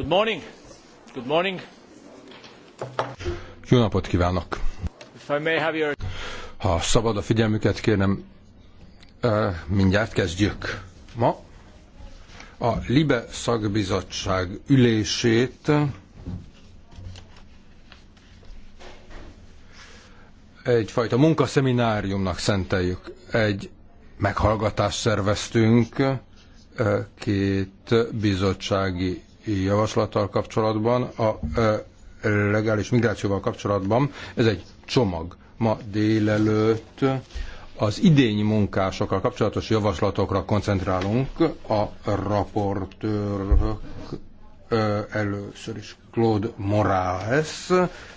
Good morning. Good morning. Jó napot kívánok! If I may have your... Ha szabad a figyelmüket, kérem, mindjárt kezdjük. Ma a LIBE szakbizottság ülését egyfajta munkaszemináriumnak szenteljük. Egy meghallgatást szerveztünk két bizottsági javaslattal kapcsolatban, a legális migrációval kapcsolatban. Ez egy csomag. Ma délelőtt az idény munkásokkal kapcsolatos javaslatokra koncentrálunk a raportőr először is Claude Morales,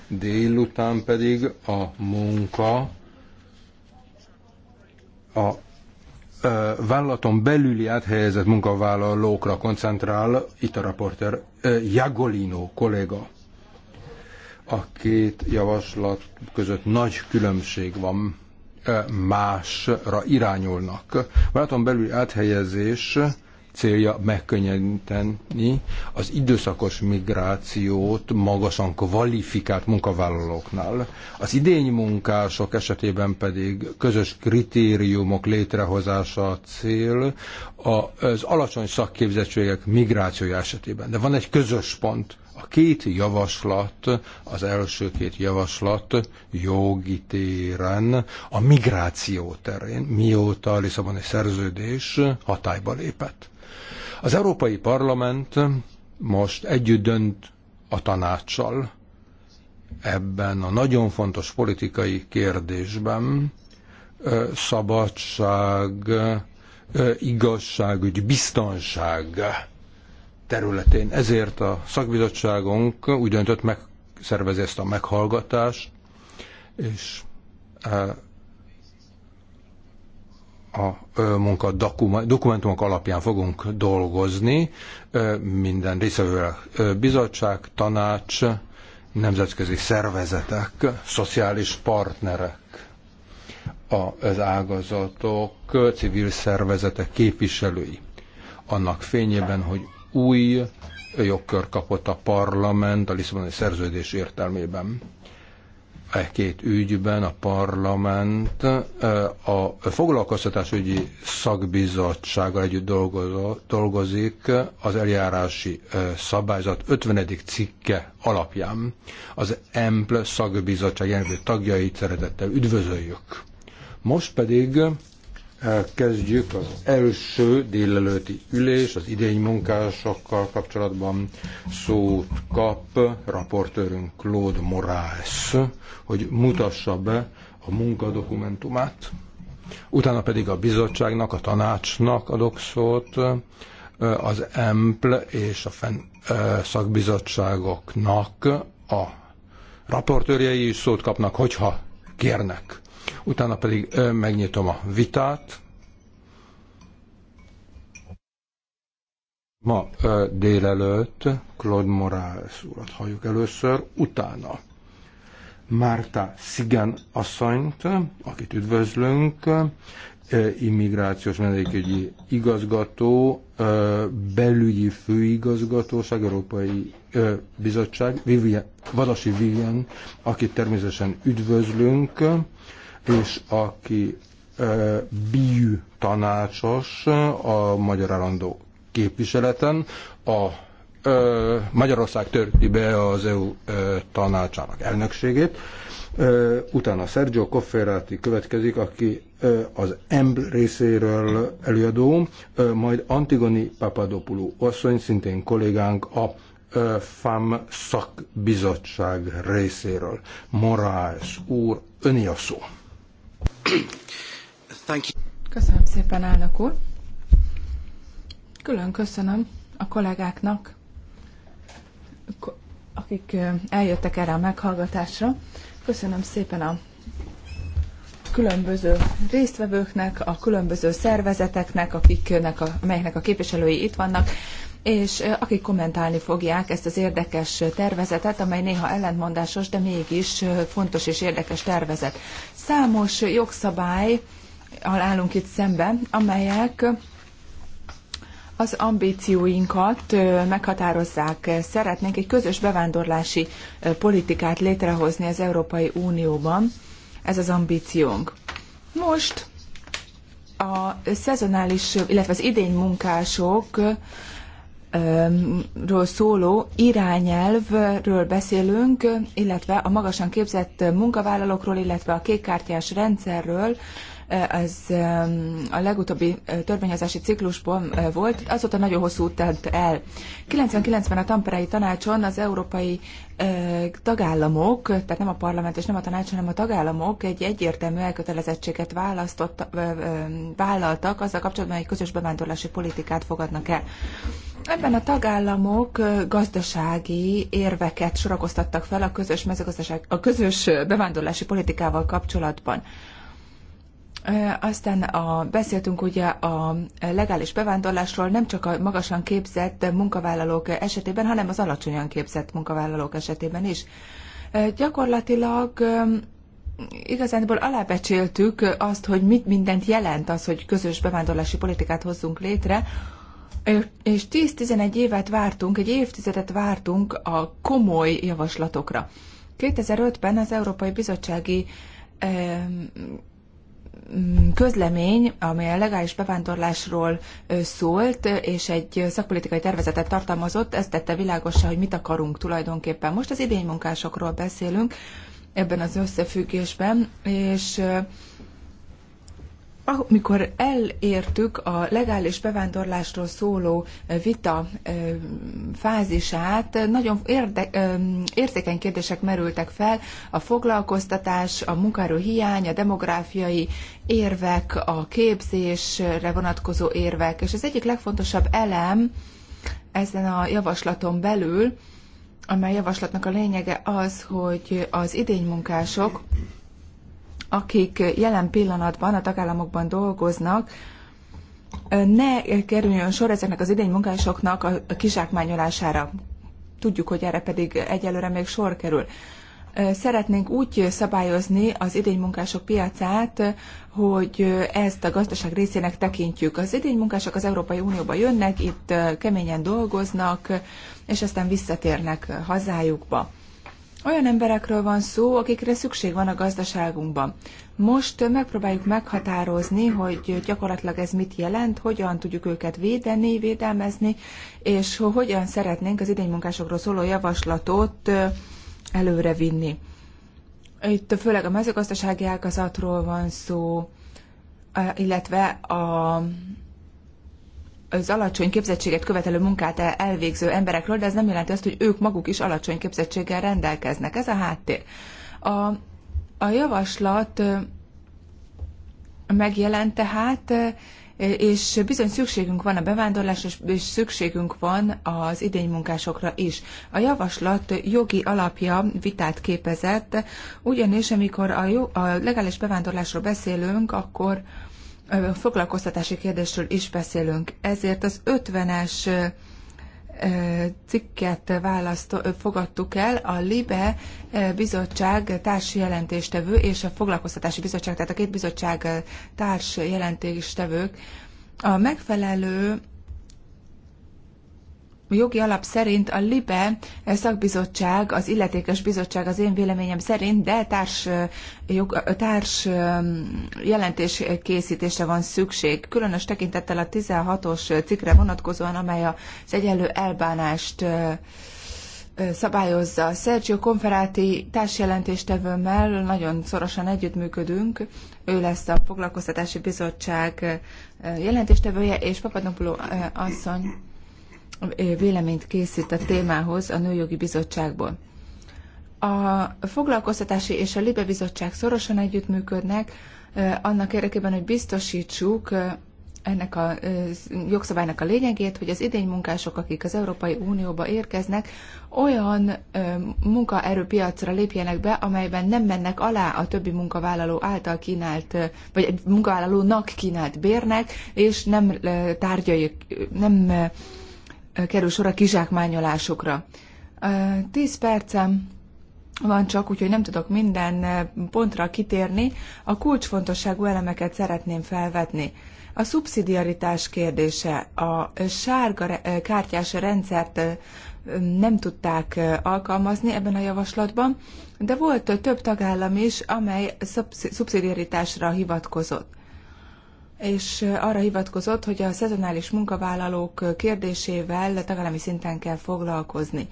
délután pedig a munka a vállalaton belüli áthelyezett munkavállalókra koncentrál, itt a raporter Jagolino kolléga. A két javaslat között nagy különbség van, másra irányulnak. Vállalaton belüli áthelyezés célja megkönnyíteni az időszakos migrációt magasan kvalifikált munkavállalóknál. Az idény munkások esetében pedig közös kritériumok létrehozása a cél az alacsony szakképzettségek migrációja esetében. De van egy közös pont. A két javaslat, az első két javaslat jogi téren, a migráció terén, mióta a Lisszaboni szerződés hatályba lépett az Európai Parlament most együtt dönt a tanácssal ebben a nagyon fontos politikai kérdésben, szabadság, igazságügy, biztonság területén. Ezért a szakbizottságunk úgy döntött, megszervezi ezt a meghallgatást, és a munka dokumentumok alapján fogunk dolgozni, minden részvevővel bizottság, tanács, nemzetközi szervezetek, szociális partnerek, az ágazatok, civil szervezetek képviselői. Annak fényében, hogy új jogkör kapott a parlament a Lisszaboni szerződés értelmében e két ügyben a parlament e, a foglalkoztatásügyi szakbizottsága együtt dolgozik az eljárási e, szabályzat 50. cikke alapján. Az EMPL szakbizottság jelenlő tagjait szeretettel üdvözöljük. Most pedig Kezdjük az első délelőtti ülés az idény munkásokkal kapcsolatban szót kap raportőrünk Claude Moraes, hogy mutassa be a munkadokumentumát. Utána pedig a bizottságnak, a tanácsnak adok szót, az EMPL és a FEN szakbizottságoknak a raportőrjei is szót kapnak, hogyha kérnek utána pedig megnyitom a vitát. Ma délelőtt Claude Morales urat halljuk először, utána Márta Szigen asszonyt, akit üdvözlünk, immigrációs menedékügyi igazgató, belügyi főigazgatóság, Európai Bizottság, Vivian, Vadasi Vivian, akit természetesen üdvözlünk, és aki bíjű tanácsos a Magyar Állandó képviseleten, a Magyarország törti be az EU tanácsának elnökségét. Utána Sergio Cofferati következik, aki az M részéről előadó, majd Antigoni Papadopoulou asszony, szintén kollégánk a FAM szakbizottság részéről. Moraes úr, öni a szó. Köszönöm szépen, elnök úr. Külön köszönöm a kollégáknak, akik eljöttek erre a meghallgatásra. Köszönöm szépen a különböző résztvevőknek, a különböző szervezeteknek, akiknek a, amelyeknek a képviselői itt vannak és akik kommentálni fogják ezt az érdekes tervezetet, amely néha ellentmondásos, de mégis fontos és érdekes tervezet. Számos jogszabály állunk itt szemben, amelyek az ambícióinkat meghatározzák. Szeretnénk egy közös bevándorlási politikát létrehozni az Európai Unióban. Ez az ambíciónk. Most a szezonális, illetve az idény munkások ről szóló irányelvről beszélünk, illetve a magasan képzett munkavállalókról, illetve a kékkártyás rendszerről, ez a legutóbbi törvényhozási ciklusban volt, azóta nagyon hosszú út telt el. 99 ben a Tamperei Tanácson az európai tagállamok, tehát nem a parlament és nem a tanács, hanem a tagállamok egy egyértelmű elkötelezettséget választott, vállaltak azzal kapcsolatban, hogy közös bevándorlási politikát fogadnak el. Ebben a tagállamok gazdasági érveket sorakoztattak fel a közös, mezőgazdaság, a közös bevándorlási politikával kapcsolatban. Aztán a, beszéltünk ugye a legális bevándorlásról nem csak a magasan képzett munkavállalók esetében, hanem az alacsonyan képzett munkavállalók esetében is. Gyakorlatilag igazából alábecséltük azt, hogy mit mindent jelent az, hogy közös bevándorlási politikát hozzunk létre, és 10-11 évet vártunk, egy évtizedet vártunk a komoly javaslatokra. 2005-ben az Európai Bizottsági közlemény, amely a legális bevándorlásról szólt, és egy szakpolitikai tervezetet tartalmazott, Ez tette világosá, hogy mit akarunk tulajdonképpen. Most az idénymunkásokról beszélünk ebben az összefüggésben, és amikor elértük a legális bevándorlásról szóló eh, vita eh, fázisát, nagyon érde, eh, érzékeny kérdések merültek fel, a foglalkoztatás, a munkáról hiány, a demográfiai érvek, a képzésre vonatkozó érvek, és az egyik legfontosabb elem ezen a javaslaton belül, amely javaslatnak a lényege az, hogy az idénymunkások, akik jelen pillanatban a tagállamokban dolgoznak, ne kerüljön sor ezeknek az idénymunkásoknak munkásoknak a kizsákmányolására. Tudjuk, hogy erre pedig egyelőre még sor kerül. Szeretnénk úgy szabályozni az idénymunkások piacát, hogy ezt a gazdaság részének tekintjük. Az idénymunkások az Európai Unióba jönnek, itt keményen dolgoznak, és aztán visszatérnek hazájukba. Olyan emberekről van szó, akikre szükség van a gazdaságunkban. Most megpróbáljuk meghatározni, hogy gyakorlatilag ez mit jelent, hogyan tudjuk őket védeni, védelmezni, és hogyan szeretnénk az idénymunkásokról szóló javaslatot előrevinni. Itt főleg a mezőgazdasági ágazatról van szó, illetve a az alacsony képzettséget követelő munkát elvégző emberekről, de ez nem jelenti azt, hogy ők maguk is alacsony képzettséggel rendelkeznek. Ez a háttér. A, a javaslat megjelent tehát, és bizony szükségünk van a bevándorlásra, és szükségünk van az idénymunkásokra is. A javaslat jogi alapja vitát képezett, ugyanis amikor a, jó, a legális bevándorlásról beszélünk, akkor foglalkoztatási kérdésről is beszélünk. Ezért az 50-es cikket választó, fogadtuk el, a LIBE bizottság társ jelentéstevő és a foglalkoztatási bizottság, tehát a két bizottság társ jelentéstevők a megfelelő jogi alap szerint a LIBE szakbizottság, az illetékes bizottság az én véleményem szerint, de társ, jog, társ jelentés készítése van szükség, különös tekintettel a 16-os cikkre vonatkozóan, amely az egyenlő elbánást szabályozza. Sergio Konferáti társjelentéstevőmmel nagyon szorosan együttműködünk. Ő lesz a Foglalkoztatási Bizottság jelentéstevője, és Papadopoulou asszony véleményt készít a témához a Nőjogi Bizottságból. A Foglalkoztatási és a Libe Bizottság szorosan együttműködnek, annak érdekében, hogy biztosítsuk ennek a jogszabálynak a lényegét, hogy az idény munkások, akik az Európai Unióba érkeznek, olyan munkaerőpiacra lépjenek be, amelyben nem mennek alá a többi munkavállaló által kínált, vagy munkavállalónak kínált bérnek, és nem tárgyai, nem kerül sor a kizsákmányolásokra. Tíz percem van csak, úgyhogy nem tudok minden pontra kitérni. A kulcsfontosságú elemeket szeretném felvetni. A szubszidiaritás kérdése, a sárga kártyás rendszert nem tudták alkalmazni ebben a javaslatban, de volt több tagállam is, amely szubszidiaritásra hivatkozott és arra hivatkozott, hogy a szezonális munkavállalók kérdésével tagállami szinten kell foglalkozni.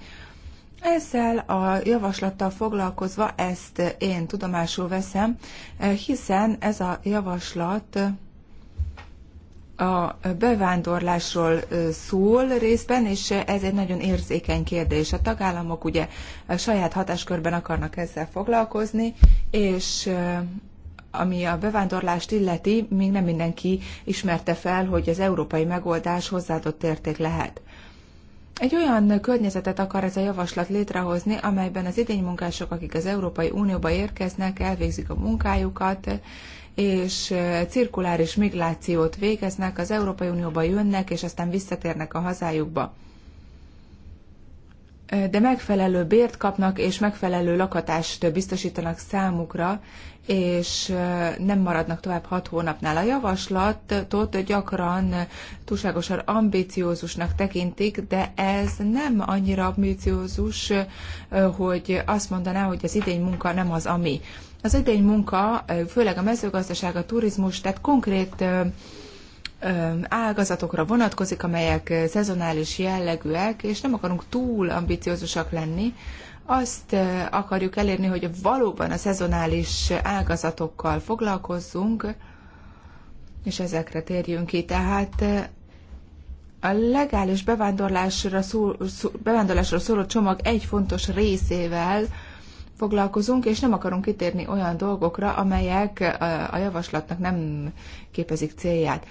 Ezzel a javaslattal foglalkozva ezt én tudomásul veszem, hiszen ez a javaslat a bevándorlásról szól részben, és ez egy nagyon érzékeny kérdés. A tagállamok ugye a saját hatáskörben akarnak ezzel foglalkozni, és ami a bevándorlást illeti, még nem mindenki ismerte fel, hogy az európai megoldás hozzáadott érték lehet. Egy olyan környezetet akar ez a javaslat létrehozni, amelyben az idénymunkások, akik az Európai Unióba érkeznek, elvégzik a munkájukat, és cirkuláris migrációt végeznek, az Európai Unióba jönnek, és aztán visszatérnek a hazájukba. De megfelelő bért kapnak, és megfelelő lakhatást biztosítanak számukra, és nem maradnak tovább hat hónapnál. A javaslatot gyakran túlságosan ambiciózusnak tekintik, de ez nem annyira ambiciózus, hogy azt mondaná, hogy az idény munka nem az ami. Az idény munka, főleg a mezőgazdaság, a turizmus, tehát konkrét ágazatokra vonatkozik, amelyek szezonális jellegűek, és nem akarunk túl ambiciózusak lenni, azt akarjuk elérni, hogy valóban a szezonális ágazatokkal foglalkozzunk, és ezekre térjünk ki. Tehát a legális bevándorlásra, szól, szó, bevándorlásra szóló csomag egy fontos részével foglalkozunk, és nem akarunk kitérni olyan dolgokra, amelyek a javaslatnak nem képezik célját.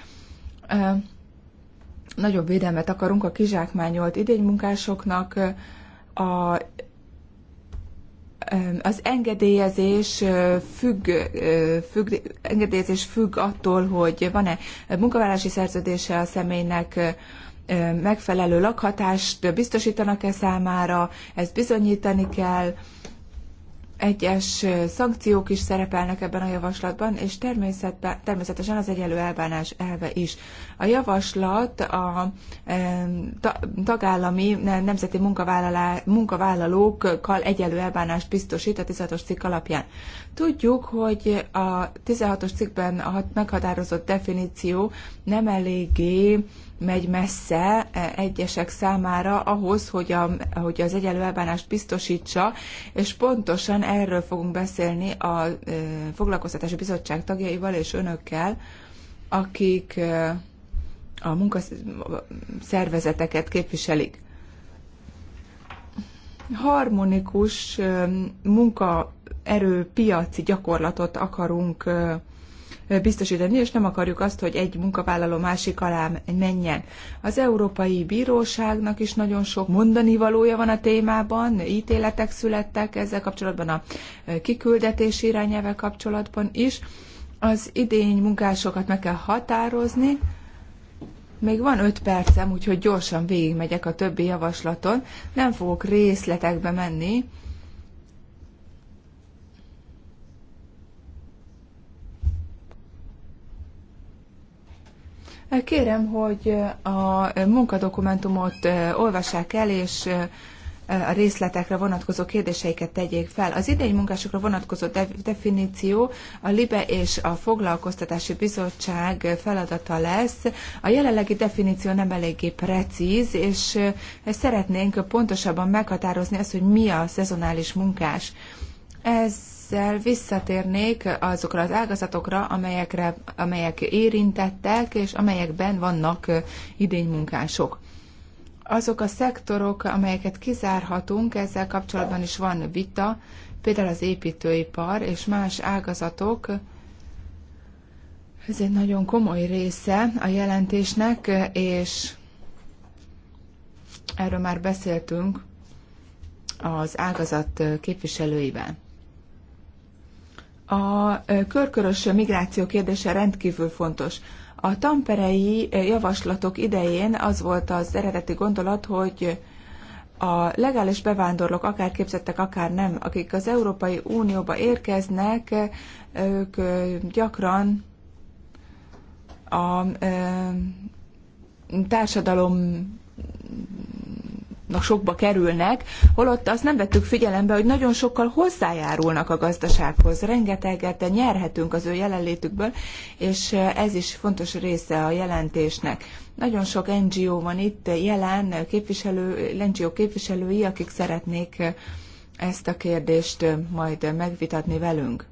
Nagyobb védelmet akarunk a kizsákmányolt idénymunkásoknak, a az engedélyezés függ, függ, engedélyezés függ attól, hogy van-e munkavállalási szerződése a személynek, megfelelő lakhatást biztosítanak-e számára, ezt bizonyítani kell, egyes szankciók is szerepelnek ebben a javaslatban, és természetesen az egyenlő elbánás elve is. A javaslat a e, tagállami nemzeti munkavállalókkal egyelő elbánást biztosít a 16-os cikk alapján. Tudjuk, hogy a 16-os cikkben a meghatározott definíció nem eléggé megy messze e, egyesek számára ahhoz, hogy, a, hogy az egyenlő elbánást biztosítsa, és pontosan erről fogunk beszélni a e, Foglalkoztatási Bizottság tagjaival és önökkel, akik a munkaszervezeteket képviselik. Harmonikus munkaerőpiaci gyakorlatot akarunk biztosítani, és nem akarjuk azt, hogy egy munkavállaló másik alá menjen. Az Európai Bíróságnak is nagyon sok mondani valója van a témában, ítéletek születtek ezzel kapcsolatban, a kiküldetés irányelve kapcsolatban is. Az idény munkásokat meg kell határozni, még van öt percem, úgyhogy gyorsan végigmegyek a többi javaslaton. Nem fogok részletekbe menni. Kérem, hogy a munkadokumentumot olvassák el, és a részletekre vonatkozó kérdéseiket tegyék fel. Az idei munkásokra vonatkozó definíció a LIBE és a Foglalkoztatási Bizottság feladata lesz. A jelenlegi definíció nem eléggé precíz, és eh, szeretnénk pontosabban meghatározni azt, hogy mi a szezonális munkás. Ez ezzel visszatérnék azokra az ágazatokra, amelyekre, amelyek érintettek, és amelyekben vannak eh, idénymunkások. Azok a szektorok, amelyeket kizárhatunk, ezzel kapcsolatban is van vita, például az építőipar és más ágazatok, ez egy nagyon komoly része a jelentésnek, és erről már beszéltünk az ágazat képviselőivel. A körkörös migráció kérdése rendkívül fontos. A tamperei eh, javaslatok idején az volt az eredeti gondolat, hogy a legális bevándorlók, akár képzettek, akár nem, akik az Európai Unióba érkeznek, eh, ők eh, gyakran a társadalom sokba kerülnek, holott azt nem vettük figyelembe, hogy nagyon sokkal hozzájárulnak a gazdasághoz. Rengeteget nyerhetünk az ő jelenlétükből, és ez is fontos része a jelentésnek. Nagyon sok NGO van itt jelen, képviselő, NGO képviselői, akik szeretnék ezt a kérdést majd megvitatni velünk.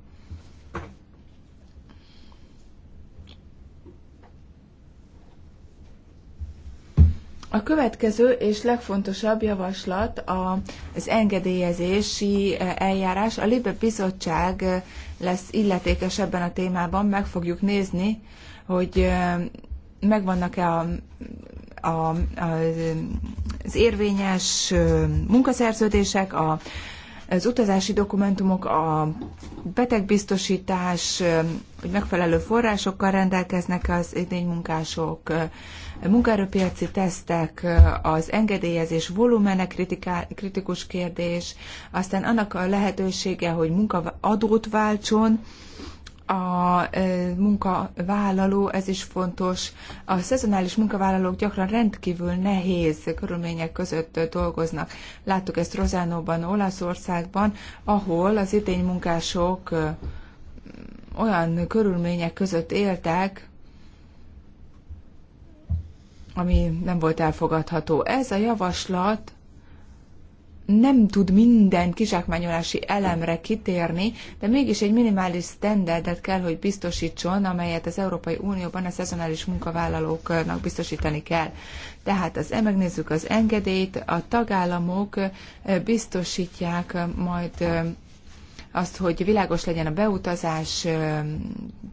A következő és legfontosabb javaslat az engedélyezési e, eljárás. A Libe Bizottság e, lesz illetékes ebben a témában. Meg fogjuk nézni, hogy e, megvannak-e a, a, az érvényes munkaszerződések, a, az utazási dokumentumok, a betegbiztosítás, hogy megfelelő forrásokkal rendelkeznek az idénymunkások, munkaerőpiaci tesztek, az engedélyezés volumene kritiká, kritikus kérdés, aztán annak a lehetősége, hogy munkaadót váltson, a e, munkavállaló, ez is fontos. A szezonális munkavállalók gyakran rendkívül nehéz körülmények között dolgoznak. Láttuk ezt Rozánóban, Olaszországban, ahol az idénymunkások e, olyan körülmények között éltek, ami nem volt elfogadható. Ez a javaslat nem tud minden kizsákmányolási elemre kitérni, de mégis egy minimális standardet kell, hogy biztosítson, amelyet az Európai Unióban a szezonális munkavállalóknak biztosítani kell. Tehát az, megnézzük az engedélyt, a tagállamok eh, biztosítják eh, majd eh, azt, hogy világos legyen a beutazás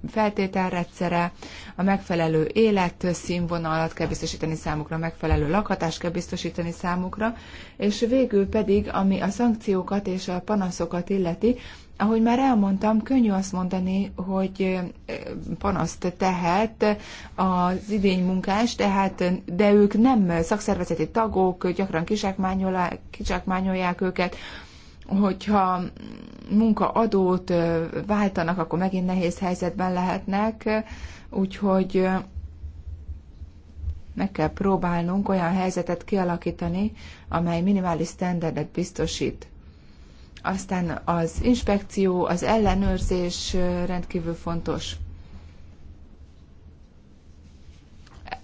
feltételrendszere, a megfelelő életszínvonalat kell biztosítani számukra, megfelelő lakhatást kell biztosítani számukra, és végül pedig, ami a szankciókat és a panaszokat illeti, ahogy már elmondtam, könnyű azt mondani, hogy panaszt tehet az idénymunkás, tehát, de ők nem szakszervezeti tagok, gyakran kizsákmányolják őket, hogyha munkaadót váltanak, akkor megint nehéz helyzetben lehetnek, úgyhogy meg kell próbálnunk olyan helyzetet kialakítani, amely minimális standardet biztosít. Aztán az inspekció, az ellenőrzés rendkívül fontos.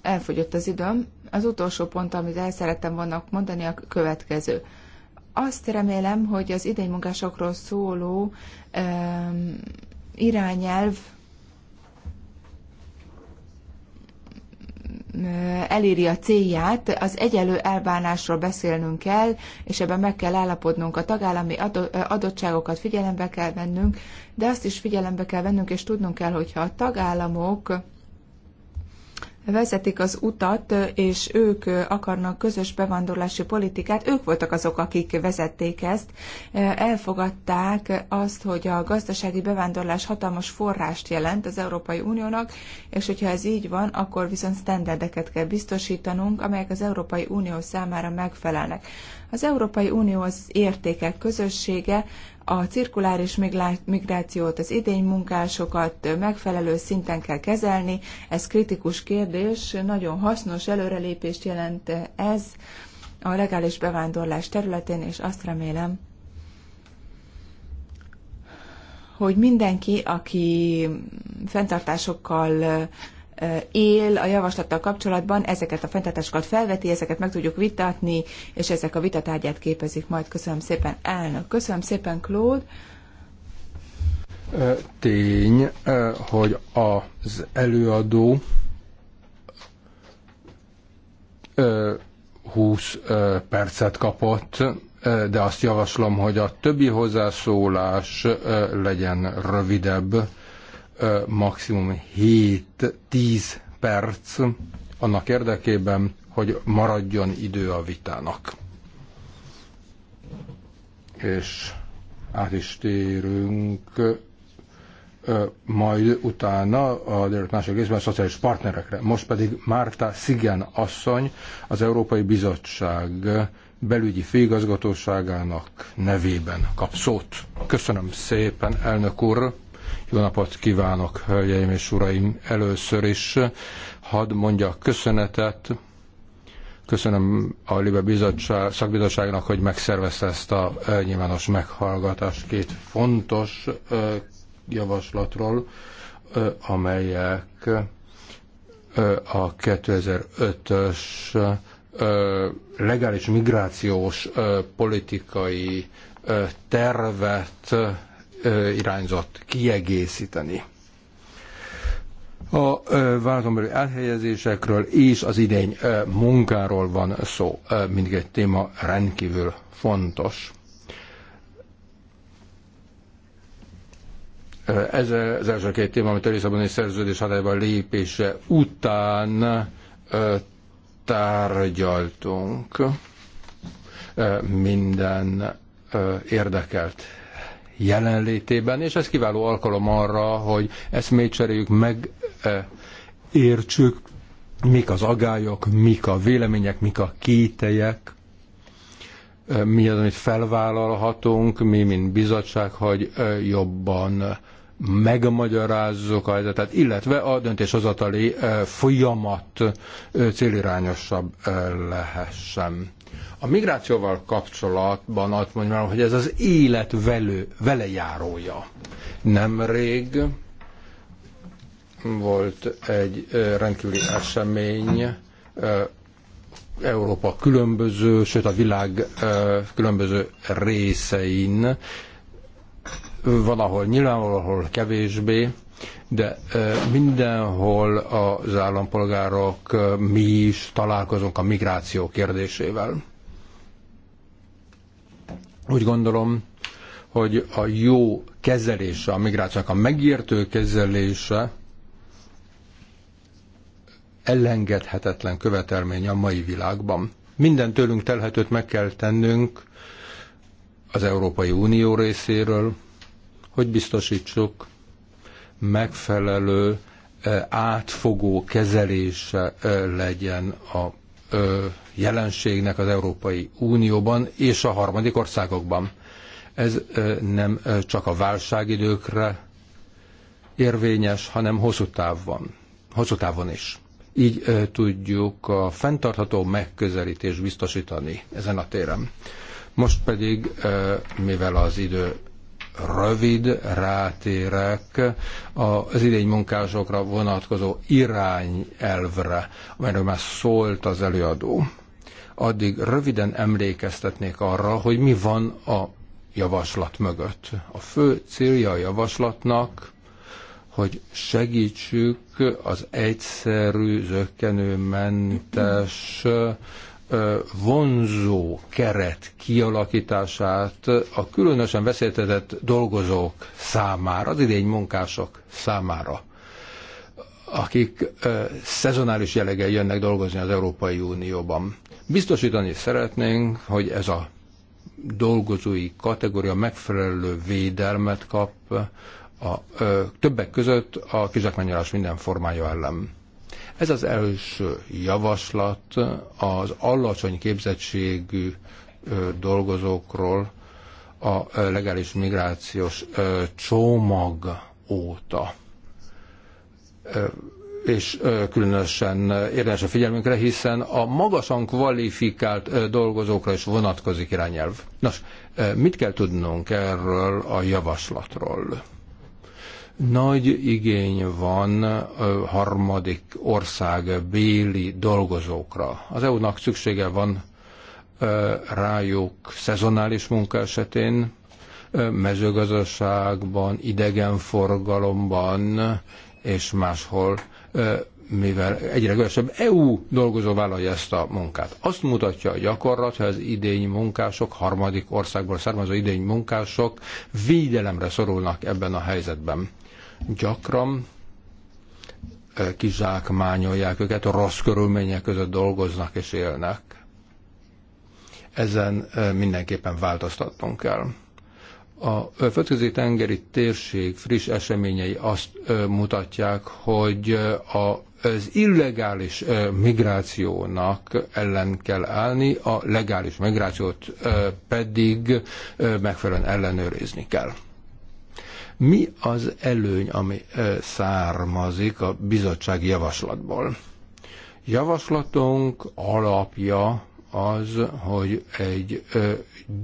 Elfogyott az időm. Az utolsó pont, amit el szerettem volna mondani, a következő. Azt remélem, hogy az idei munkásokról szóló um, irányelv eléri a célját, az egyelő elbánásról beszélnünk kell, és ebben meg kell állapodnunk, a tagállami adottságokat figyelembe kell vennünk, de azt is figyelembe kell vennünk, és tudnunk kell, hogyha a tagállamok vezetik az utat, és ők akarnak közös bevándorlási politikát, ők voltak azok, akik vezették ezt, elfogadták azt, hogy a gazdasági bevándorlás hatalmas forrást jelent az Európai Uniónak, és hogyha ez így van, akkor viszont standardeket kell biztosítanunk, amelyek az Európai Unió számára megfelelnek. Az Európai Unió az értékek közössége, a cirkuláris migrációt, az idény munkásokat megfelelő szinten kell kezelni. Ez kritikus kérdés, nagyon hasznos előrelépést jelent ez a legális bevándorlás területén, és azt remélem, hogy mindenki, aki fenntartásokkal él a javaslattal kapcsolatban, ezeket a fenntartásokat felveti, ezeket meg tudjuk vitatni, és ezek a vitatárgyát képezik majd. Köszönöm szépen, elnök. Köszönöm szépen, Claude tény, hogy az előadó 20 percet kapott, de azt javaslom, hogy a többi hozzászólás legyen rövidebb, maximum 7-10 perc annak érdekében, hogy maradjon idő a vitának. És át is térünk majd utána a délután második részben a szociális partnerekre. Most pedig Márta Szigen asszony az Európai Bizottság belügyi főigazgatóságának nevében kap szót. Köszönöm szépen, elnök úr! Jó napot kívánok, hölgyeim és uraim! Először is hadd mondjak köszönetet. Köszönöm a Libe Bizottság, Szakbizottságnak, hogy megszervezte ezt a eh, nyilvános meghallgatást két fontos eh, javaslatról, eh, amelyek a 2005-ös legális migrációs politikai tervet irányzat kiegészíteni. A vállalaton elhelyezésekről és az idény munkáról van szó. egy téma rendkívül fontos. Ez az első két téma, amit a Lisszaboni szerződés hatályban lépése után tárgyaltunk minden érdekelt jelenlétében, és ez kiváló alkalom arra, hogy ezt még cseréljük meg, eh, értsük, mik az agályok, mik a vélemények, mik a kételyek, eh, mi az, amit felvállalhatunk, mi, mint bizottság, hogy eh, jobban megmagyarázzuk a helyzetet, illetve a döntéshozatali folyamat célirányosabb lehessen. A migrációval kapcsolatban azt mondjam, hogy ez az élet velő, velejárója. Nemrég volt egy rendkívüli esemény, Európa különböző, sőt a világ különböző részein, valahol nyilván, valahol kevésbé, de mindenhol az állampolgárok mi is találkozunk a migráció kérdésével. Úgy gondolom, hogy a jó kezelése a migrációnak, a megértő kezelése ellengedhetetlen követelmény a mai világban. Minden tőlünk telhetőt meg kell tennünk az Európai Unió részéről, hogy biztosítsuk, megfelelő átfogó kezelése legyen a jelenségnek az Európai Unióban és a harmadik országokban. Ez nem csak a válságidőkre érvényes, hanem hosszú távon, hosszú távon is. Így tudjuk a fenntartható megközelítést biztosítani ezen a téren. Most pedig, mivel az idő rövid rátérek az idény munkásokra vonatkozó irányelvre, amelyről már szólt az előadó. Addig röviden emlékeztetnék arra, hogy mi van a javaslat mögött. A fő célja a javaslatnak, hogy segítsük az egyszerű, zöggenőmentes vonzó keret kialakítását a különösen veszélytetett dolgozók számára, az idény munkások számára, akik szezonális jelleggel jönnek dolgozni az Európai Unióban. Biztosítani szeretnénk, hogy ez a dolgozói kategória megfelelő védelmet kap a, ö, többek között a kizsákmányolás minden formája ellen ez az első javaslat az alacsony képzettségű dolgozókról a legális migrációs csomag óta. És különösen érdemes a figyelmünkre, hiszen a magasan kvalifikált dolgozókra is vonatkozik irányelv. Nos, mit kell tudnunk erről a javaslatról? Nagy igény van harmadik ország béli dolgozókra. Az EU-nak szüksége van rájuk szezonális munka esetén, mezőgazdaságban, idegenforgalomban és máshol, mivel egyre kevesebb EU dolgozó vállalja ezt a munkát. Azt mutatja a gyakorlat, hogy az idény munkások, harmadik országból származó idény munkások védelemre szorulnak ebben a helyzetben gyakran kizsákmányolják őket, rossz körülmények között dolgoznak és élnek. Ezen mindenképpen változtatnunk kell. A földközi tengeri térség friss eseményei azt mutatják, hogy az illegális migrációnak ellen kell állni, a legális migrációt pedig megfelelően ellenőrizni kell. Mi az előny, ami származik a bizottsági javaslatból? Javaslatunk alapja az, hogy egy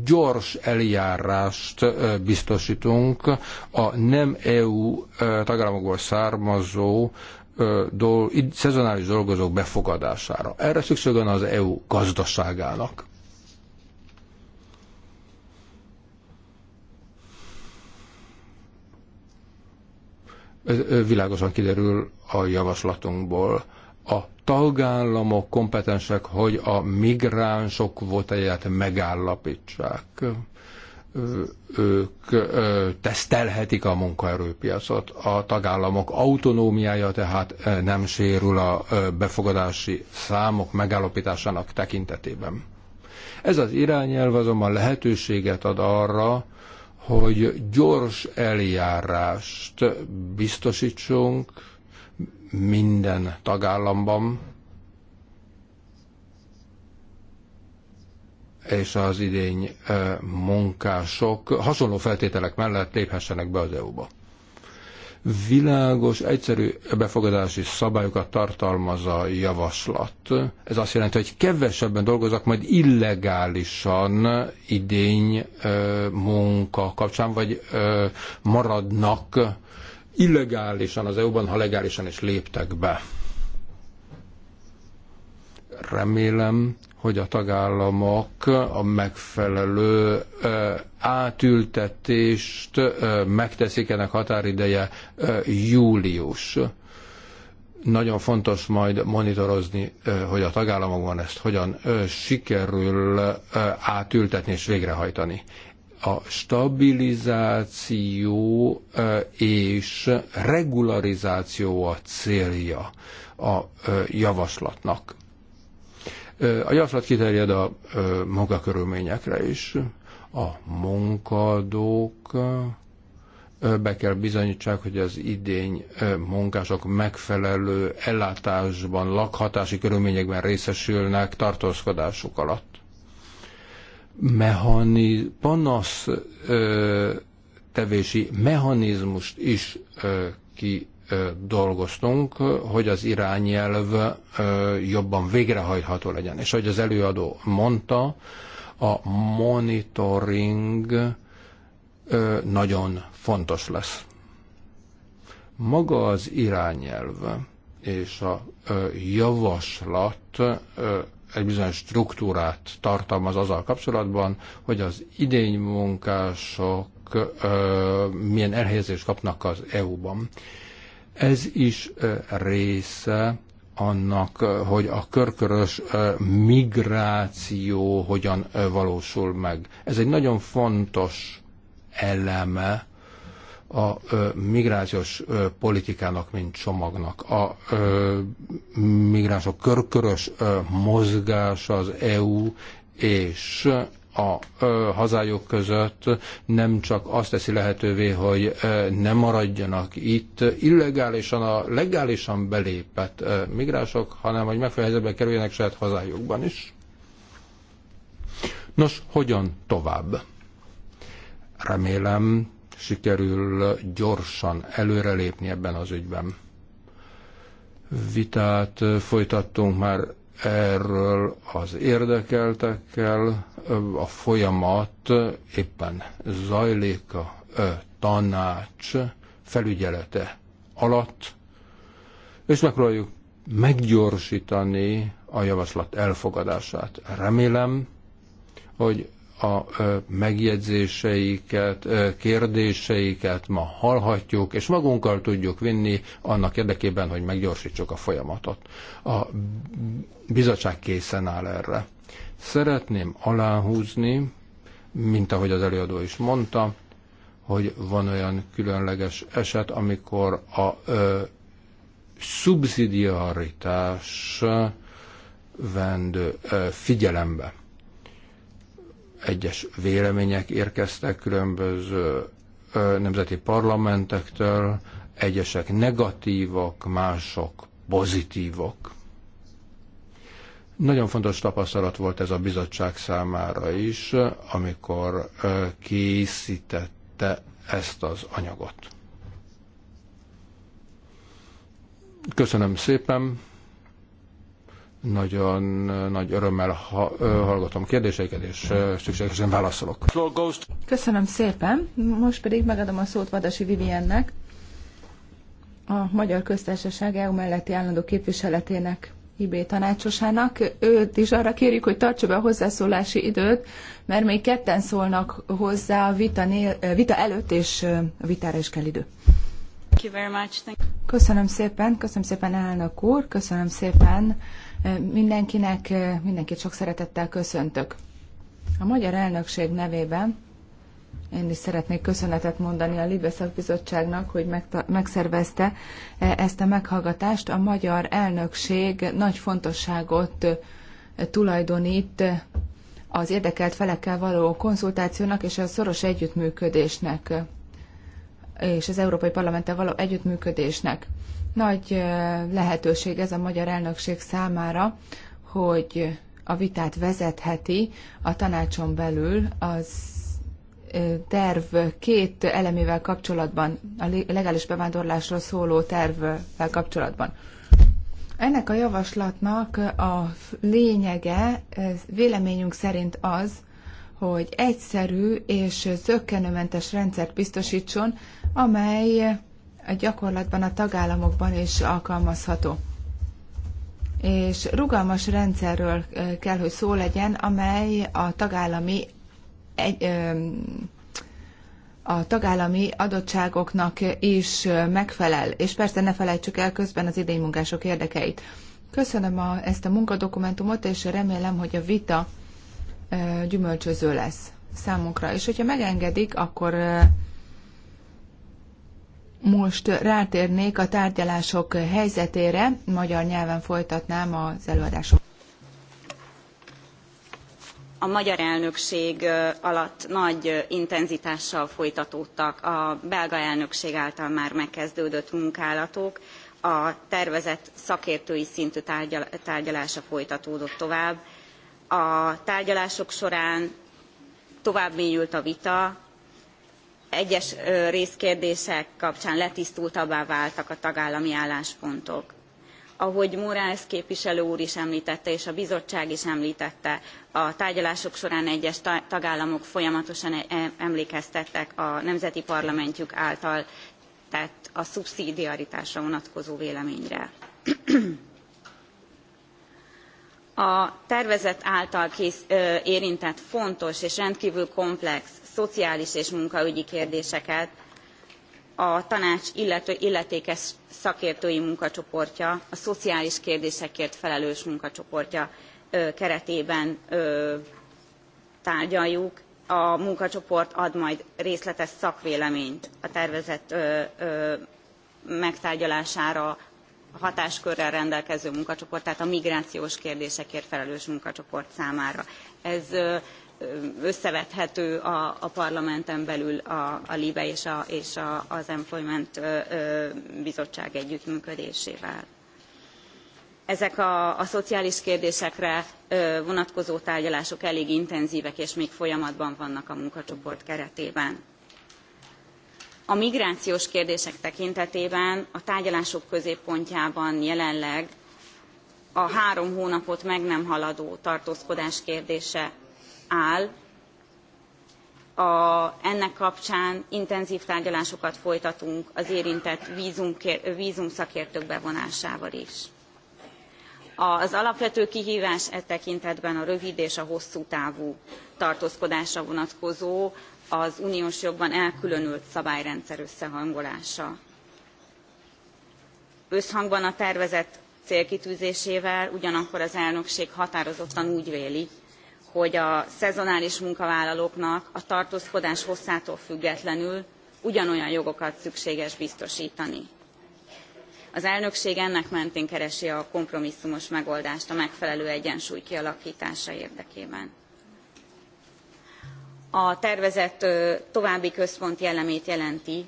gyors eljárást biztosítunk a nem EU tagállamokból származó dol, szezonális dolgozók befogadására. Erre szükség van az EU gazdaságának. világosan kiderül a javaslatunkból. A tagállamok kompetensek, hogy a migránsok kvótáját megállapítsák. Ők tesztelhetik a munkaerőpiacot. A tagállamok autonómiája tehát nem sérül a befogadási számok megállapításának tekintetében. Ez az irányelv azonban lehetőséget ad arra, hogy gyors eljárást biztosítsunk minden tagállamban, és az idény munkások hasonló feltételek mellett léphessenek be az EU-ba. Világos, egyszerű befogadási szabályokat tartalmaz a javaslat. Ez azt jelenti, hogy kevesebben dolgoznak majd illegálisan idény munka kapcsán, vagy maradnak illegálisan az EU-ban, ha legálisan is léptek be remélem hogy a tagállamok a megfelelő átültetést megteszik ennek határideje július. Nagyon fontos majd monitorozni, hogy a tagállamokban ezt hogyan sikerül átültetni és végrehajtani a stabilizáció és regularizáció a célja a javaslatnak. A javaslat kiterjed a munkakörülményekre is. A munkadók be kell bizonyítsák, hogy az idény munkások megfelelő ellátásban, lakhatási körülményekben részesülnek tartózkodásuk alatt. Mehani, panasz tevési mechanizmust is ki dolgoztunk, hogy az irányelv jobban végrehajtható legyen. És ahogy az előadó mondta, a monitoring nagyon fontos lesz. Maga az irányelv és a javaslat egy bizonyos struktúrát tartalmaz azzal kapcsolatban, hogy az idénymunkások milyen elhelyezést kapnak az EU-ban. Ez is része annak, hogy a körkörös migráció hogyan valósul meg. Ez egy nagyon fontos eleme a migrációs politikának, mint csomagnak. A migránsok körkörös mozgása az EU és a hazájuk között nem csak azt teszi lehetővé, hogy ne maradjanak itt illegálisan, a legálisan belépett migránsok, hanem hogy megfelelő helyzetbe kerüljenek saját hazájukban is. Nos, hogyan tovább? Remélem, sikerül gyorsan előrelépni ebben az ügyben. Vitát folytattunk már erről az érdekeltekkel, a folyamat éppen zajlik a tanács felügyelete alatt, és megpróbáljuk meggyorsítani a javaslat elfogadását. Remélem, hogy a megjegyzéseiket, kérdéseiket ma hallhatjuk, és magunkkal tudjuk vinni annak érdekében, hogy meggyorsítsuk a folyamatot. A bizottság készen áll erre. Szeretném aláhúzni, mint ahogy az előadó is mondta, hogy van olyan különleges eset, amikor a ö, szubszidiaritás vendő ö, figyelembe. Egyes vélemények érkeztek különböző ö, nemzeti parlamentektől, egyesek negatívak, mások pozitívak. Nagyon fontos tapasztalat volt ez a bizottság számára is, amikor készítette ezt az anyagot. Köszönöm szépen! Nagyon nagy örömmel hallgatom kérdéseiket, és szükségesen válaszolok. Köszönöm szépen. Most pedig megadom a szót Vadasi Viviennek, a Magyar Köztársaság EU melletti állandó képviseletének IB tanácsosának. Őt is arra kérjük, hogy tartsa be a hozzászólási időt, mert még ketten szólnak hozzá a vita, nél, eh, vita előtt, és eh, a vitára is kell idő. Köszönöm szépen, köszönöm szépen elnök úr, köszönöm szépen eh, mindenkinek, mindenkit sok szeretettel köszöntök. A magyar elnökség nevében én is szeretnék köszönetet mondani a Libe szakbizottságnak, hogy megszervezte e, ezt a meghallgatást. A magyar elnökség nagy fontosságot e, tulajdonít e, az érdekelt felekkel való konzultációnak és a szoros együttműködésnek és az Európai Parlamenttel való együttműködésnek. Nagy lehetőség ez a magyar elnökség számára, hogy a vitát vezetheti a tanácson belül az terv két elemével kapcsolatban, a legális bevándorlásról szóló tervvel kapcsolatban. Ennek a javaslatnak a lényege véleményünk szerint az, hogy egyszerű és zöggenőmentes rendszert biztosítson, amely a gyakorlatban a tagállamokban is alkalmazható. És rugalmas rendszerről kell, hogy szó legyen, amely a tagállami egy, a tagállami adottságoknak is megfelel, és persze ne felejtsük el közben az idénymunkások érdekeit. Köszönöm a, ezt a munkadokumentumot, és remélem, hogy a vita ö, gyümölcsöző lesz számunkra. És hogyha megengedik, akkor ö, most rátérnék a tárgyalások helyzetére, magyar nyelven folytatnám az előadásomat a magyar elnökség alatt nagy intenzitással folytatódtak a belga elnökség által már megkezdődött munkálatok, a tervezett szakértői szintű tárgyal tárgyalása folytatódott tovább. A tárgyalások során tovább mélyült a vita, egyes részkérdések kapcsán letisztultabbá váltak a tagállami álláspontok ahogy Morales képviselő úr is említette, és a bizottság is említette, a tárgyalások során egyes tagállamok folyamatosan e- e- emlékeztettek a nemzeti parlamentjük által tett a szubszidiaritásra vonatkozó véleményre. A tervezet által kész, ö, érintett fontos és rendkívül komplex szociális és munkaügyi kérdéseket a tanács illető, illetékes szakértői munkacsoportja, a szociális kérdésekért felelős munkacsoportja keretében tárgyaljuk. A munkacsoport ad majd részletes szakvéleményt a tervezett megtárgyalására hatáskörrel rendelkező munkacsoport, tehát a migrációs kérdésekért felelős munkacsoport számára. Ez összevethető a, a parlamenten belül a, a LIBE és, a, és a, az Employment Bizottság együttműködésével. Ezek a, a szociális kérdésekre vonatkozó tárgyalások elég intenzívek és még folyamatban vannak a munkacsoport keretében. A migrációs kérdések tekintetében a tárgyalások középpontjában jelenleg a három hónapot meg nem haladó tartózkodás kérdése áll a, ennek kapcsán intenzív tárgyalásokat folytatunk az érintett vízum, vízum szakértők bevonásával is. Az alapvető kihívás e tekintetben a rövid és a hosszú távú tartózkodásra vonatkozó az uniós jogban elkülönült szabályrendszer összehangolása. Összhangban a tervezett célkitűzésével ugyanakkor az elnökség határozottan úgy véli, hogy a szezonális munkavállalóknak a tartózkodás hosszától függetlenül ugyanolyan jogokat szükséges biztostani. Az elnökség ennek mentén keresi a kompromisszumos megoldást a megfelelő egyensúly kialakítása érdekében. A tervezett további központi elemét jelenti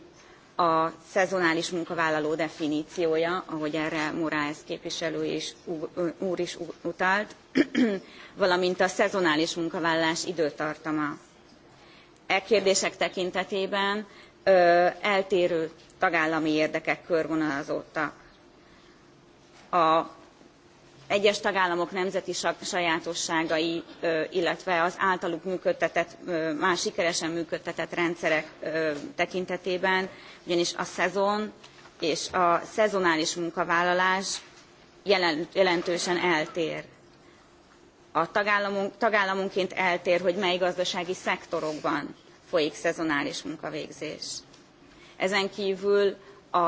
a szezonális munkavállaló definíciója, ahogy erre Moraes képviselő is, úr is utalt, valamint a szezonális munkavállalás időtartama. E kérdések tekintetében ö, eltérő tagállami érdekek körvonalazódtak. a egyes tagállamok nemzeti sajátosságai, ö, illetve az általuk működtetett, ö, már sikeresen működtetett rendszerek tekintetében, ugyanis a szezon és a szezonális munkavállalás jelentősen eltér a tagállamunk, tagállamunként eltér, hogy mely gazdasági szektorokban folyik szezonális munkavégzés. Ezen kívül a,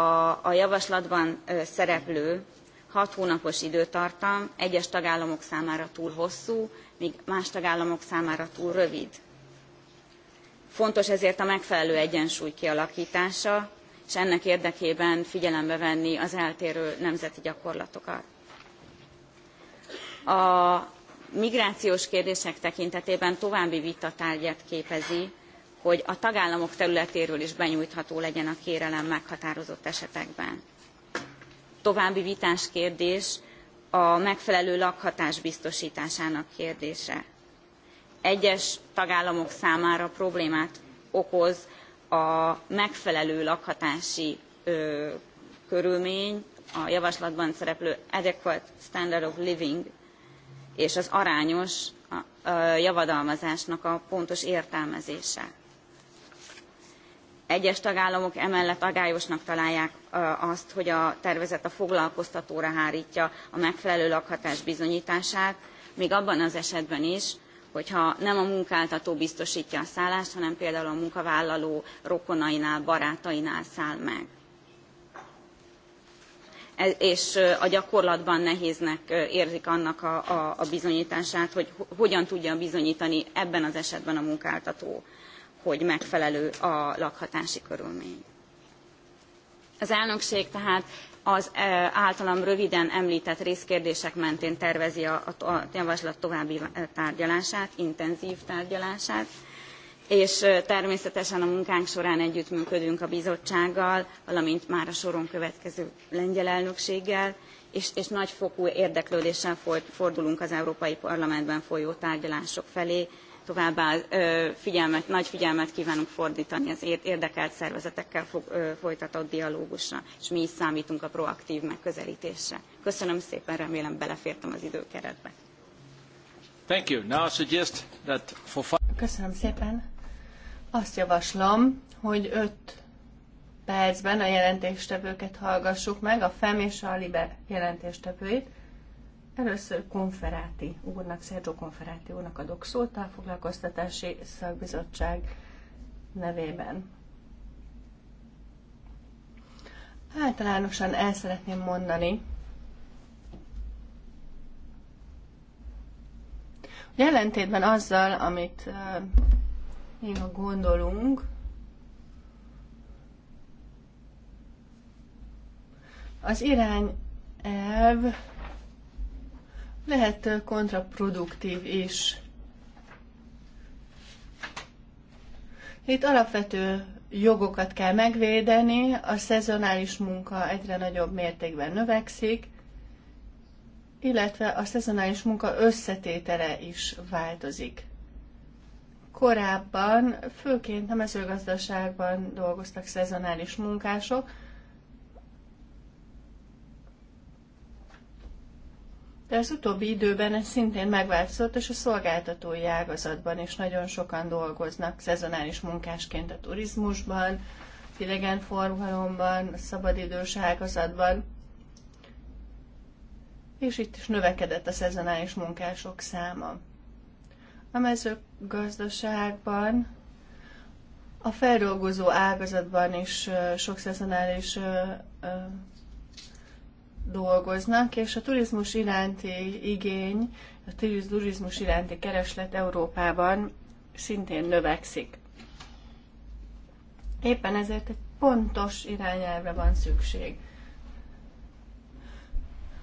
a javaslatban szereplő hat hónapos időtartam egyes tagállamok számára túl hosszú, míg más tagállamok számára túl rövid. Fontos ezért a megfelelő egyensúly kialakítása, és ennek érdekében figyelembe venni az eltérő nemzeti gyakorlatokat. A migrációs kérdések tekintetében további vita tárgyát képezi, hogy a tagállamok területéről is benyújtható legyen a kérelem meghatározott esetekben. További vitás kérdés a megfelelő lakhatás biztosításának kérdése. Egyes tagállamok számára problémát okoz a megfelelő lakhatási ö, körülmény, a javaslatban szereplő adequate standard of living és az arányos javadalmazásnak a pontos értelmezése. Egyes tagállamok emellett agályosnak találják azt, hogy a tervezet a foglalkoztatóra hárítja a megfelelő lakhatás bizonyítását, még abban az esetben is, hogyha nem a munkáltató biztosítja a szállást, hanem például a munkavállaló rokonainál, barátainál száll meg és a gyakorlatban nehéznek érzik annak a, a, a bizonyítását, hogy hogyan tudja bizonyítani ebben az esetben a munkáltató, hogy megfelelő a lakhatási körülmény. Az elnökség tehát az általam röviden említett részkérdések mentén tervezi a, a javaslat további tárgyalását, intenzív tárgyalását és természetesen a munkánk során együttműködünk a bizottsággal, valamint már a soron következő lengyel elnökséggel, és, és nagyfokú érdeklődéssel fordulunk az Európai Parlamentben folyó tárgyalások felé, továbbá figyelmet, nagy figyelmet kívánunk fordítani az érdekelt szervezetekkel folytatott dialógusra, és mi is számítunk a proaktív megközelítésre. Köszönöm szépen, remélem belefértem az időkeretbe. Köszönöm szépen. Azt javaslom, hogy 5 percben a jelentéstevőket hallgassuk meg, a FEM és a LIBER jelentéstevőit. Először Konferáti úrnak, Szerzsó Konferáti úrnak adok szót a Foglalkoztatási Szakbizottság nevében. Általánosan el szeretném mondani, hogy ellentétben azzal, amit néha gondolunk, az irányelv lehet kontraproduktív is. Itt alapvető jogokat kell megvédeni, a szezonális munka egyre nagyobb mértékben növekszik, illetve a szezonális munka összetétele is változik. Korábban főként a mezőgazdaságban dolgoztak szezonális munkások, de az utóbbi időben ez szintén megváltozott, és a szolgáltatói ágazatban is nagyon sokan dolgoznak szezonális munkásként a turizmusban, az idegenforgalomban, a szabadidős ágazatban. És itt is növekedett a szezonális munkások száma. A mezőgazdaságban, a feldolgozó ágazatban is sok szezonális dolgoznak, és a turizmus iránti igény, a turizmus iránti kereslet Európában szintén növekszik. Éppen ezért egy pontos irányelvre van szükség.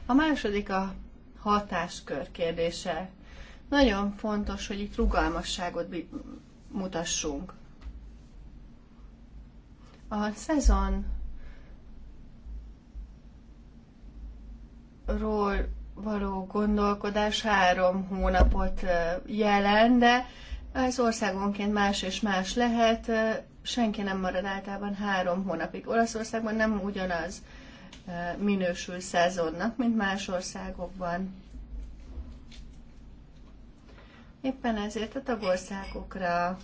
A második a hatáskör kérdése. Nagyon fontos, hogy itt rugalmasságot mutassunk. A szezon ról való gondolkodás három hónapot jelent, de ez országonként más és más lehet, senki nem marad általában három hónapig. Olaszországban nem ugyanaz minősül szezonnak, mint más országokban. Éppen ezért a tagországokra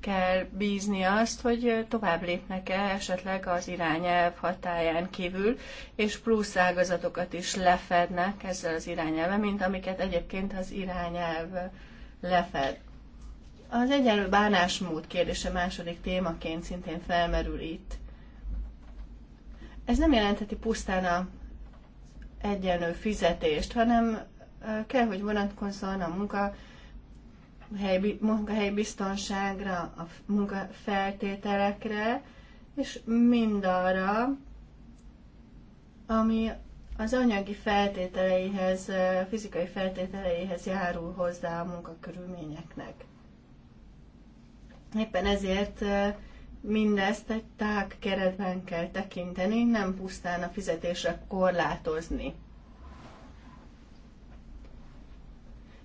kell bízni azt, hogy tovább lépnek-e esetleg az irányelv hatáján kívül, és plusz ágazatokat is lefednek ezzel az irányelve, mint amiket egyébként az irányelv lefed. Az egyenlő bánásmód kérdése második témaként szintén felmerül itt. Ez nem jelentheti pusztán a egyenlő fizetést, hanem kell, hogy vonatkozzon a munka helyi, munkahelyi biztonságra, a munkafeltételekre, és arra, ami az anyagi feltételeihez, fizikai feltételeihez járul hozzá a munkakörülményeknek. Éppen ezért mindezt egy tág keretben kell tekinteni, nem pusztán a fizetésre korlátozni.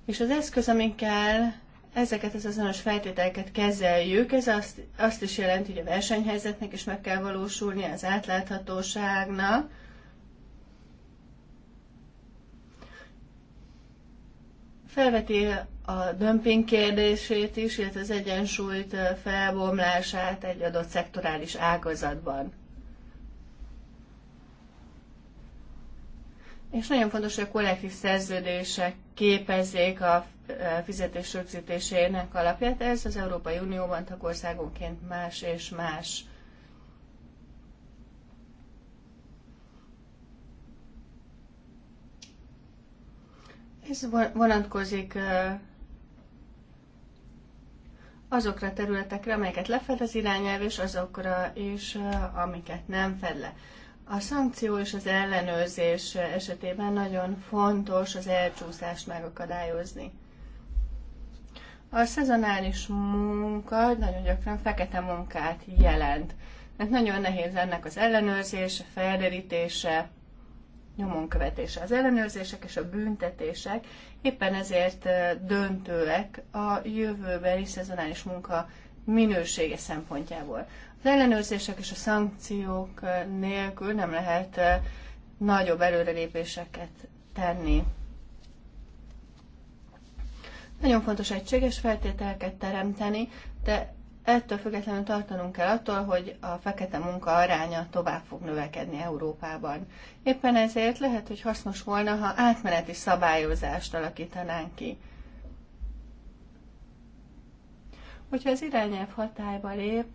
És az eszköz, amikkel kell ezeket az azonos feltételeket kezeljük, ez azt, azt is jelenti, hogy a versenyhelyzetnek is meg kell valósulni, az átláthatóságnak, felveti a dömping kérdését is, illetve az egyensúlyt felbomlását egy adott szektorális ágazatban. És nagyon fontos, hogy a kollektív szerződések képezzék a e, fizetés rögzítésének alapját. Ez az Európai Unióban tagországonként más és más. Ez vonatkozik e, azokra a területekre, amelyeket lefed az irányelv, és azokra is, e, amiket nem fed le. A szankció és az ellenőrzés esetében nagyon fontos az elcsúszást megakadályozni. A szezonális munka nagyon gyakran fekete munkát jelent. Mert nagyon nehéz ennek az ellenőrzése, felderítése, nyomon követése. Az ellenőrzések és a büntetések éppen ezért döntőek a jövőbeli szezonális munka minősége szempontjából. Az ellenőrzések és a szankciók eh, nélkül nem lehet eh, nagyobb előrelépéseket tenni. Nagyon fontos egységes feltételeket teremteni, de ettől függetlenül tartanunk kell attól, hogy a fekete munka aránya tovább fog növekedni Európában. Éppen ezért lehet, hogy hasznos volna, ha átmeneti szabályozást alakítanánk ki. Hogyha az irányelv hatályba lép,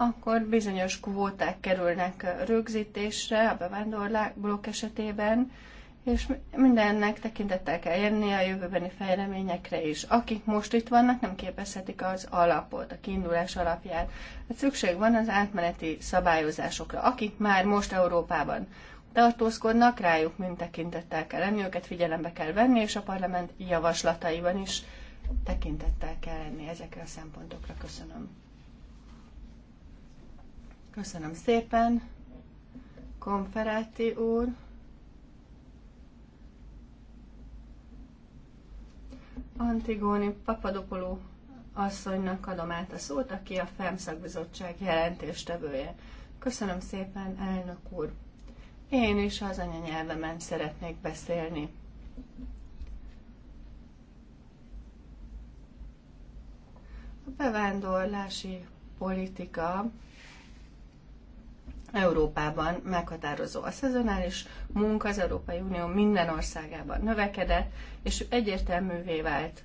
akkor bizonyos kvóták kerülnek rögzítésre a bevándorlók esetében, és mindennek tekintettel kell jönni a jövőbeni fejleményekre is. Akik most itt vannak, nem képezhetik az alapot, a kiindulás alapját. Hát szükség van az átmeneti szabályozásokra. Akik már most Európában tartózkodnak, rájuk mind tekintettel kell lenni, őket figyelembe kell venni, és a parlament javaslataiban is tekintettel kell lenni ezekre a szempontokra. Köszönöm. Köszönöm szépen. Konferáti úr. Antigóni Papadopoló asszonynak adom át a szót, aki a FEM szakbizottság jelentéstevője. Köszönöm szépen, elnök úr. Én is az anyanyelvemen szeretnék beszélni. A bevándorlási politika Európában meghatározó. A szezonális munka az Európai Unió minden országában növekedett, és egyértelművé vált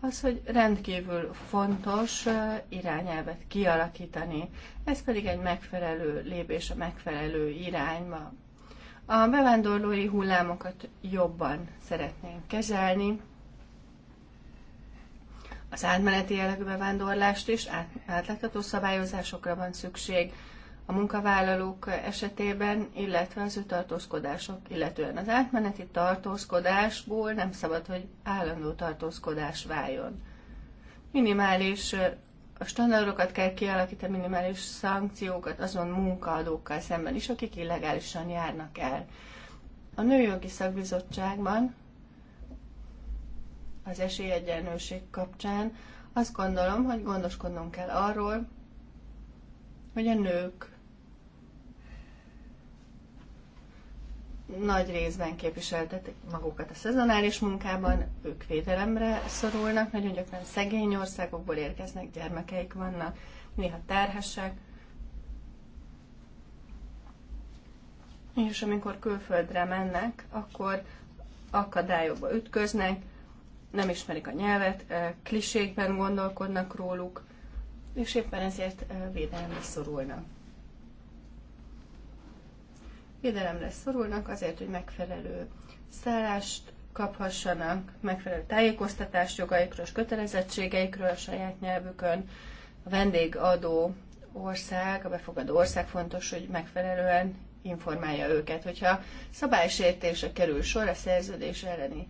az, hogy rendkívül fontos irányelvet kialakítani. Ez pedig egy megfelelő lépés a megfelelő irányba. A bevándorlói hullámokat jobban szeretnénk kezelni, az átmeneti jellegű bevándorlást is, átlátható szabályozásokra van szükség, a munkavállalók esetében, illetve az ő tartózkodások, illetően az átmeneti tartózkodásból nem szabad, hogy állandó tartózkodás váljon. Minimális a standardokat kell kialakítani, minimális szankciókat azon munkaadókkal szemben is, akik illegálisan járnak el. A Nőjogi Szakbizottságban az esélyegyenlőség kapcsán azt gondolom, hogy gondoskodnunk kell arról, hogy a nők nagy részben képviseltetik magukat a szezonális munkában, ők védelemre szorulnak, nagyon gyakran szegény országokból érkeznek, gyermekeik vannak, néha terhesek. És amikor külföldre mennek, akkor akadályokba ütköznek, nem ismerik a nyelvet, klisékben gondolkodnak róluk, és éppen ezért védelemre szorulnak védelemre szorulnak azért, hogy megfelelő szállást kaphassanak, megfelelő tájékoztatást jogaikról és kötelezettségeikről a saját nyelvükön. A vendégadó ország, a befogadó ország fontos, hogy megfelelően informálja őket. Hogyha szabálysértése kerül sor a szerződés elleni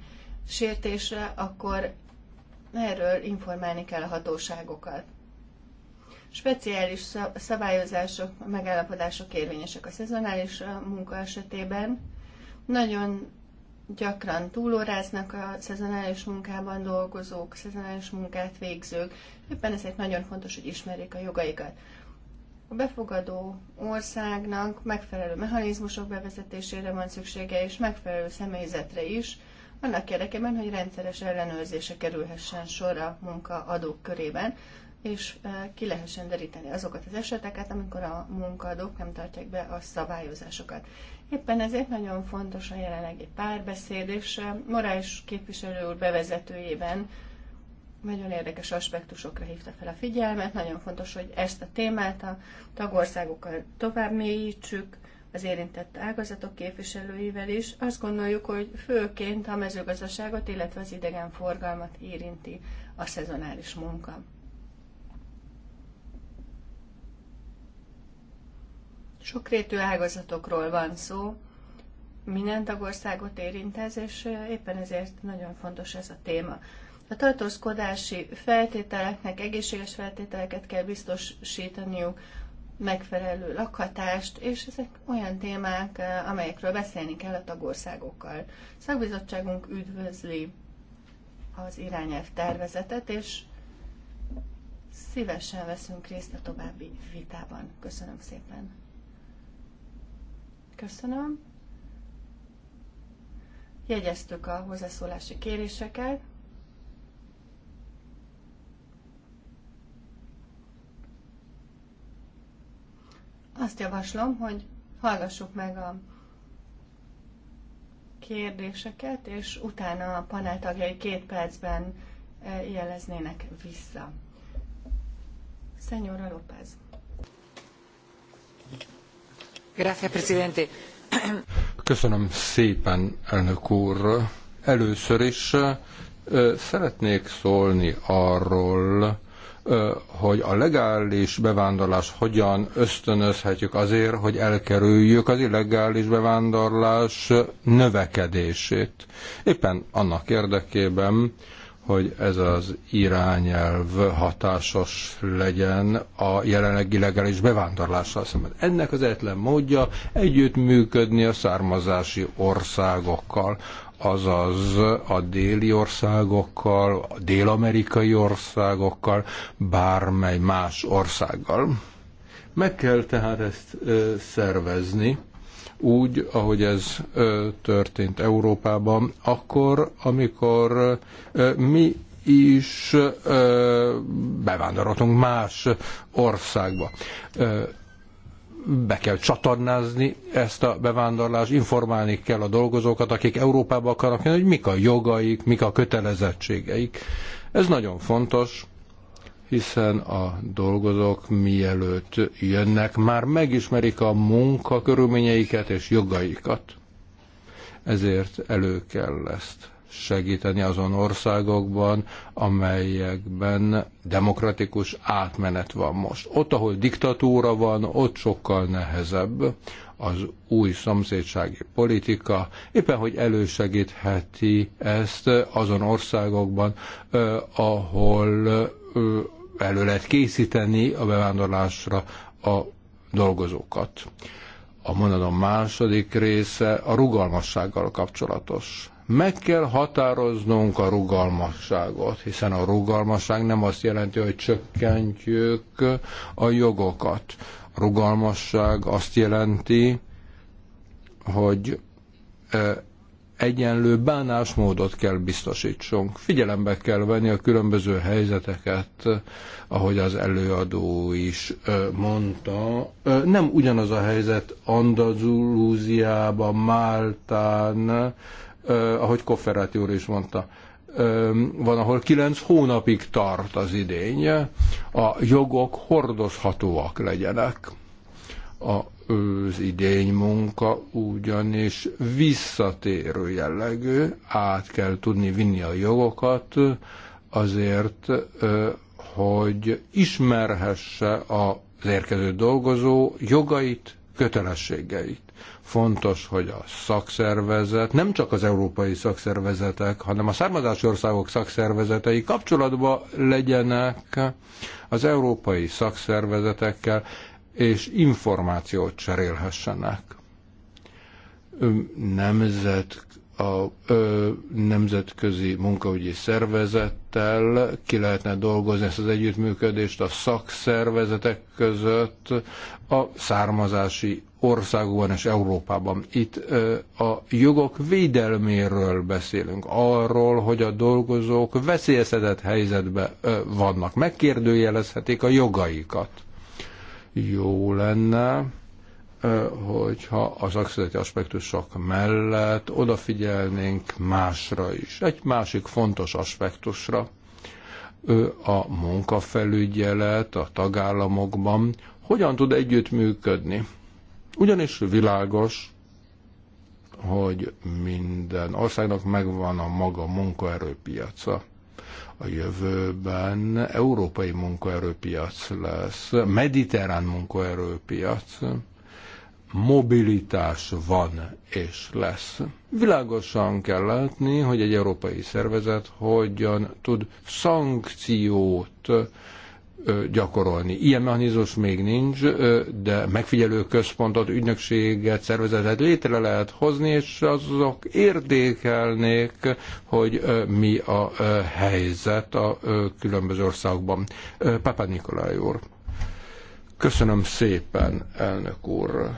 sértésre, akkor erről informálni kell a hatóságokat speciális szabályozások, megállapodások érvényesek a szezonális munka esetében. Nagyon gyakran túlóráznak a szezonális munkában dolgozók, szezonális munkát végzők. Éppen ezért nagyon fontos, hogy ismerjék a jogaikat. A befogadó országnak megfelelő mechanizmusok bevezetésére van szüksége, és megfelelő személyzetre is, annak érdekében, hogy rendszeres ellenőrzése kerülhessen sor a munkaadók körében, és ki lehessen deríteni azokat az eseteket, amikor a munkaadók nem tartják be a szabályozásokat. Éppen ezért nagyon fontos a jelenlegi párbeszéd, és morális képviselő úr bevezetőjében nagyon érdekes aspektusokra hívta fel a figyelmet. Nagyon fontos, hogy ezt a témát a tagországokkal tovább mélyítsük, az érintett ágazatok képviselőivel is. Azt gondoljuk, hogy főként a mezőgazdaságot, illetve az idegenforgalmat érinti a szezonális munka. Sokrétű ágazatokról van szó, minden tagországot érint ez, és éppen ezért nagyon fontos ez a téma. A tartózkodási feltételeknek egészséges feltételeket kell biztosítaniuk, megfelelő lakhatást, és ezek olyan témák, amelyekről beszélni kell a tagországokkal. Szakbizottságunk üdvözli az irányelv tervezetet, és szívesen veszünk részt a további vitában. Köszönöm szépen! Köszönöm. Jegyeztük a hozzászólási kéréseket. Azt javaslom, hogy hallgassuk meg a kérdéseket, és utána a panel tagjai két percben eh, jeleznének vissza. Señora López. Köszönöm szépen, elnök úr. Először is szeretnék szólni arról, hogy a legális bevándorlás hogyan ösztönözhetjük azért, hogy elkerüljük az illegális bevándorlás növekedését. Éppen annak érdekében, hogy ez az irányelv hatásos legyen a jelenlegi legális bevándorlással szemben. Ennek az egyetlen módja együttműködni a származási országokkal, azaz a déli országokkal, a dél-amerikai országokkal, bármely más országgal. Meg kell tehát ezt ö, szervezni, úgy, ahogy ez történt Európában, akkor, amikor mi is bevándoroltunk más országba. Be kell csatornázni ezt a bevándorlást, informálni kell a dolgozókat, akik Európába akarnak jönni, hogy mik a jogaik, mik a kötelezettségeik. Ez nagyon fontos hiszen a dolgozók mielőtt jönnek, már megismerik a munka körülményeiket és jogaikat. Ezért elő kell ezt segíteni azon országokban, amelyekben demokratikus átmenet van most. Ott, ahol diktatúra van, ott sokkal nehezebb az új szomszédsági politika, éppen hogy elősegítheti ezt azon országokban, ahol elő lehet készíteni a bevándorlásra a dolgozókat. A mondatom második része a rugalmassággal kapcsolatos. Meg kell határoznunk a rugalmasságot, hiszen a rugalmasság nem azt jelenti, hogy csökkentjük a jogokat. A rugalmasság azt jelenti, hogy eh, egyenlő bánásmódot kell biztosítsunk. Figyelembe kell venni a különböző helyzeteket, ahogy az előadó is mondta. Nem ugyanaz a helyzet Andalúziában, Máltán, ahogy Kofferáti úr is mondta. Van, ahol kilenc hónapig tart az idény, a jogok hordozhatóak legyenek. A az idény munka ugyanis visszatérő jellegű, át kell tudni vinni a jogokat azért, hogy ismerhesse az érkező dolgozó jogait, kötelességeit. Fontos, hogy a szakszervezet, nem csak az európai szakszervezetek, hanem a származási országok szakszervezetei kapcsolatba legyenek az európai szakszervezetekkel, és információt cserélhessenek. Nemzet, a ö, nemzetközi munkaügyi szervezettel ki lehetne dolgozni ezt az együttműködést a szakszervezetek között a származási országokban és Európában. Itt ö, a jogok védelméről beszélünk, arról, hogy a dolgozók veszélyeztetett helyzetbe ö, vannak, megkérdőjelezhetik a jogaikat. Jó lenne, hogyha az akciózati aspektusok mellett odafigyelnénk másra is. Egy másik fontos aspektusra, a munkafelügyelet a tagállamokban hogyan tud együttműködni. Ugyanis világos, hogy minden országnak megvan a maga munkaerőpiaca a jövőben európai munkaerőpiac lesz, mediterrán munkaerőpiac, mobilitás van és lesz. Világosan kell látni, hogy egy európai szervezet hogyan tud szankciót gyakorolni. Ilyen mechanizmus még nincs, de megfigyelő központot, ügynökséget, szervezetet létre lehet hozni, és azok érdékelnék, hogy mi a helyzet a különböző országban. Papa Nikolaj úr. Köszönöm szépen, elnök úr.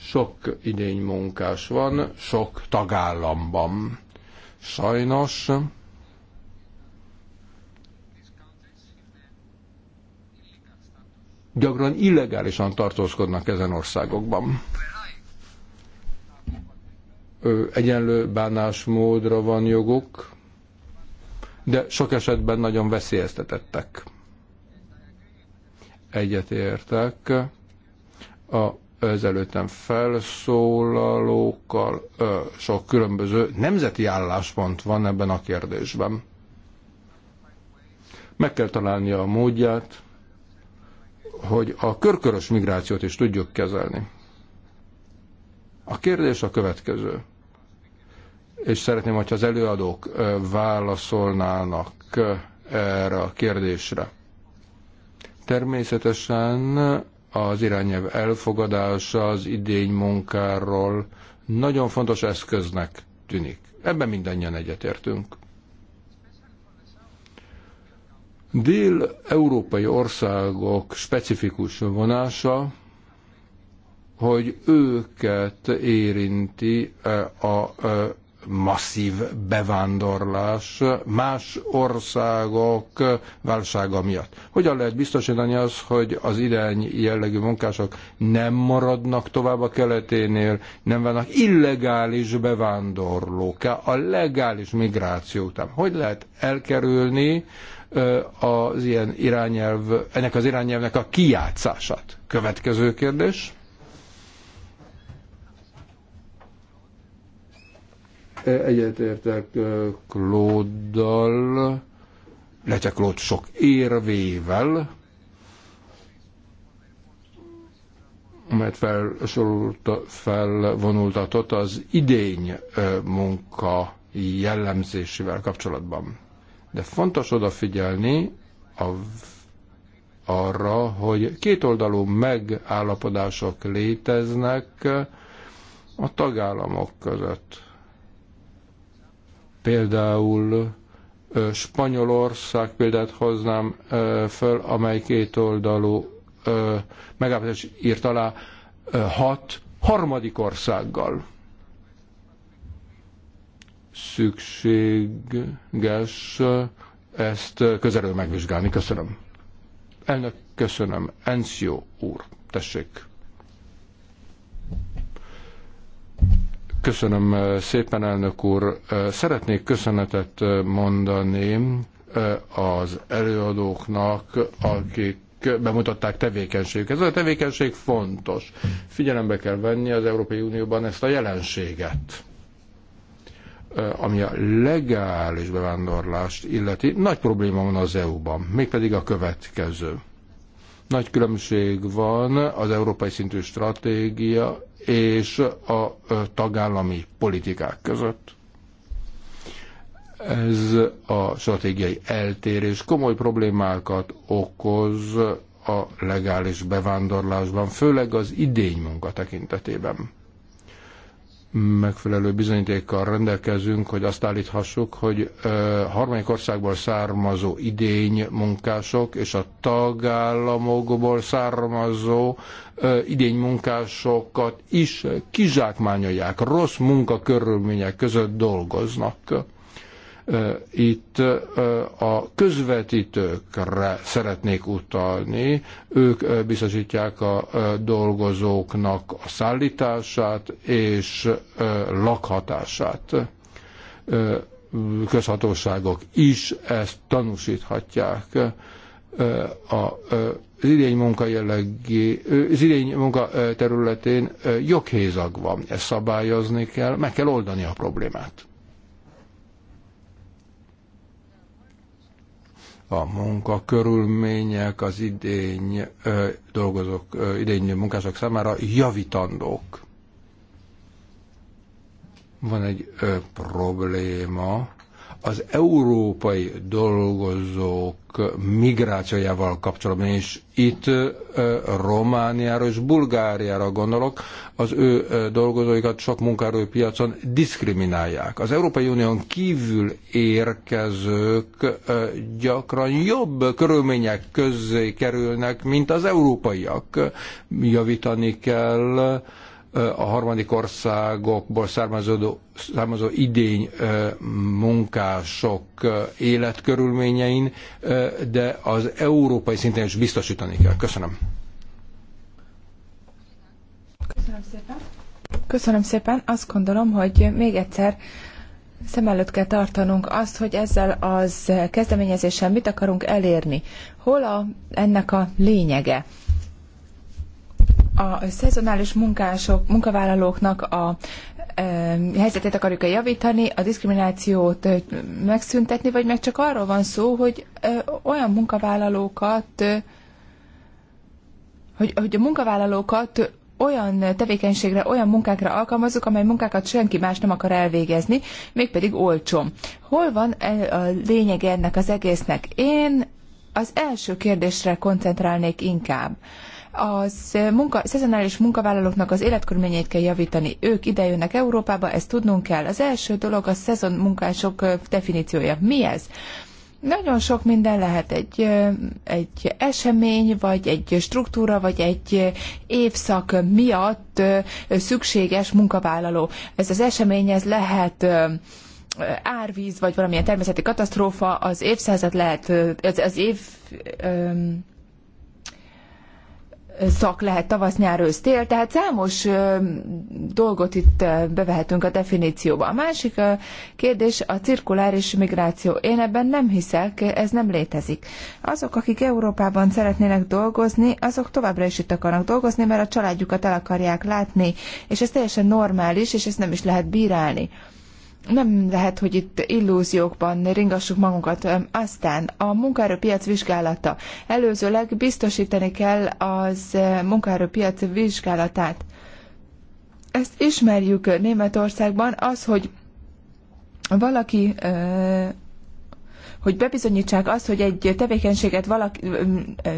Sok idény munkás van, sok tagállamban. Sajnos gyakran illegálisan tartózkodnak ezen országokban. Egyenlő bánásmódra van joguk, de sok esetben nagyon veszélyeztetettek. Egyetértek a az előttem felszólalókkal ö, sok különböző nemzeti álláspont van ebben a kérdésben. Meg kell találni a módját, hogy a körkörös migrációt is tudjuk kezelni. A kérdés a következő, és szeretném, hogyha az előadók válaszolnának erre a kérdésre. Természetesen az irányelv elfogadása az idény munkáról nagyon fontos eszköznek tűnik. Ebben mindannyian egyetértünk. dél-európai országok specifikus vonása, hogy őket érinti e, a e, masszív bevándorlás más országok válsága miatt. Hogyan lehet biztosítani az, hogy az irány jellegű munkások nem maradnak tovább a keleténél, nem vannak illegális bevándorlók, a legális migráció után? Hogy lehet elkerülni, az ilyen irányelv, ennek az irányelvnek a kijátszását. Következő kérdés. E, egyetértek Klóddal, illetve Klód sok érvével, mert felvonultatott az idény munka jellemzésével kapcsolatban. De fontos odafigyelni a, arra, hogy kétoldalú megállapodások léteznek a tagállamok között. Például Spanyolország példát hoznám föl, amely kétoldalú megállapodást írt alá hat harmadik országgal szükséges ezt közelről megvizsgálni. Köszönöm. Elnök, köszönöm. Enció úr, tessék. Köszönöm szépen, elnök úr. Szeretnék köszönetet mondani az előadóknak, akik bemutatták tevékenységüket. Ez a tevékenység fontos. Figyelembe kell venni az Európai Unióban ezt a jelenséget ami a legális bevándorlást illeti, nagy probléma van az EU-ban, mégpedig a következő. Nagy különbség van az európai szintű stratégia és a tagállami politikák között. Ez a stratégiai eltérés komoly problémákat okoz a legális bevándorlásban, főleg az idénymunka tekintetében megfelelő bizonyítékkal rendelkezünk, hogy azt állíthassuk, hogy harmadik országból származó idény munkások és a tagállamokból származó idény munkásokat is kizsákmányolják, rossz munkakörülmények között dolgoznak. Itt a közvetítőkre szeretnék utalni, ők biztosítják a dolgozóknak a szállítását és lakhatását közhatóságok is ezt tanúsíthatják. Az idény munka jellegi, az idény munka területén joghézag van, ezt szabályozni kell, meg kell oldani a problémát. a munkakörülmények az idény dolgozók, idény munkások számára javítandók. Van egy probléma az európai dolgozók migrációjával kapcsolatban, és itt Romániára és Bulgáriára gondolok, az ő dolgozóikat sok munkaerőpiacon diszkriminálják. Az Európai Unión kívül érkezők gyakran jobb körülmények közé kerülnek, mint az európaiak. Javítani kell a harmadik országokból származó, származó idény munkások életkörülményein, de az európai szinten is biztosítani kell. Köszönöm. Köszönöm szépen. Köszönöm szépen. Azt gondolom, hogy még egyszer szem előtt kell tartanunk azt, hogy ezzel az kezdeményezéssel mit akarunk elérni. Hol a, ennek a lényege? a szezonális munkások, munkavállalóknak a e, helyzetét akarjuk-e javítani, a diszkriminációt e, megszüntetni, vagy meg csak arról van szó, hogy e, olyan munkavállalókat, hogy, hogy a munkavállalókat olyan tevékenységre, olyan munkákra alkalmazzuk, amely munkákat senki más nem akar elvégezni, mégpedig olcsom. Hol van a lényeg ennek az egésznek? Én az első kérdésre koncentrálnék inkább az munka, szezonális munkavállalóknak az életkörülményeit kell javítani. Ők idejönnek Európába, ezt tudnunk kell. Az első dolog a szezon munkások definíciója. Mi ez? Nagyon sok minden lehet egy, egy esemény, vagy egy struktúra, vagy egy évszak miatt szükséges munkavállaló. Ez az esemény, ez lehet árvíz, vagy valamilyen természeti katasztrófa, az évszázad lehet, az, az év szak lehet tavasz, nyár, ősz, tél, tehát számos dolgot itt bevehetünk a definícióba. A másik kérdés a cirkuláris migráció. Én ebben nem hiszek, ez nem létezik. Azok, akik Európában szeretnének dolgozni, azok továbbra is itt akarnak dolgozni, mert a családjukat el akarják látni, és ez teljesen normális, és ezt nem is lehet bírálni nem lehet, hogy itt illúziókban ringassuk magunkat. Aztán a munkaerőpiac vizsgálata. Előzőleg biztosítani kell az munkaerőpiac vizsgálatát. Ezt ismerjük Németországban, az, hogy valaki hogy bebizonyítsák azt, hogy egy tevékenységet valaki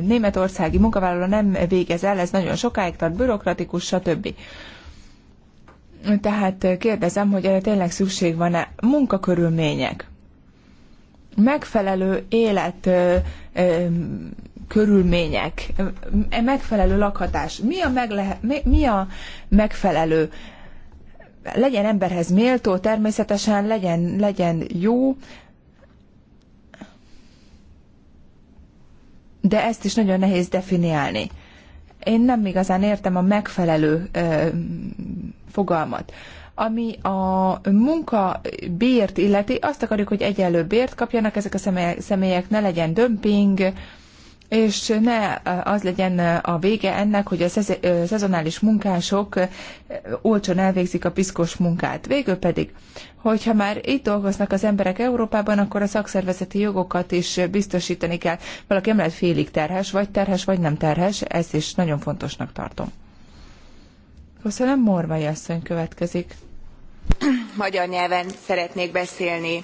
németországi munkavállaló nem végez el, ez nagyon sokáig tart, bürokratikus, stb. Tehát kérdezem, hogy erre tényleg szükség van-e munkakörülmények, megfelelő élet ö, ö, körülmények, e megfelelő lakhatás. Mi a, meglehe, mi, mi a megfelelő? Legyen emberhez méltó, természetesen legyen, legyen jó, de ezt is nagyon nehéz definiálni. Én nem igazán értem a megfelelő ö, fogalmat. Ami a munka bért illeti, azt akarjuk, hogy egyenlő bért kapjanak ezek a személyek, ne legyen dömping, és ne az legyen a vége ennek, hogy a szezonális munkások olcsón elvégzik a piszkos munkát. Végül pedig, hogyha már itt dolgoznak az emberek Európában, akkor a szakszervezeti jogokat is biztosítani kell. Valaki emlet félig terhes, vagy terhes, vagy nem terhes, ezt is nagyon fontosnak tartom. Köszönöm, Morvai asszony következik. Magyar nyelven szeretnék beszélni.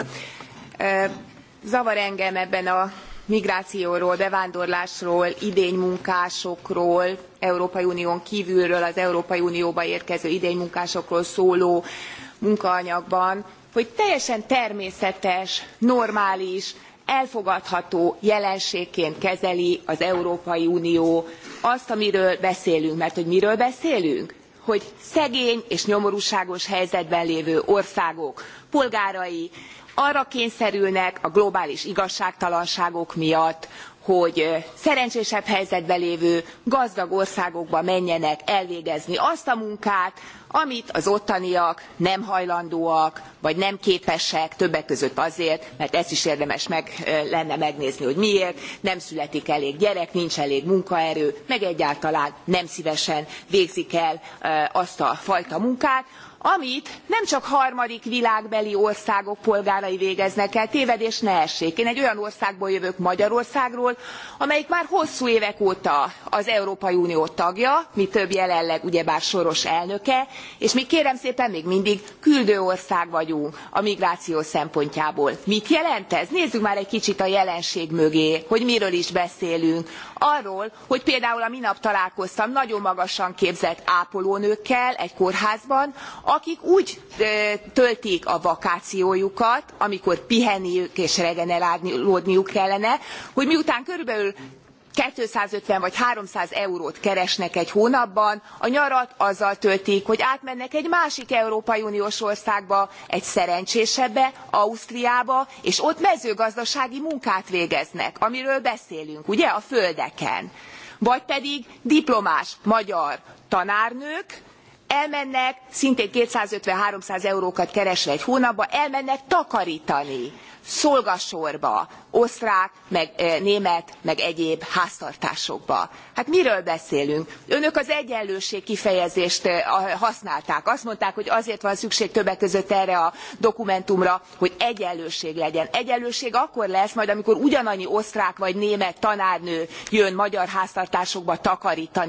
Zavar engem ebben a migrációról bevándorlásról idénymunkásokról európai unión kvülről az európai unióba érkező idénymunkásokról szóló munkaanyagban hogy teljesen természetes normális elfogadható jelenségként kezeli az európai unió azt amiről beszélünk merthogy miről beszélünk? hogy szegény és nyomorúságos helyzetben lévő országok polgárai arra kényszerülnek a globális igazságtalanságok miatt hogy szerencsésebb helyzetben lévő gazdag országokba menjenek elvégezni azt a munkát amit az ottaniak nem hajlandóak vagy nem képesek többek között azért mert ezt is érdemes meg lenne megnézni hogy miért nem születik elég gyerek nincs elég munkaerő meg egyáltalán nem szvesen végzik el azt a fajta munkát amit nem csak harmadik világbeli országok polgárai végeznek el tévedés ne essék én egy olyan országból jövök magyarországról amelyik már hosszú évek óta az európai unió tagja mitöbb jelenleg ugyebár soros elnöke és mi kérem szépen még mindig küldő ország vagyunk a migráció szempontjából. mit jelent ez? nézzük már egy kicsit a jelenség mögé hogy miről is beszélünk arról hogy például a minap találkoztam nagyon magasan képzett ápolónőkkel egy kórházban akik úgy töltik a vakációjukat amikor pihenniük és regenerálódniuk kellene hogy miután körülbelül fifty vagy 300 eurót keresnek egy hónapban, a nyarat azzal töltik, hogy átmennek egy másik Európai Uniós országba, egy szerencsésebbe, Ausztriába, és ott mezőgazdasági munkát végeznek, amiről beszélünk, ugye, a földeken. Vagy pedig diplomás magyar tanárnők, elmennek szintén two hundred and fifty three hundred eurókat keresve egy hónapban elmennek takartani szolgasorba osztrák meg eh, német meg egyéb háztartásokba. hát miről beszélünk? önök az egyenlőség kifejezést eh, használták azt mondták hogy azért van szükség többek között erre a dokumentumra hogy egyenlőség legyen. egyenlőség akkor lesz majd amikor ugyanannyi osztrák vagy német tanárnő jön magyar háztartásokba takartani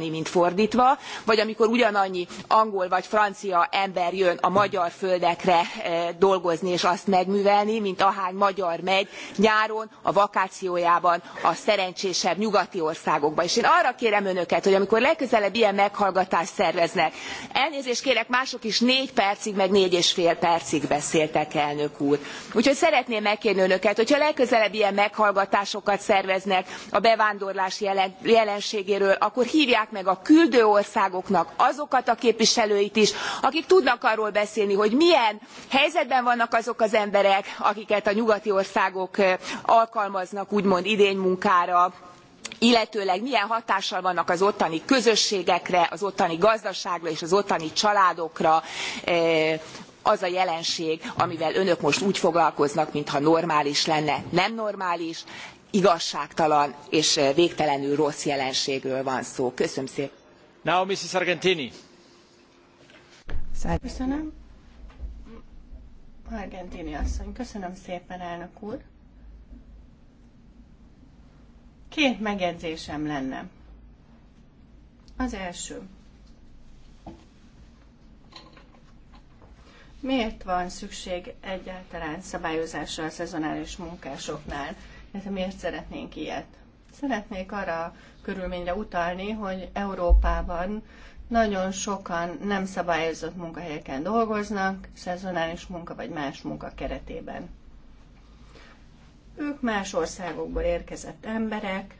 mint fordtva vagy amikor ugyanannyi angol vagy francia ember jön a magyar földekre eh, dolgozni és azt megművelni mint ahány magyar megy nyáron a vakációjában a szerencsésebb nyugati országokba. és én arra kérem önöket hogy amikor legközelebb ilyen meghallgatást szerveznek elnézést kérek mások is négy percig meg négy és fél percig beszéltek elnök úr úgyhogy szeretném megkérni önöket hogyha legközelebb ilyen meghallgatásokat szerveznek a bevándorlás jelen, jelenségéről akkor hívják meg a küldő országoknak azokat a képviselőit is akik tudnak arról beszélni hogy milyen helyzetben vannak azok az emberek akiket a nyugat nyugati országok alkalmaznak úgymond idénymunkára illetőleg milyen hatással vannak az ottani közösségekre az ottani gazdaságra és az ottani családokra az a jelenség amivel önök most úgy foglalkoznak mintha normális lenne. nem normális igazságtalan és végtelenül rossz jelenségről van szó. köszönöm szépen! Mrs. Argentini asszony, köszönöm szépen, elnök úr. Két megjegyzésem lenne. Az első. Miért van szükség egyáltalán szabályozásra a szezonális munkásoknál? Hát miért szeretnénk ilyet? Szeretnék arra körülményre utalni, hogy Európában nagyon sokan nem szabályozott munkahelyeken dolgoznak, szezonális munka vagy más munka keretében. Ők más országokból érkezett emberek,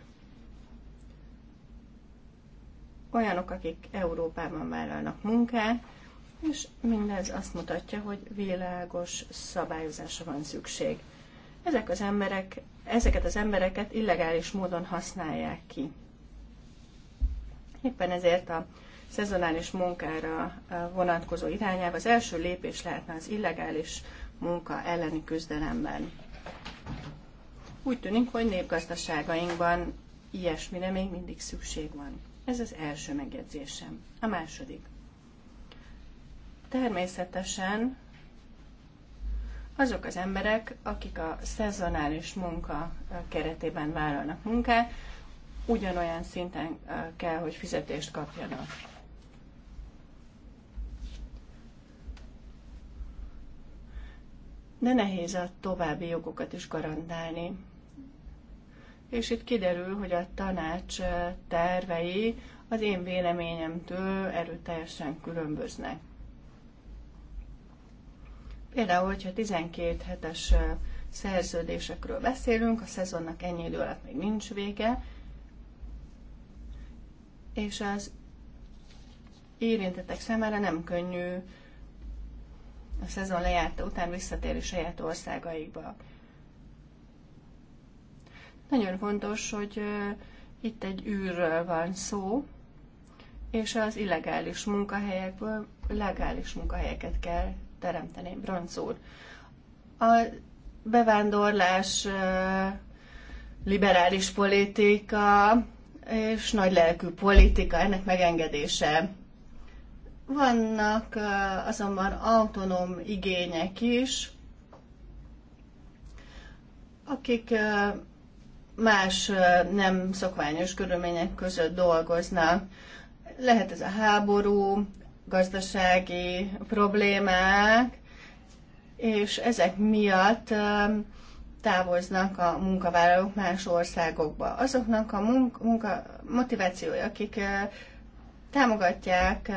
olyanok, akik Európában vállalnak munkát, és mindez azt mutatja, hogy világos szabályozásra van szükség. Ezek az emberek, ezeket az embereket illegális módon használják ki. Éppen ezért a szezonális munkára eh, vonatkozó irányelv az első lépés lehetne az illegális munka elleni küzdelemben. Úgy tűnik, hogy népgazdaságainkban ilyesmire még mindig szükség van. Ez az első megjegyzésem. A második. Természetesen azok az emberek, akik a szezonális munka eh, keretében vállalnak munkát, ugyanolyan szinten eh, kell, hogy fizetést kapjanak. de nehéz a további jogokat is garantálni. És itt kiderül, hogy a tanács eh, tervei az én véleményemtől erőteljesen különböznek. Például, hogyha 12 hetes eh, szerződésekről beszélünk, a szezonnak ennyi idő alatt még nincs vége, és az érintettek számára nem könnyű a szezon lejárta után visszatérő saját országaikba. Nagyon fontos, hogy itt egy űrről van szó, és az illegális munkahelyekből legális munkahelyeket kell teremteni. Bronc A bevándorlás liberális politika és nagy lelkű politika, ennek megengedése vannak azonban autonóm igények is, akik más nem szokványos körülmények között dolgoznak. Lehet ez a háború, gazdasági problémák, és ezek miatt távoznak a munkavállalók más országokba. Azoknak a munka, munka motivációja, akik támogatják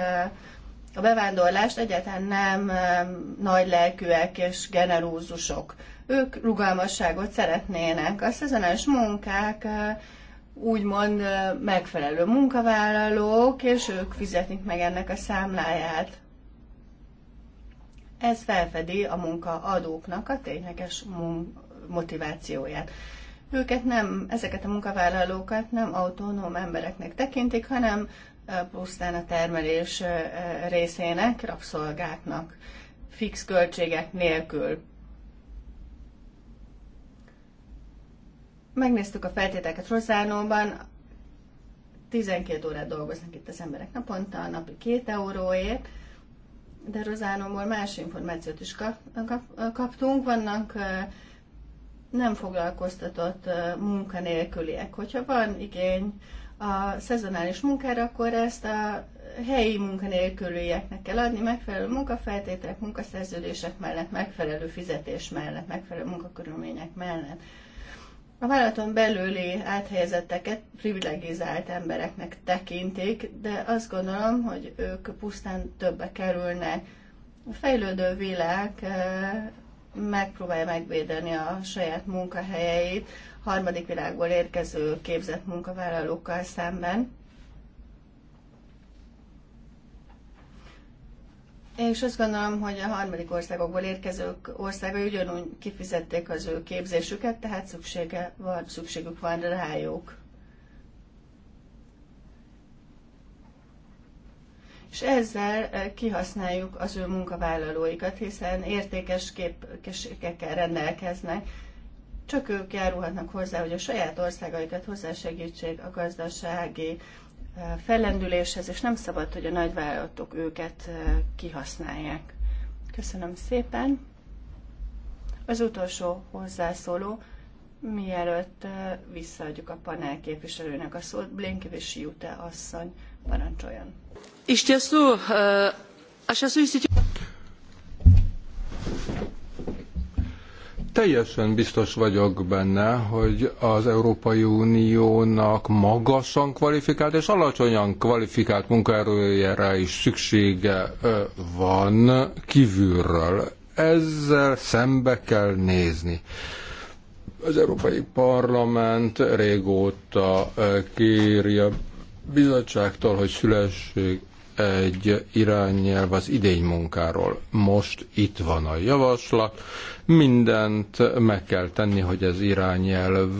a bevándorlást egyáltalán nem nagy lelkűek és generózusok. Ők rugalmasságot szeretnének. A szezonás munkák úgymond megfelelő munkavállalók, és ők fizetik meg ennek a számláját. Ez felfedi a munkaadóknak a tényleges motivációját. Őket nem, ezeket a munkavállalókat nem autonóm embereknek tekintik, hanem pusztán a termelés részének, rabszolgáknak, fix költségek nélkül. Megnéztük a feltételeket Rosszánóban, 12 órát dolgoznak itt az emberek naponta, a napi 2 euróért, de Rozánomból más információt is kap, kap, kaptunk. Vannak nem foglalkoztatott munkanélküliek. Hogyha van igény a szezonális munkára, akkor ezt a helyi munkanélkülieknek kell adni megfelelő munkafeltételek, munkaszerződések mellett, megfelelő fizetés mellett, megfelelő munkakörülmények mellett. A vállalaton belüli áthelyezetteket privilegizált embereknek tekintik, de azt gondolom, hogy ők pusztán többe kerülnek. A fejlődő világ eh, megpróbálja megvédeni a saját munkahelyeit harmadik világból érkező képzett munkavállalókkal szemben. És azt gondolom, hogy a harmadik országokból érkezők országai ugyanúgy kifizették az ő képzésüket, tehát szüksége van, szükségük van rájuk. És ezzel eh, kihasználjuk az ő munkavállalóikat, hiszen értékes képességekkel rendelkeznek, csak ők járulhatnak hozzá, hogy a saját országaikat hozzásegítsék a gazdasági eh, fellendüléshez, és nem szabad, hogy a nagyvállalatok őket eh, kihasználják. Köszönöm szépen. Az utolsó hozzászóló, mielőtt eh, visszaadjuk a panel képviselőnek a szót, Blinkevics Jute asszony, parancsoljon. És tiesų, aš Teljesen biztos vagyok benne, hogy az Európai Uniónak magasan kvalifikált és alacsonyan kvalifikált munkaerőjére is szüksége van kívülről. Ezzel szembe kell nézni. Az Európai Parlament régóta kéri a bizottságtól, hogy szülessék egy irányelv az idénymunkáról. Most itt van a javaslat, mindent meg kell tenni, hogy az irányelv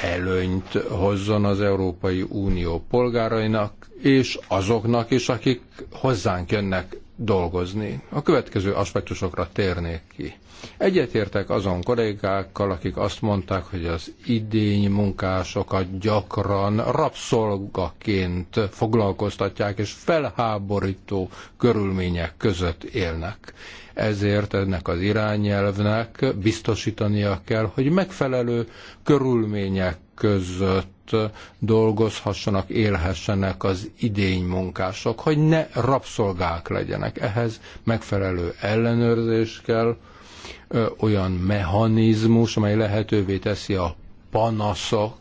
előnyt hozzon az Európai Unió polgárainak, és azoknak is, akik hozzánk jönnek dolgozni. A következő aspektusokra térnék ki. Egyetértek azon kollégákkal, akik azt mondták, hogy az idény munkásokat gyakran rabszolgaként foglalkoztatják, és felháborító körülmények között élnek. Ezért ennek az irányelvnek biztosítania kell, hogy megfelelő körülmények között dolgozhassanak, élhessenek az idény munkások, hogy ne rabszolgák legyenek. Ehhez megfelelő ellenőrzés kell, olyan mechanizmus, amely lehetővé teszi a panaszok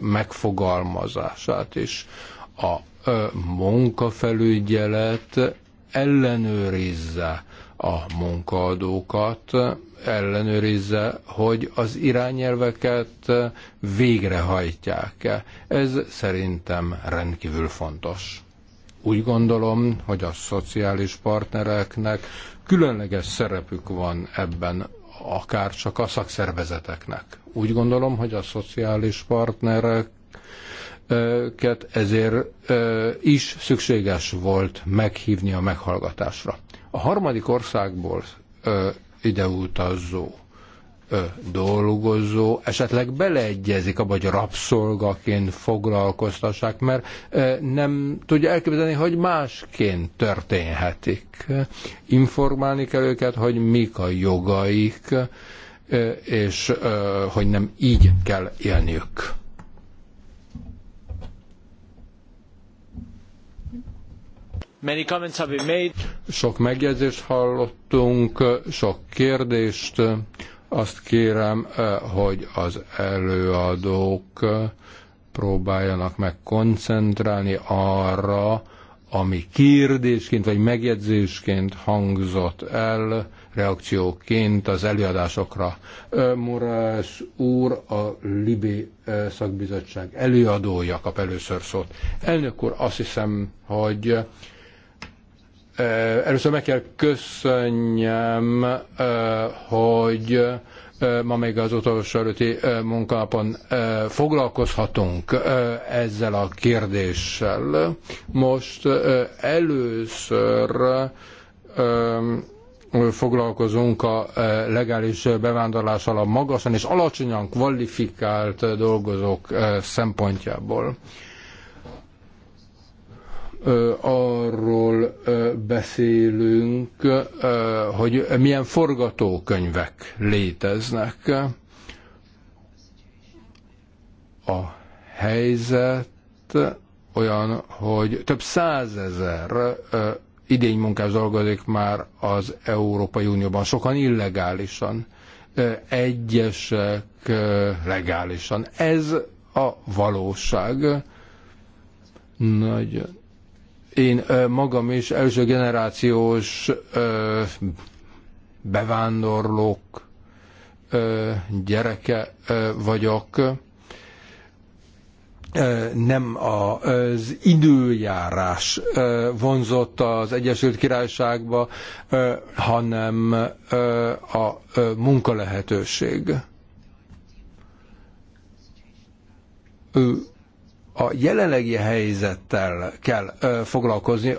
megfogalmazását is. A munkafelügyelet ellenőrizze a munkaadókat, ellenőrizze, hogy az irányelveket végrehajtják-e. Ez szerintem rendkívül fontos. Úgy gondolom, hogy a szociális partnereknek különleges szerepük van ebben, akár csak a szakszervezeteknek. Úgy gondolom, hogy a szociális partnerek ezért is szükséges volt meghívni a meghallgatásra. A harmadik országból ideutazó dolgozó esetleg beleegyezik abba, hogy rabszolgaként foglalkoztassák, mert nem tudja elképzelni, hogy másként történhetik. Informálni kell őket, hogy mik a jogaik, és hogy nem így kell élniük. Sok megjegyzést hallottunk, sok kérdést azt kérem, eh, hogy az előadók eh, próbáljanak meg koncentrálni arra, ami kérdésként vagy megjegyzésként hangzott el, reakcióként az előadásokra. Eh, Morás úr, a Libé szakbizottság előadója kap először szót. Elnök úr, azt hiszem, hogy Eh, először meg kell köszönjem, eh, hogy eh, ma még az utolsó előtti munkanapon foglalkozhatunk ezzel a kérdéssel. Most először foglalkozunk a legális bevándorlással a magasan és alacsonyan kvalifikált dolgozók szempontjából arról beszélünk, hogy milyen forgatókönyvek léteznek. A helyzet olyan, hogy több százezer idénymunkás dolgozik már az Európai Unióban, sokan illegálisan, egyesek legálisan. Ez a valóság. Nagyon én magam is első generációs bevándorlók gyereke vagyok nem az időjárás vonzott az Egyesült Királyságba, hanem a munkalehetőség a jelenlegi helyzettel kell foglalkozni,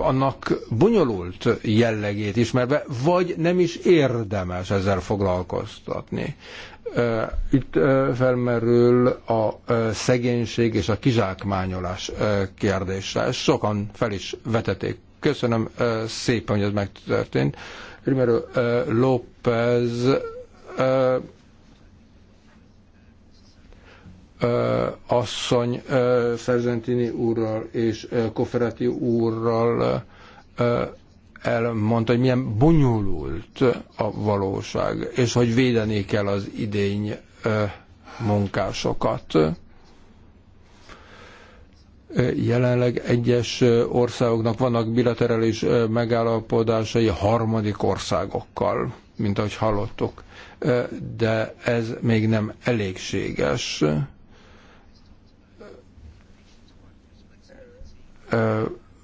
annak bonyolult jellegét ismerve, vagy nem is érdemes ezzel foglalkoztatni. Itt felmerül a szegénység és a kizsákmányolás kérdése. Sokan fel is vetették. Köszönöm szépen, hogy ez megtörtént. Primero López asszony Szerzentini úrral és Koferati úrral elmondta, hogy milyen bonyolult a valóság, és hogy védeni kell az idény munkásokat. Jelenleg egyes országoknak vannak bilaterális megállapodásai harmadik országokkal, mint ahogy hallottuk, de ez még nem elégséges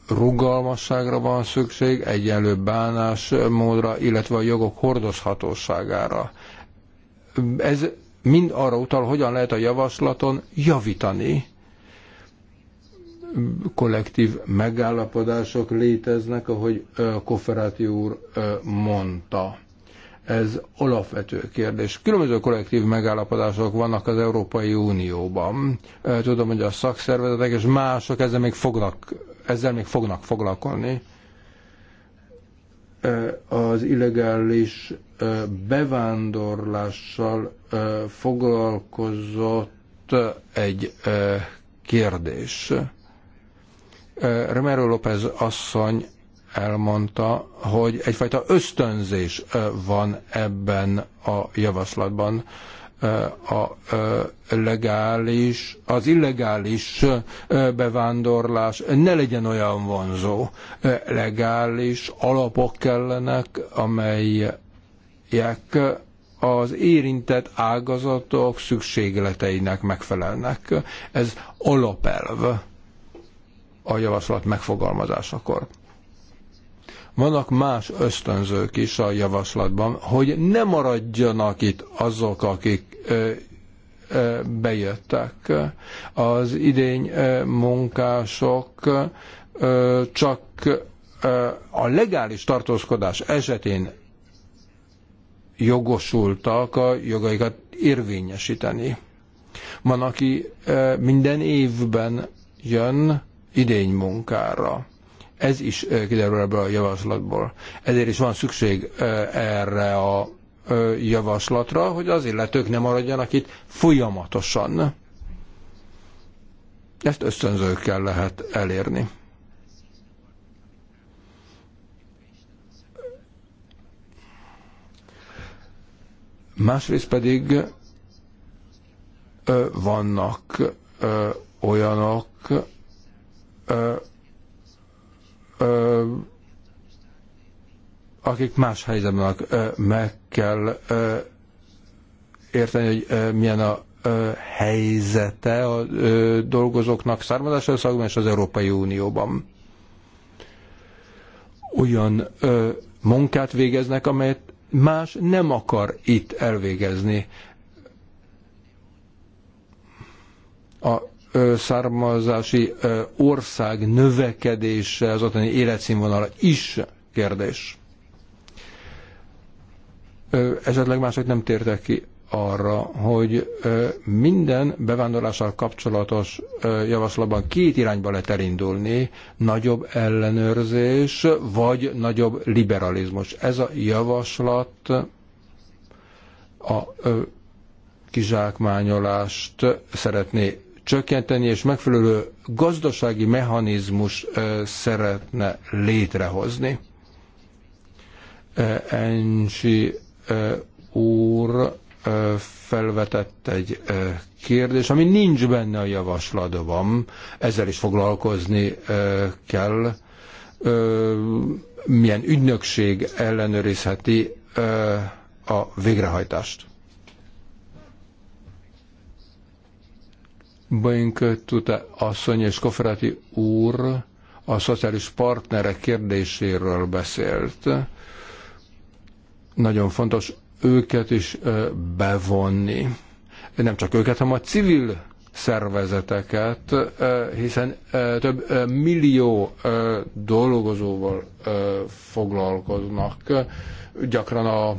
rugalmasságra van szükség, egyenlő bánásmódra, illetve a jogok hordozhatóságára. Ez mind arra utal, hogyan lehet a javaslaton javítani. Kollektív megállapodások léteznek, ahogy Koferáti úr mondta ez alapvető kérdés. Különböző kollektív megállapodások vannak az Európai Unióban. Tudom, hogy a szakszervezetek és mások ezzel még fognak, ezzel még fognak foglalkozni. Az illegális bevándorlással foglalkozott egy kérdés. Romero López asszony elmondta, hogy egyfajta ösztönzés van ebben a javaslatban a legális, az illegális bevándorlás ne legyen olyan vonzó. Legális alapok kellenek, amelyek az érintett ágazatok szükségleteinek megfelelnek. Ez alapelv a javaslat megfogalmazásakor. Vannak más ösztönzők is a javaslatban, hogy ne maradjanak itt azok, akik bejöttek. Az idény munkások csak a legális tartózkodás esetén jogosultak a jogaikat érvényesíteni. Van, aki minden évben jön munkára. Ez is kiderül ebből a javaslatból. Ezért is van szükség erre a javaslatra, hogy az illetők ne maradjanak itt folyamatosan. Ezt ösztönzőkkel lehet elérni. Másrészt pedig vannak olyanok, akik más helyzetben vannak, meg kell érteni, hogy milyen a helyzete a dolgozóknak származási országban és az Európai Unióban. Olyan munkát végeznek, amelyet más nem akar itt elvégezni. A származási ország növekedése, az ottani életszínvonala is kérdés. Esetleg mások nem tértek ki arra, hogy minden bevándorlással kapcsolatos javaslatban két irányba lehet elindulni, nagyobb ellenőrzés, vagy nagyobb liberalizmus. Ez a javaslat a kizsákmányolást szeretné csökkenteni, és megfelelő gazdasági mechanizmus szeretne létrehozni. Ensi úr felvetett egy kérdés, ami nincs benne a javaslatban, ezzel is foglalkozni kell, milyen ügynökség ellenőrizheti a végrehajtást. Boink Tuta asszony és Koferati úr a szociális partnerek kérdéséről beszélt. Nagyon fontos őket is bevonni. Nem csak őket, hanem a civil szervezeteket, hiszen több millió dolgozóval foglalkoznak, gyakran a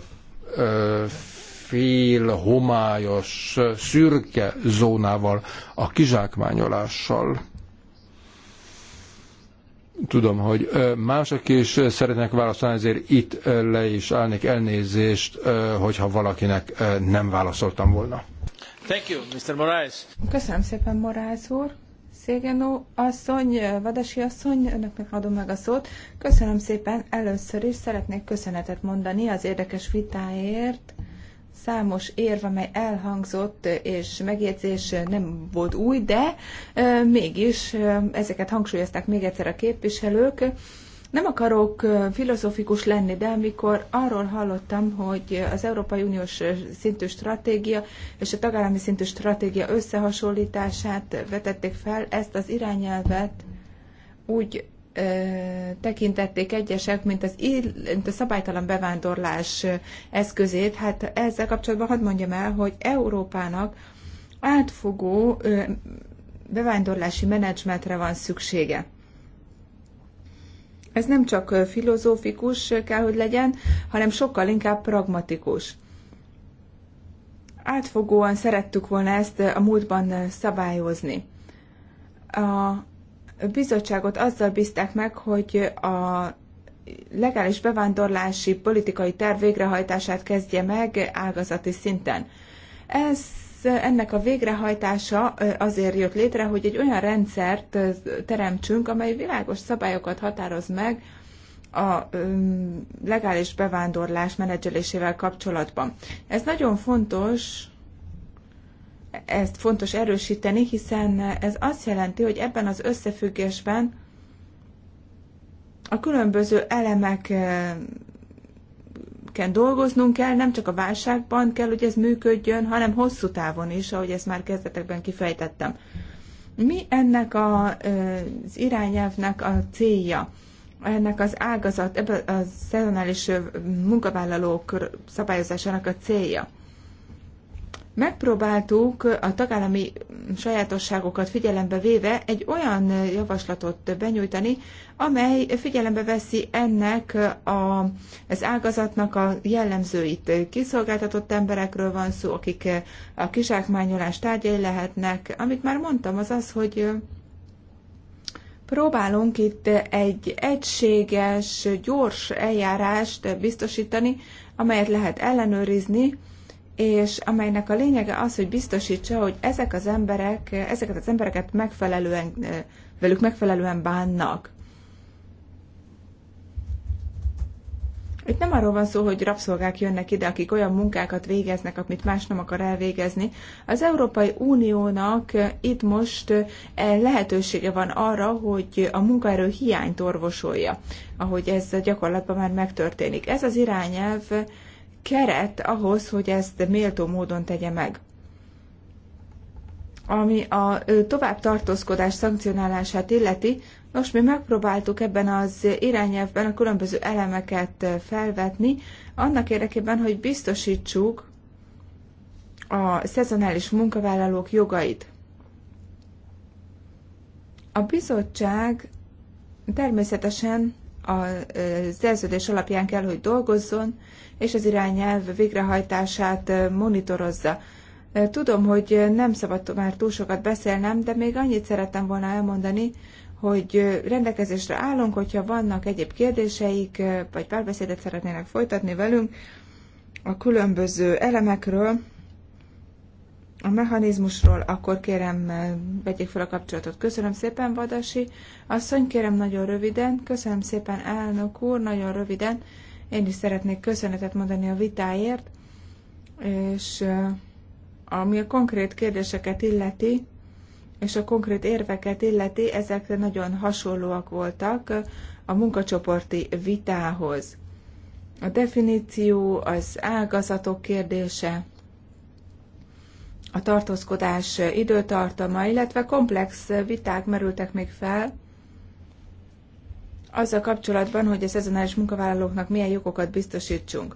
fél homályos, szürke zónával, a kizsákmányolással. Tudom, hogy mások is szeretnek válaszolni, ezért itt le is állnék elnézést, hogyha valakinek nem válaszoltam volna. Thank you, Mr. Moraes. Köszönöm szépen, Moraes úr. Szégenó asszony, Vadasi asszony, önöknek adom meg a szót. Köszönöm szépen. Először is szeretnék köszönetet mondani az érdekes vitáért, Számos érv, amely elhangzott és megjegyzés nem volt új, de mégis ezeket hangsúlyozták még egyszer a képviselők. Nem akarok filozofikus lenni, de amikor arról hallottam, hogy az Európai Uniós szintű stratégia és a tagállami szintű stratégia összehasonlítását vetették fel, ezt az irányelvet úgy tekintették egyesek, mint, az, mint a szabálytalan bevándorlás eszközét. Hát ezzel kapcsolatban hadd mondjam el, hogy Európának átfogó bevándorlási menedzsmentre van szüksége. Ez nem csak filozófikus kell, hogy legyen, hanem sokkal inkább pragmatikus. Átfogóan szerettük volna ezt a múltban szabályozni. A bizottságot azzal bízták meg, hogy a legális bevándorlási politikai terv végrehajtását kezdje meg ágazati szinten. Ez ennek a végrehajtása azért jött létre, hogy egy olyan rendszert teremtsünk, amely világos szabályokat határoz meg a legális bevándorlás menedzselésével kapcsolatban. Ez nagyon fontos, ezt fontos erősíteni, hiszen ez azt jelenti, hogy ebben az összefüggésben a különböző elemeken dolgoznunk kell, nem csak a válságban kell, hogy ez működjön, hanem hosszú távon is, ahogy ezt már kezdetekben kifejtettem. Mi ennek a, az irányelvnek a célja? Ennek az ágazat, ebben a szezonális munkavállalók szabályozásának a célja? Megpróbáltuk a tagállami sajátosságokat figyelembe véve egy olyan javaslatot benyújtani, amely figyelembe veszi ennek a, az ágazatnak a jellemzőit. Kiszolgáltatott emberekről van szó, akik a kizsákmányolás tárgyai lehetnek. Amit már mondtam, az az, hogy próbálunk itt egy egységes, gyors eljárást biztosítani, amelyet lehet ellenőrizni, és amelynek a lényege az, hogy biztosítsa, hogy ezek az emberek, ezeket az embereket megfelelően, velük megfelelően bánnak. Itt nem arról van szó, hogy rabszolgák jönnek ide, akik olyan munkákat végeznek, amit más nem akar elvégezni. Az Európai Uniónak itt most lehetősége van arra, hogy a munkaerő hiányt orvosolja, ahogy ez gyakorlatban már megtörténik. Ez az irányelv keret ahhoz, hogy ezt méltó módon tegye meg. Ami a tovább tartózkodás szankcionálását illeti, most mi megpróbáltuk ebben az irányelvben a különböző elemeket felvetni, annak érdekében, hogy biztosítsuk a szezonális munkavállalók jogait. A bizottság természetesen a szerződés alapján kell, hogy dolgozzon, és az irányelv végrehajtását monitorozza. Tudom, hogy nem szabad már túl sokat beszélnem, de még annyit szerettem volna elmondani, hogy rendelkezésre állunk, hogyha vannak egyéb kérdéseik, vagy párbeszédet szeretnének folytatni velünk a különböző elemekről, a mechanizmusról, akkor kérem, eh, vegyék fel a kapcsolatot. Köszönöm szépen, Vadasi. Asszony, kérem nagyon röviden. Köszönöm szépen, elnök úr, nagyon röviden. Én is szeretnék köszönetet mondani a vitáért, és eh, ami a konkrét kérdéseket illeti, és a konkrét érveket illeti, ezek nagyon hasonlóak voltak eh, a munkacsoporti vitához. A definíció, az ágazatok kérdése, a tartózkodás időtartama, illetve komplex viták merültek még fel azzal kapcsolatban, hogy a szezonális munkavállalóknak milyen jogokat biztosítsunk.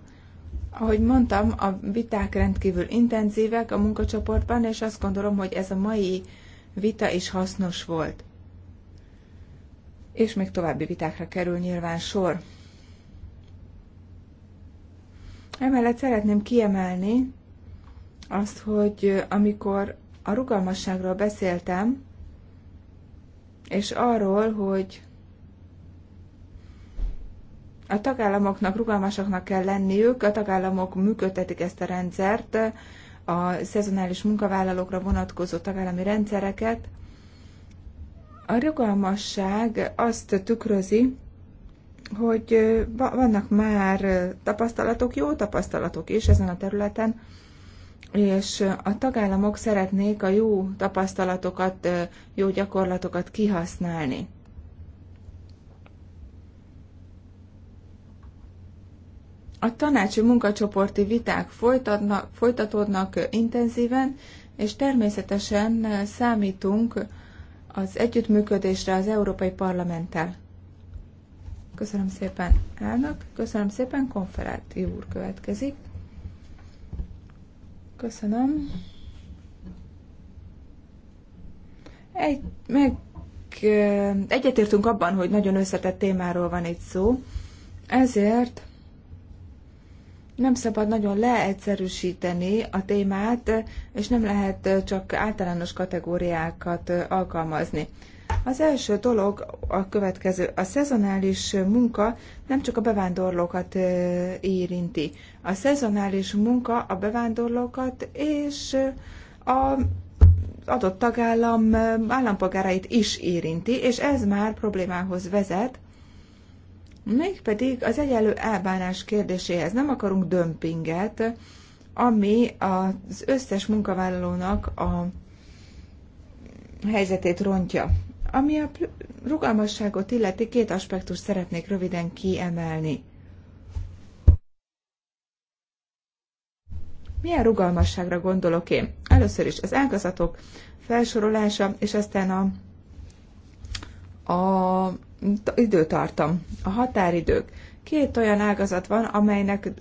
Ahogy mondtam, a viták rendkívül intenzívek a munkacsoportban, és azt gondolom, hogy ez a mai vita is hasznos volt. És még további vitákra kerül nyilván sor. Emellett szeretném kiemelni, azt, hogy amikor a rugalmasságról beszéltem, és arról, hogy a tagállamoknak rugalmasaknak kell lenniük, a tagállamok működtetik ezt a rendszert, a szezonális munkavállalókra vonatkozó tagállami rendszereket. A rugalmasság azt tükrözi, hogy vannak már tapasztalatok, jó tapasztalatok is ezen a területen, és a tagállamok szeretnék a jó tapasztalatokat, jó gyakorlatokat kihasználni. A tanácsi munkacsoporti viták folytatnak, folytatódnak intenzíven, és természetesen számítunk az együttműködésre az Európai Parlamenttel. Köszönöm szépen, elnök, köszönöm szépen, konferáti úr következik. Köszönöm. Egy, meg egyetértünk abban, hogy nagyon összetett témáról van itt szó, ezért nem szabad nagyon leegyszerűsíteni a témát, és nem lehet csak általános kategóriákat alkalmazni. Az első dolog a következő. A szezonális munka nem csak a bevándorlókat érinti. A szezonális munka a bevándorlókat és a adott tagállam állampolgárait is érinti, és ez már problémához vezet, mégpedig az egyenlő elbánás kérdéséhez. Nem akarunk dömpinget, ami az összes munkavállalónak a helyzetét rontja. Ami a rugalmasságot illeti, két aspektus szeretnék röviden kiemelni. Milyen rugalmasságra gondolok én? Először is az ágazatok felsorolása, és aztán a, a időtartam, a határidők. Két olyan ágazat van, amelynek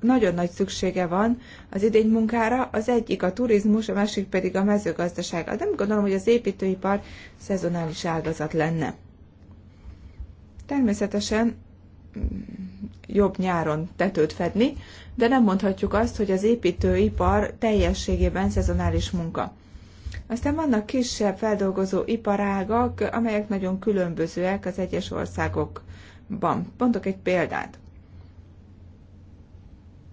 nagyon nagy szüksége van az idény munkára, az egyik a turizmus, a másik pedig a mezőgazdaság. De hát Nem gondolom, hogy az építőipar szezonális ágazat lenne. Természetesen mm, jobb nyáron tetőt fedni, de nem mondhatjuk azt, hogy az építőipar teljességében szezonális munka. Aztán vannak kisebb feldolgozó iparágak, amelyek nagyon különbözőek az egyes országokban. Pontok egy példát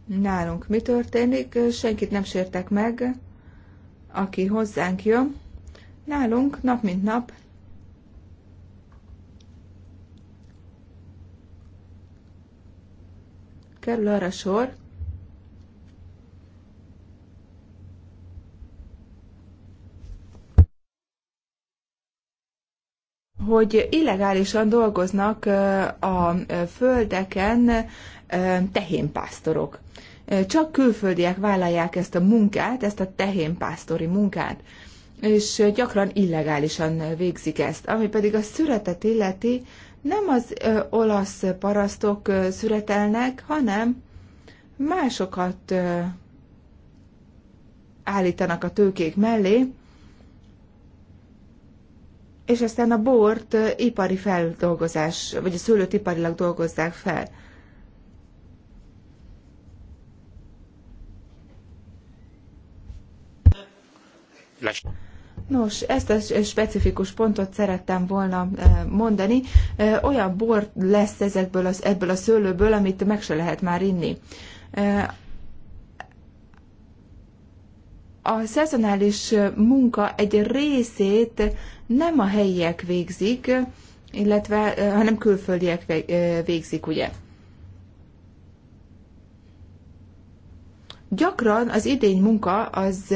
nálunk mi történik, senkit nem sértek meg, aki hozzánk jön. Nálunk nap mint nap kerül arra sor, hogy illegálisan dolgoznak a földeken, tehénpásztorok. Csak külföldiek vállalják ezt a munkát, ezt a tehénpásztori munkát, és gyakran illegálisan végzik ezt. Ami pedig a szüretet illeti, nem az olasz parasztok szüretelnek, hanem másokat állítanak a tőkék mellé, és aztán a bort ipari feldolgozás, vagy a szőlőt iparilag dolgozzák fel. Nos, ezt a specifikus pontot szerettem volna e, mondani. E, olyan bor lesz ezekből az, ebből a szőlőből, amit meg se lehet már inni. E, a szezonális munka egy részét nem a helyiek végzik, illetve, hanem külföldiek végzik, ugye. Gyakran az idény munka az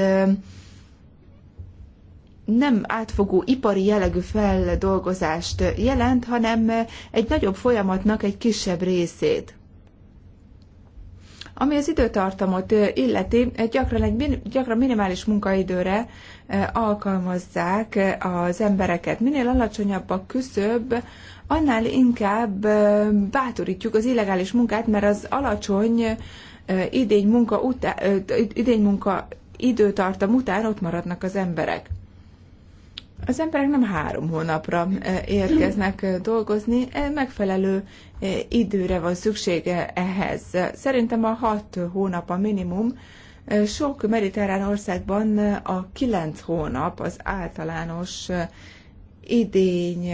nem átfogó ipari jellegű feldolgozást jelent, hanem egy nagyobb folyamatnak egy kisebb részét. Ami az időtartamot illeti, gyakran, egy, gyakran minimális munkaidőre e, alkalmazzák e, az embereket. Minél alacsonyabb a küszöbb, annál inkább e, bátorítjuk az illegális munkát, mert az alacsony idény munka, utá, idény munka időtartam után ott maradnak az emberek. Az emberek nem három hónapra e, érkeznek e, dolgozni, e, megfelelő időre van szüksége ehhez. Szerintem a hat hónap a minimum, sok mediterrán országban a kilenc hónap az általános idény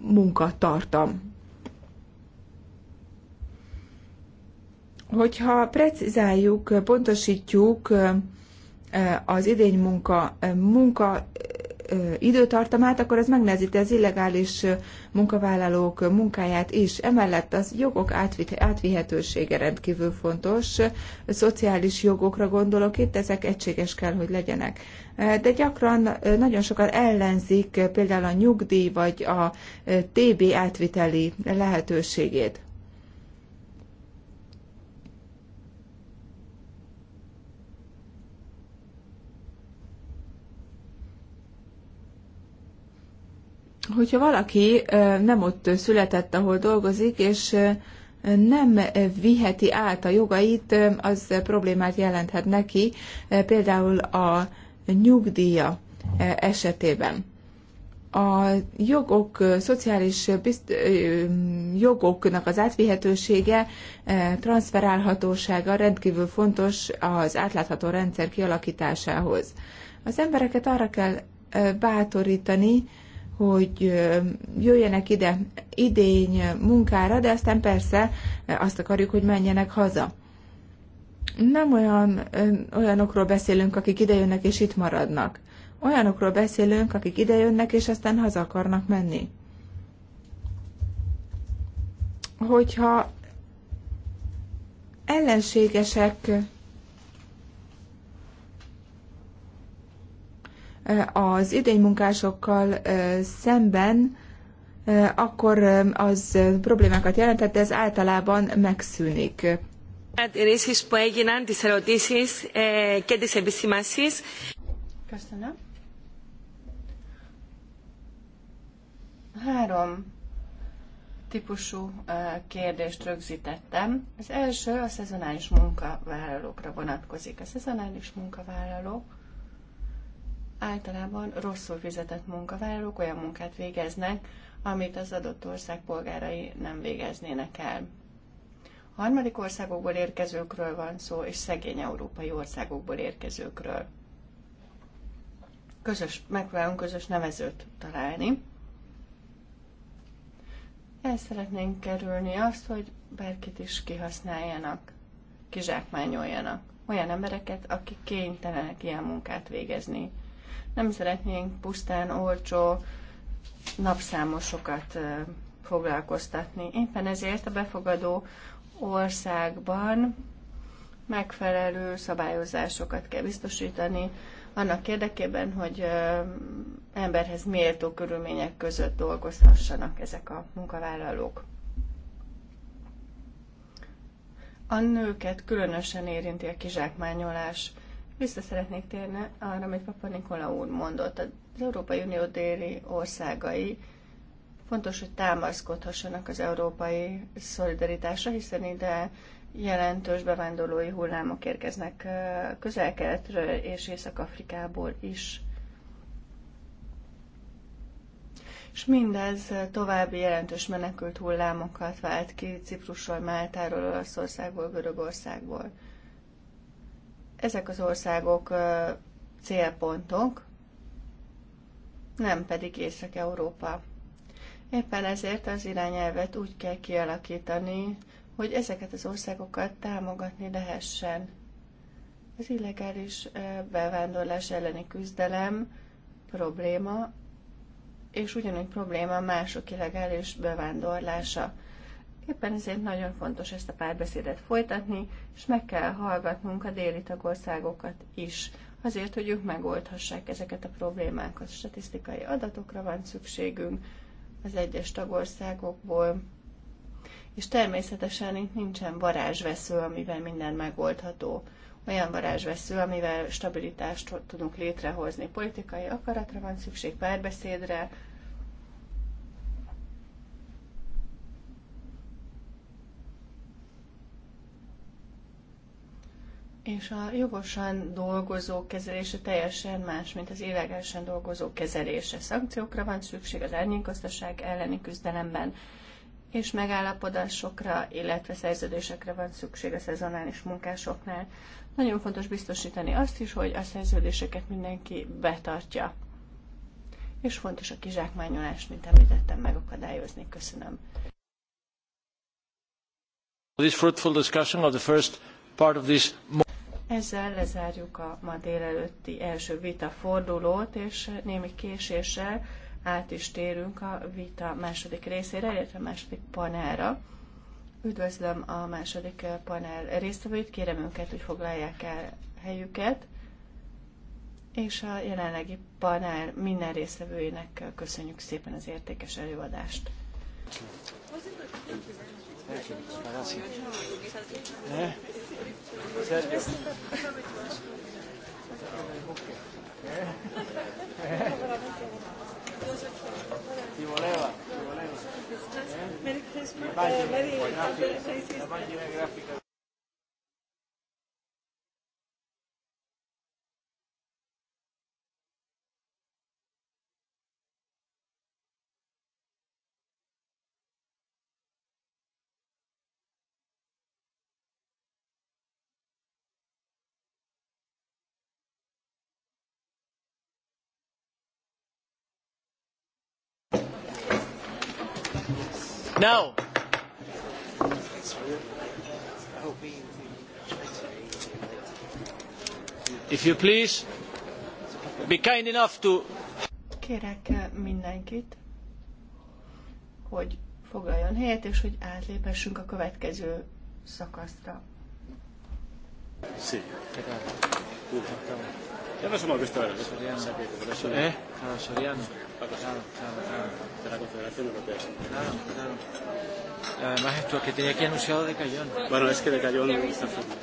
munkatartam. Hogyha precizáljuk, pontosítjuk az idény munka munka időtartamát, akkor ez megnehezíti az illegális munkavállalók munkáját is. Emellett az jogok átvihetősége rendkívül fontos. szociális jogokra gondolok itt, ezek egységes kell, hogy legyenek. De gyakran nagyon sokan ellenzik például a nyugdíj vagy a TB átviteli lehetőségét. hogyha valaki nem ott született, ahol dolgozik, és nem viheti át a jogait, az problémát jelenthet neki, például a nyugdíja esetében. A jogok, szociális bizt, jogoknak az átvihetősége, transferálhatósága rendkívül fontos az átlátható rendszer kialakításához. Az embereket arra kell bátorítani, hogy jöjjenek ide idény munkára, de aztán persze azt akarjuk, hogy menjenek haza. Nem olyan, olyanokról beszélünk, akik idejönnek és itt maradnak. Olyanokról beszélünk, akik idejönnek és aztán haza akarnak menni. Hogyha ellenségesek az idénymunkásokkal szemben, akkor az problémákat jelentett, de ez általában megszűnik. Köszönöm. Három típusú kérdést rögzítettem. Az első a szezonális munkavállalókra vonatkozik. A szezonális munkavállalók általában rosszul fizetett munkavállalók olyan munkát végeznek, amit az adott ország polgárai nem végeznének el. A harmadik országokból érkezőkről van szó, és szegény európai országokból érkezőkről. Közös, megpróbálunk közös nevezőt találni. El szeretnénk kerülni azt, hogy bárkit is kihasználjanak, kizsákmányoljanak. Olyan embereket, akik kénytelenek ilyen munkát végezni. Nem szeretnénk pusztán olcsó napszámosokat foglalkoztatni. Éppen ezért a befogadó országban megfelelő szabályozásokat kell biztosítani annak érdekében, hogy emberhez méltó körülmények között dolgozhassanak ezek a munkavállalók. A nőket különösen érinti a kizsákmányolás. Vissza szeretnék térni arra, amit Papa Nikola úr mondott. Az Európai Unió déli országai fontos, hogy támaszkodhassanak az európai szolidaritásra, hiszen ide jelentős bevándorlói hullámok érkeznek közel-keletről és Észak-Afrikából is. És mindez további jelentős menekült hullámokat vált ki Ciprusról, Máltáról, Olaszországból, Görögországból. Ezek az országok célpontok, nem pedig Észak-Európa. Éppen ezért az irányelvet úgy kell kialakítani, hogy ezeket az országokat támogatni lehessen. Az illegális bevándorlás elleni küzdelem probléma, és ugyanúgy probléma mások illegális bevándorlása. Éppen ezért nagyon fontos ezt a párbeszédet folytatni, és meg kell hallgatnunk a déli tagországokat is, azért, hogy ők megoldhassák ezeket a problémákat. Statisztikai adatokra van szükségünk az egyes tagországokból, és természetesen itt nincsen varázsvesző, amivel minden megoldható. Olyan varázsvesző, amivel stabilitást tudunk létrehozni. Politikai akaratra van szükség, párbeszédre, És a jogosan dolgozók kezelése teljesen más, mint az illegálisan dolgozók kezelése. Szankciókra van szükség az árnyékgazdaság elleni küzdelemben, és megállapodásokra, illetve szerződésekre van szükség a szezonális munkásoknál. Nagyon fontos biztosítani azt is, hogy a szerződéseket mindenki betartja. És fontos a kizsákmányolás, mint említettem, megakadályozni. Köszönöm. This fruitful discussion of the first part of this ezzel lezárjuk a ma délelőtti első vita fordulót, és némi késéssel át is térünk a vita második részére, illetve a második panelra. Üdvözlöm a második panel résztvevőit, kérem őket, hogy foglalják el helyüket, és a jelenlegi panel minden résztvevőjének köszönjük szépen az értékes előadást. Köszönöm. Ti voleva, ti voleva. Eh? Merry Christmas. Immagine, eh, Merry, immagine No. if you please, be kind enough to... Kérek mindenkit, hogy foglaljon helyet, és hogy átlépessünk a következő szakaszra. Sí. ¿Qué tal? Ya nos hemos visto varias veces. O sea que por eso... ¿Eh? Claro, Soriano. Claro, claro, claro. De la Confederación Europea. Claro, claro. Y además esto que tenía aquí anunciado de Cayón. Bueno, es que de Cayón está firmado.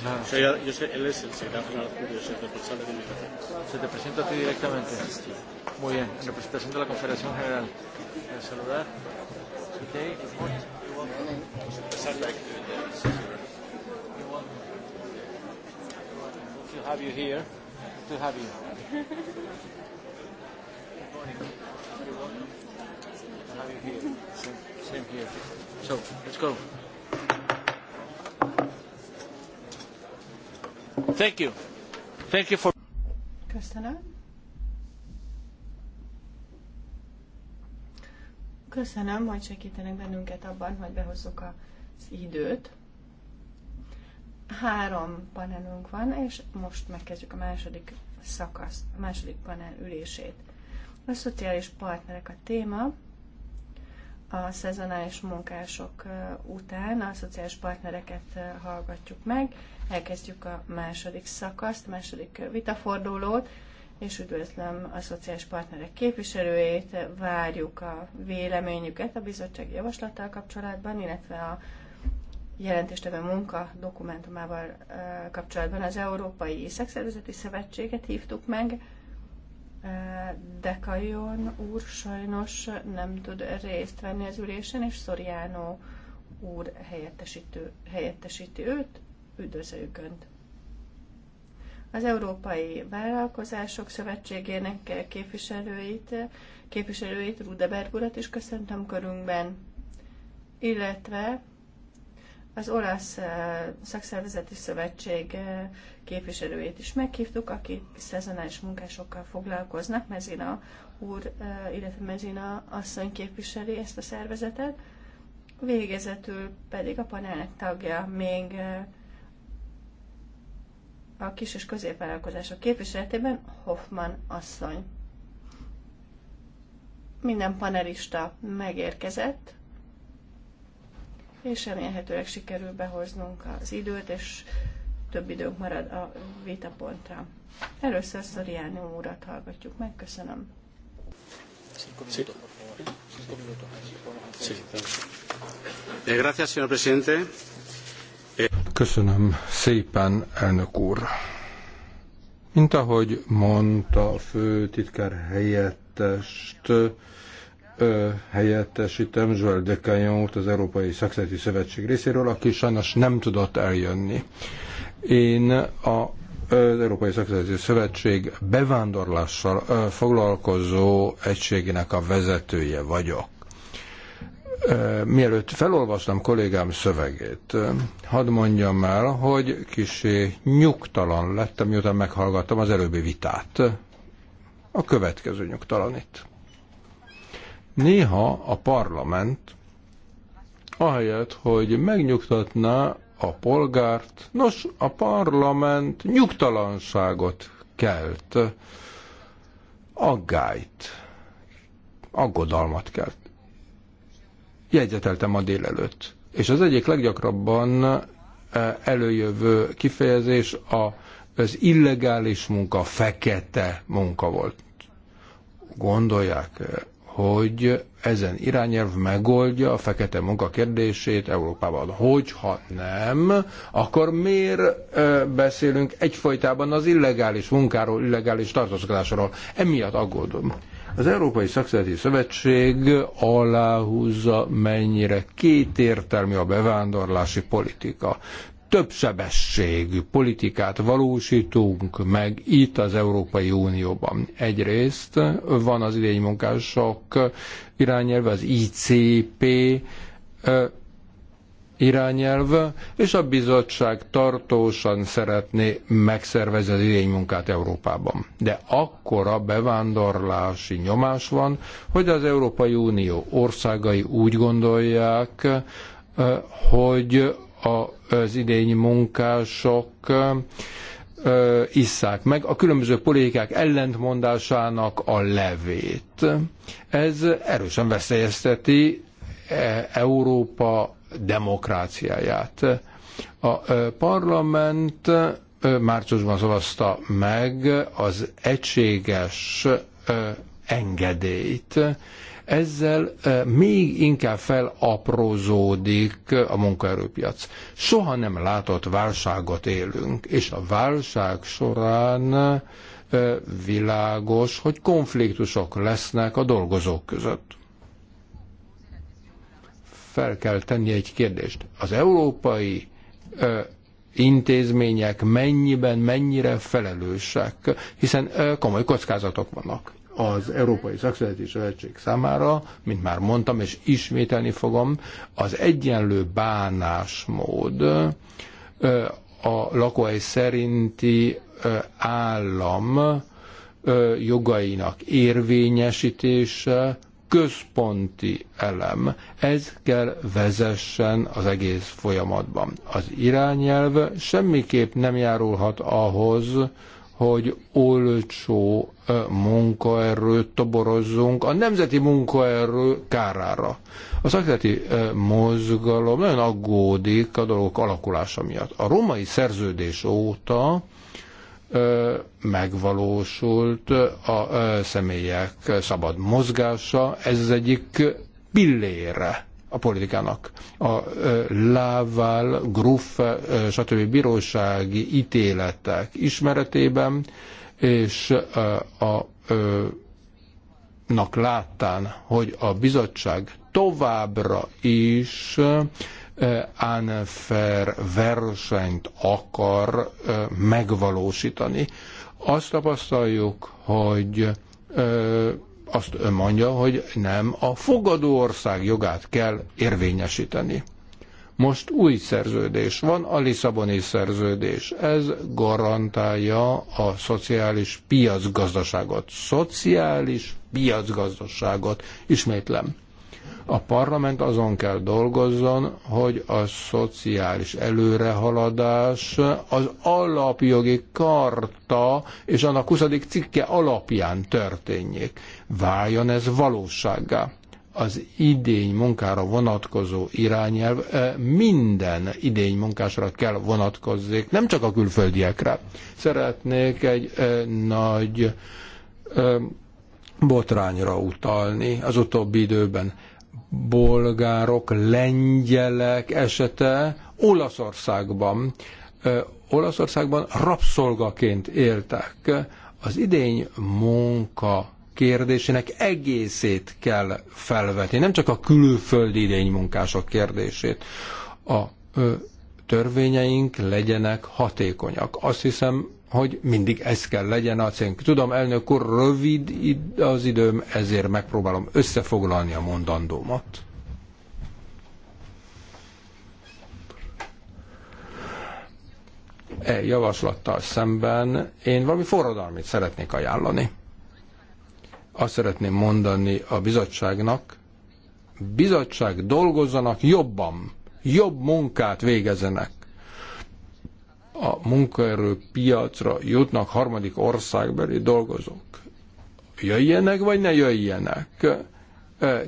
Claro. Yo, yo, yo sé, él es el secretario general de yo soy el responsable de migración. Se te presenta a ti directamente. Sí. Muy bien, en representación de la Confederación General. Voy a saludar. Okay, good morning. You're welcome. have you here. To have you. Same, same here. So, let's go. Thank you. Thank you for... Köszönöm. Köszönöm, hogy segítenek bennünket abban, hogy behozzuk az időt. Három panelünk van, és most megkezdjük a második szakaszt, a második panel ülését. A szociális partnerek a téma, a szezonális munkások után a szociális partnereket hallgatjuk meg, elkezdjük a második szakaszt, a második vitafordulót, és üdvözlöm a szociális partnerek képviselőjét, várjuk a véleményüket a bizottsági javaslattal kapcsolatban, illetve a jelentéstevő munka dokumentumával kapcsolatban az Európai Szexszervezeti Szövetséget hívtuk meg, de Kajon úr sajnos nem tud részt venni az ülésen, és Szoriánó úr helyettesítő, helyettesíti őt. Üdvözöljük Önt! Az Európai Vállalkozások Szövetségének képviselőit, képviselőit Rudeberg urat is köszöntöm körünkben, illetve az olasz szakszervezeti szövetség képviselőjét is meghívtuk, akik szezonális munkásokkal foglalkoznak. Mezina úr, illetve Mezina asszony képviseli ezt a szervezetet. Végezetül pedig a panelnek tagja még a kis és középvállalkozások képviseletében Hoffman asszony. Minden panelista megérkezett, és remélhetőleg sikerül behoznunk az időt, és több időnk marad a vitapontra. Először Szoriánó úrat hallgatjuk meg, köszönöm. Eh, köszönöm szépen, elnök úr. Mint ahogy mondta a titkár helyettest, helyettesítem Joel de cagnon t az Európai Szakszereti Szövetség részéről, aki sajnos nem tudott eljönni. Én a az Európai Szakszereti Szövetség bevándorlással foglalkozó egységének a vezetője vagyok. Mielőtt felolvastam kollégám szövegét, hadd mondjam el, hogy kisé nyugtalan lettem, miután meghallgattam az előbbi vitát. A következő itt Néha a parlament, ahelyett, hogy megnyugtatná a polgárt, nos, a parlament nyugtalanságot kelt, aggályt, aggodalmat kelt. Jegyzeteltem ma délelőtt. És az egyik leggyakrabban eh, előjövő kifejezés a, az illegális munka, fekete munka volt. Gondolják eh, hogy ezen irányelv megoldja a fekete munka kérdését Európában. Hogyha nem, akkor miért beszélünk egyfolytában az illegális munkáról, illegális tartózkodásról? Emiatt aggódom. Az Európai Szakszereti Szövetség aláhúzza, mennyire kétértelmű a bevándorlási politika többsebességű politikát valósítunk meg itt az Európai Unióban. Egyrészt van az idei munkások irányelve, az ICP irányelv, és a bizottság tartósan szeretné megszervezni az idénymunkát Európában. De akkora bevándorlási nyomás van, hogy az Európai Unió országai úgy gondolják, hogy az idény munkások isszák meg a különböző politikák ellentmondásának a levét. Ez erősen veszélyezteti e, Európa demokráciáját. A parlament márciusban szavazta meg az egységes engedélyt ezzel még inkább felaprózódik a munkaerőpiac. Soha nem látott válságot élünk, és a válság során világos, hogy konfliktusok lesznek a dolgozók között. Fel kell tenni egy kérdést. Az európai intézmények mennyiben, mennyire felelősek, hiszen komoly kockázatok vannak az Európai Szakszövetség Szövetség számára, mint már mondtam, és ismételni fogom, az egyenlő bánásmód a lakóhely szerinti állam jogainak érvényesítése központi elem. Ez kell vezessen az egész folyamatban. Az irányelv semmiképp nem járulhat ahhoz, hogy olcsó munkaerőt toborozzunk a nemzeti munkaerő kárára. A szakérteti mozgalom nagyon aggódik a dolgok alakulása miatt. A római szerződés óta megvalósult a személyek szabad mozgása, ez az egyik pillére a politikának. A Lával, Gruff, stb. bírósági ítéletek ismeretében és a nak láttán, hogy a bizottság továbbra is Anfer versenyt akar megvalósítani. Azt tapasztaljuk, hogy azt mondja, hogy nem a fogadó ország jogát kell érvényesíteni. Most új szerződés van, a Lisszaboni szerződés. Ez garantálja a szociális piacgazdaságot. Szociális piacgazdaságot. Ismétlem a parlament azon kell dolgozzon, hogy a szociális előrehaladás az alapjogi karta és annak 20. cikke alapján történjék. Váljon ez valósággá az idény munkára vonatkozó irányelv eh, minden idény munkásra kell vonatkozzék, nem csak a külföldiekre. Szeretnék egy eh, nagy eh, botrányra utalni az utóbbi időben bolgárok, lengyelek esete Olaszországban. Olaszországban rabszolgaként éltek. Az idény munka kérdésének egészét kell felvetni, nem csak a külföldi idénymunkások kérdését. A ö, törvényeink legyenek hatékonyak. Azt hiszem, hogy mindig ez kell legyen a célunk. Tudom, elnök úr, rövid az időm, ezért megpróbálom összefoglalni a mondandómat. E javaslattal szemben én valami forradalmit szeretnék ajánlani. Azt szeretném mondani a bizottságnak, bizottság dolgozzanak jobban, jobb munkát végezenek a munkaerőpiacra jutnak harmadik országbeli dolgozók. Jöjjenek vagy ne jöjjenek?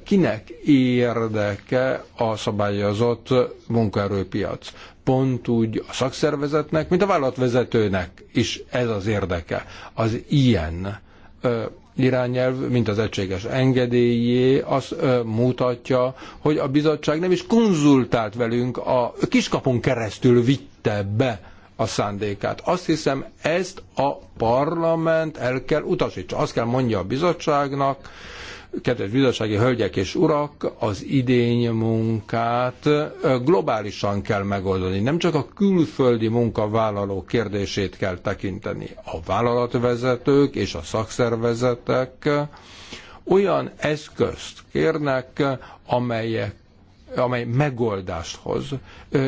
Kinek érdeke a szabályozott munkaerőpiac? Pont úgy a szakszervezetnek, mint a vállalatvezetőnek is ez az érdeke. Az ilyen irányelv, mint az egységes engedélyé, az ö, mutatja, hogy a bizottság nem is konzultált velünk, a kiskapon keresztül vitte be a szándékát. Azt hiszem, ezt a parlament el kell utasítsa. Azt kell mondja a bizottságnak, kedves bizottsági hölgyek és urak, az idény munkát globálisan kell megoldani. Nem csak a külföldi munkavállalók kérdését kell tekinteni. A vállalatvezetők és a szakszervezetek olyan eszközt kérnek, amelyek amely megoldást hoz,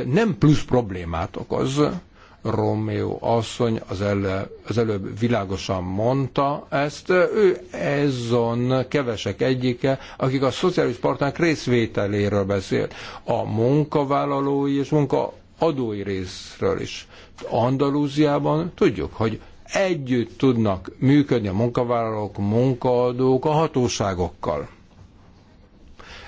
nem plusz problémát okoz, Romeo asszony az, elő, az előbb világosan mondta ezt, ő ezon kevesek egyike, akik a szociális partnerek részvételéről beszélt, a munkavállalói és munkaadói részről is. Andalúziában tudjuk, hogy együtt tudnak működni a munkavállalók, munkaadók a hatóságokkal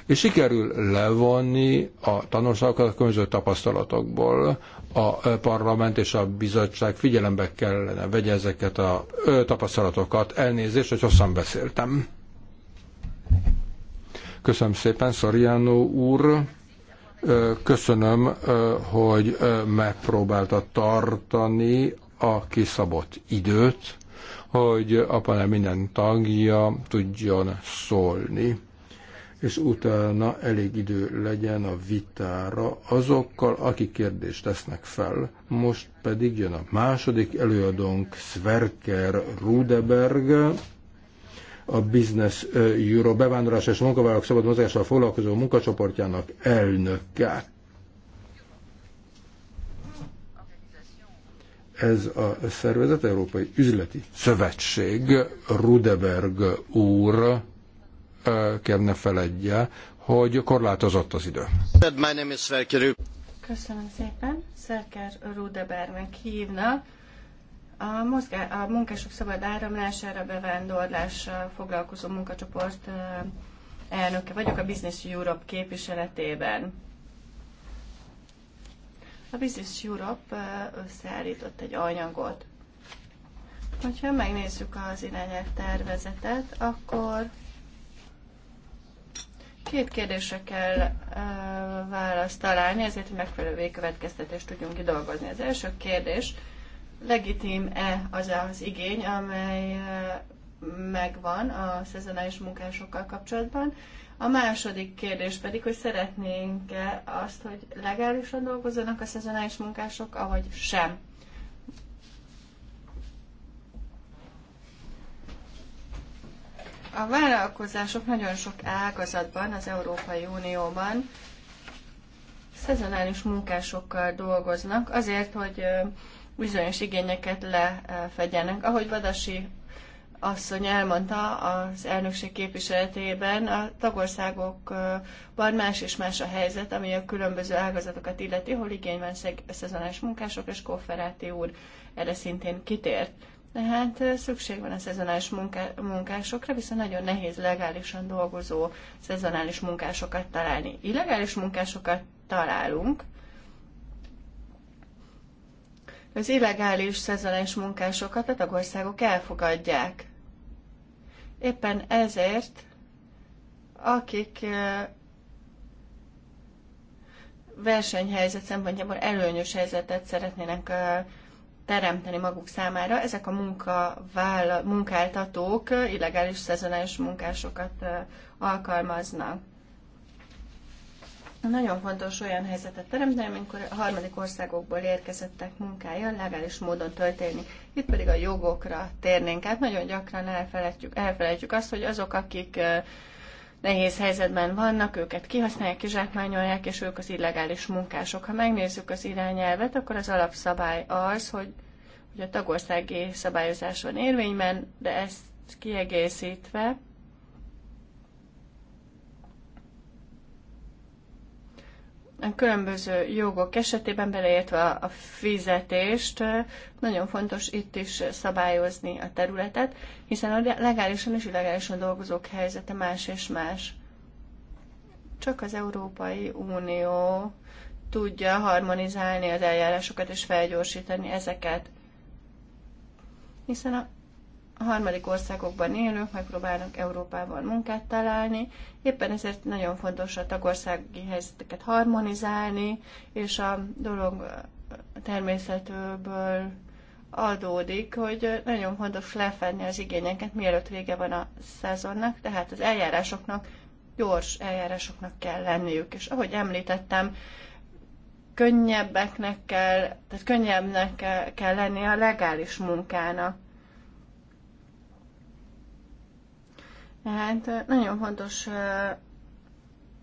és sikerül levonni a tanulságokat a különböző tapasztalatokból. A parlament és a bizottság figyelembe kellene vegye ezeket a tapasztalatokat. Elnézést, hogy hosszan beszéltem. Köszönöm szépen, Szoriano úr. Köszönöm, hogy megpróbálta tartani a kiszabott időt, hogy a panel minden tagja tudjon szólni és utána elég idő legyen a vitára azokkal, akik kérdést tesznek fel. Most pedig jön a második előadónk, Sverker Rudeberg, a Business Euro bevándorlás és munkavállalók szabad mozgással foglalkozó munkacsoportjának elnöke. Ez a szervezet Európai Üzleti Szövetség Rudeberg úr kell ne feledje, hogy korlátozott az idő. Köszönöm szépen. Szerker Rudebernek hívna. A, mozgá- a munkások szabad áramlására, bevándorlásra foglalkozó munkacsoport elnöke vagyok a Business Europe képviseletében. A Business Europe összeállított egy anyagot. Hogyha megnézzük az irányelv tervezetet, akkor Két kérdésre kell uh, választ találni, ezért, hogy megfelelő végkövetkeztetést tudjunk kidolgozni. Az első kérdés, legitim-e az az igény, amely megvan a szezonális munkásokkal kapcsolatban. A második kérdés pedig, hogy szeretnénk-e azt, hogy legálisan dolgozzanak a szezonális munkások, ahogy sem. A vállalkozások nagyon sok ágazatban, az Európai Unióban szezonális munkásokkal dolgoznak azért, hogy bizonyos igényeket lefegyenek. Ahogy Vadasi asszony elmondta az elnökség képviseletében, a tagországokban más és más a helyzet, ami a különböző ágazatokat illeti, hol igény van szezonális munkások, és Kofferáti úr erre szintén kitért. Tehát szükség van a szezonális munkásokra, viszont nagyon nehéz legálisan dolgozó szezonális munkásokat találni. Illegális munkásokat találunk, az illegális szezonális munkásokat a tagországok elfogadják. Éppen ezért, akik versenyhelyzet szempontjából előnyös helyzetet szeretnének teremteni maguk számára. Ezek a munkavállal, munkáltatók illegális szezonális munkásokat alkalmaznak. Nagyon fontos olyan helyzetet teremteni, amikor a harmadik országokból érkezettek munkája legális módon történni. Itt pedig a jogokra térnénk át. Nagyon gyakran elfelejtjük, elfelejtjük azt, hogy azok, akik nehéz helyzetben vannak, őket kihasználják, kizsákmányolják, és ők az illegális munkások. Ha megnézzük az irányelvet, akkor az alapszabály az, hogy, hogy a tagországi szabályozás van érvényben, de ezt kiegészítve különböző jogok esetében, beleértve a fizetést, nagyon fontos itt is szabályozni a területet, hiszen a legálisan és illegálisan dolgozók helyzete más és más. Csak az Európai Unió tudja harmonizálni az eljárásokat és felgyorsítani ezeket. Hiszen a a harmadik országokban élők megpróbálnak Európában munkát találni. Éppen ezért nagyon fontos a tagországi helyzeteket harmonizálni, és a dolog természetből adódik, hogy nagyon fontos lefedni az igényeket, mielőtt vége van a szezonnak, tehát az eljárásoknak, gyors eljárásoknak kell lenniük. És ahogy említettem, könnyebbeknek kell, tehát könnyebbnek kell lenni a legális munkának Tehát nagyon fontos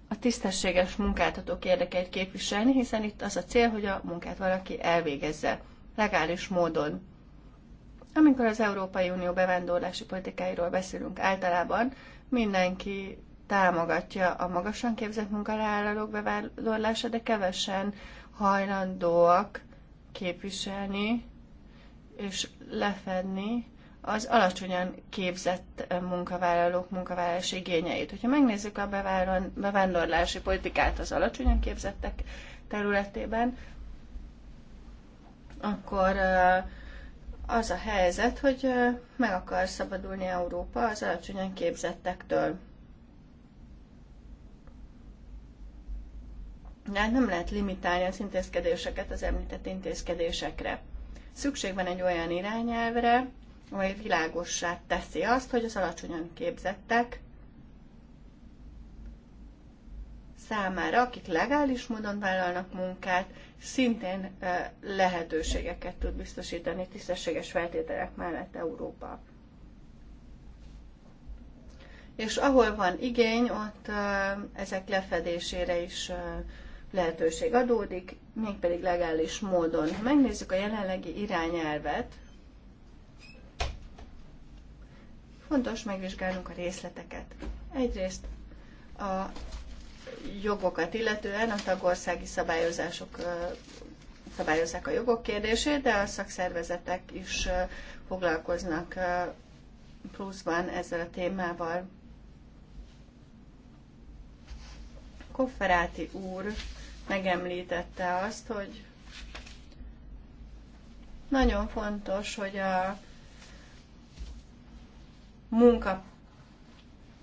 a tisztességes munkáltatók érdekeit képviselni, hiszen itt az a cél, hogy a munkát valaki elvégezze legális módon. Amikor az Európai Unió bevándorlási politikáiról beszélünk általában, mindenki támogatja a magasan képzett munkavállalók bevándorlását, de kevesen hajlandóak képviselni és lefedni az alacsonyan képzett eh, munkavállalók munkavállalási igényeit. Hogyha megnézzük a bevándorlási politikát az alacsonyan képzettek területében, akkor eh, az a helyzet, hogy eh, meg akar szabadulni Európa az alacsonyan képzettektől. De hát nem lehet limitálni az intézkedéseket az említett intézkedésekre. Szükség van egy olyan irányelvre, amely világossá teszi azt, hogy az alacsonyan képzettek számára, akik legális módon vállalnak munkát, szintén lehetőségeket tud biztosítani tisztességes feltételek mellett Európa. És ahol van igény, ott ezek lefedésére is lehetőség adódik, mégpedig legális módon. Ha megnézzük a jelenlegi irányelvet, Fontos megvizsgálnunk a részleteket. Egyrészt a jogokat illetően a tagországi szabályozások szabályozzák a jogok kérdését, de a szakszervezetek is foglalkoznak pluszban ezzel a témával. Kofferáti úr megemlítette azt, hogy nagyon fontos, hogy a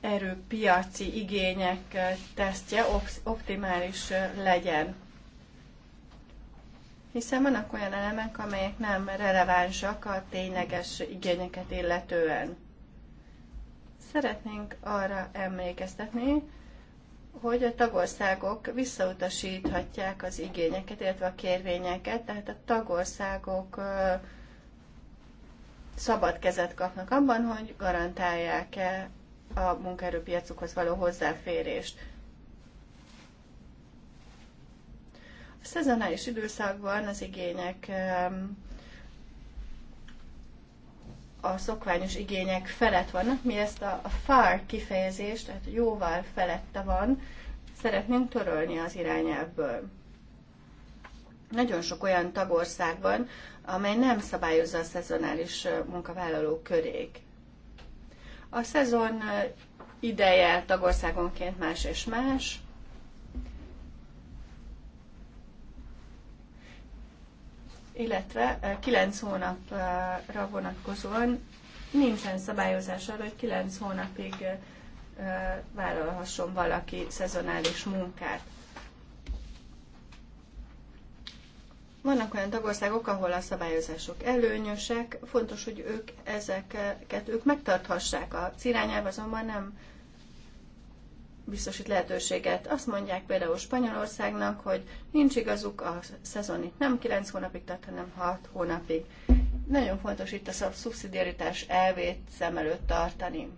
munkaerőpiaci igények eh, tesztje optimális eh, legyen. Hiszen vannak olyan elemek, amelyek nem relevánsak a tényleges igényeket illetően. Szeretnénk arra emlékeztetni, hogy a tagországok visszautasíthatják az igényeket, illetve a kérvényeket, tehát a tagországok uh, szabad kezet kapnak abban, hogy garantálják-e a munkaerőpiacukhoz való hozzáférést. A szezonális időszakban az igények a szokványos igények felett vannak. Mi ezt a far kifejezést, tehát jóval felette van, szeretnénk törölni az irányelvből nagyon sok olyan tagországban, amely nem szabályozza a szezonális munkavállalók körét. A szezon ideje tagországonként más és más. illetve 9 hónapra vonatkozóan nincsen szabályozás arra, hogy 9 hónapig vállalhasson valaki szezonális munkát. Vannak olyan tagországok, ahol a szabályozások előnyösek, fontos, hogy ők ezeket ők megtarthassák. A cirányába, azonban nem biztosít lehetőséget. Azt mondják például Spanyolországnak, hogy nincs igazuk, a szezon itt nem 9 hónapig tart, hanem 6 hónapig. Nagyon fontos itt a szubszidiaritás elvét szem előtt tartani.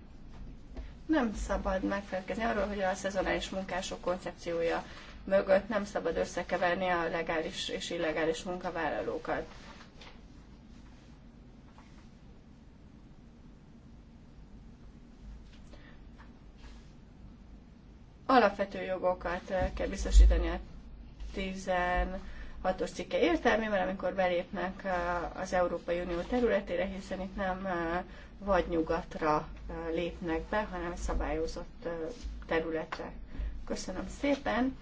Nem szabad megfelelkezni arról, hogy a szezonális munkások koncepciója mögött nem szabad összekeverni a legális és illegális munkavállalókat. Alapvető jogokat kell biztosítani a 16-os cikke értelmében, amikor belépnek az Európai Unió területére, hiszen itt nem vagy nyugatra lépnek be, hanem szabályozott területre. Köszönöm szépen!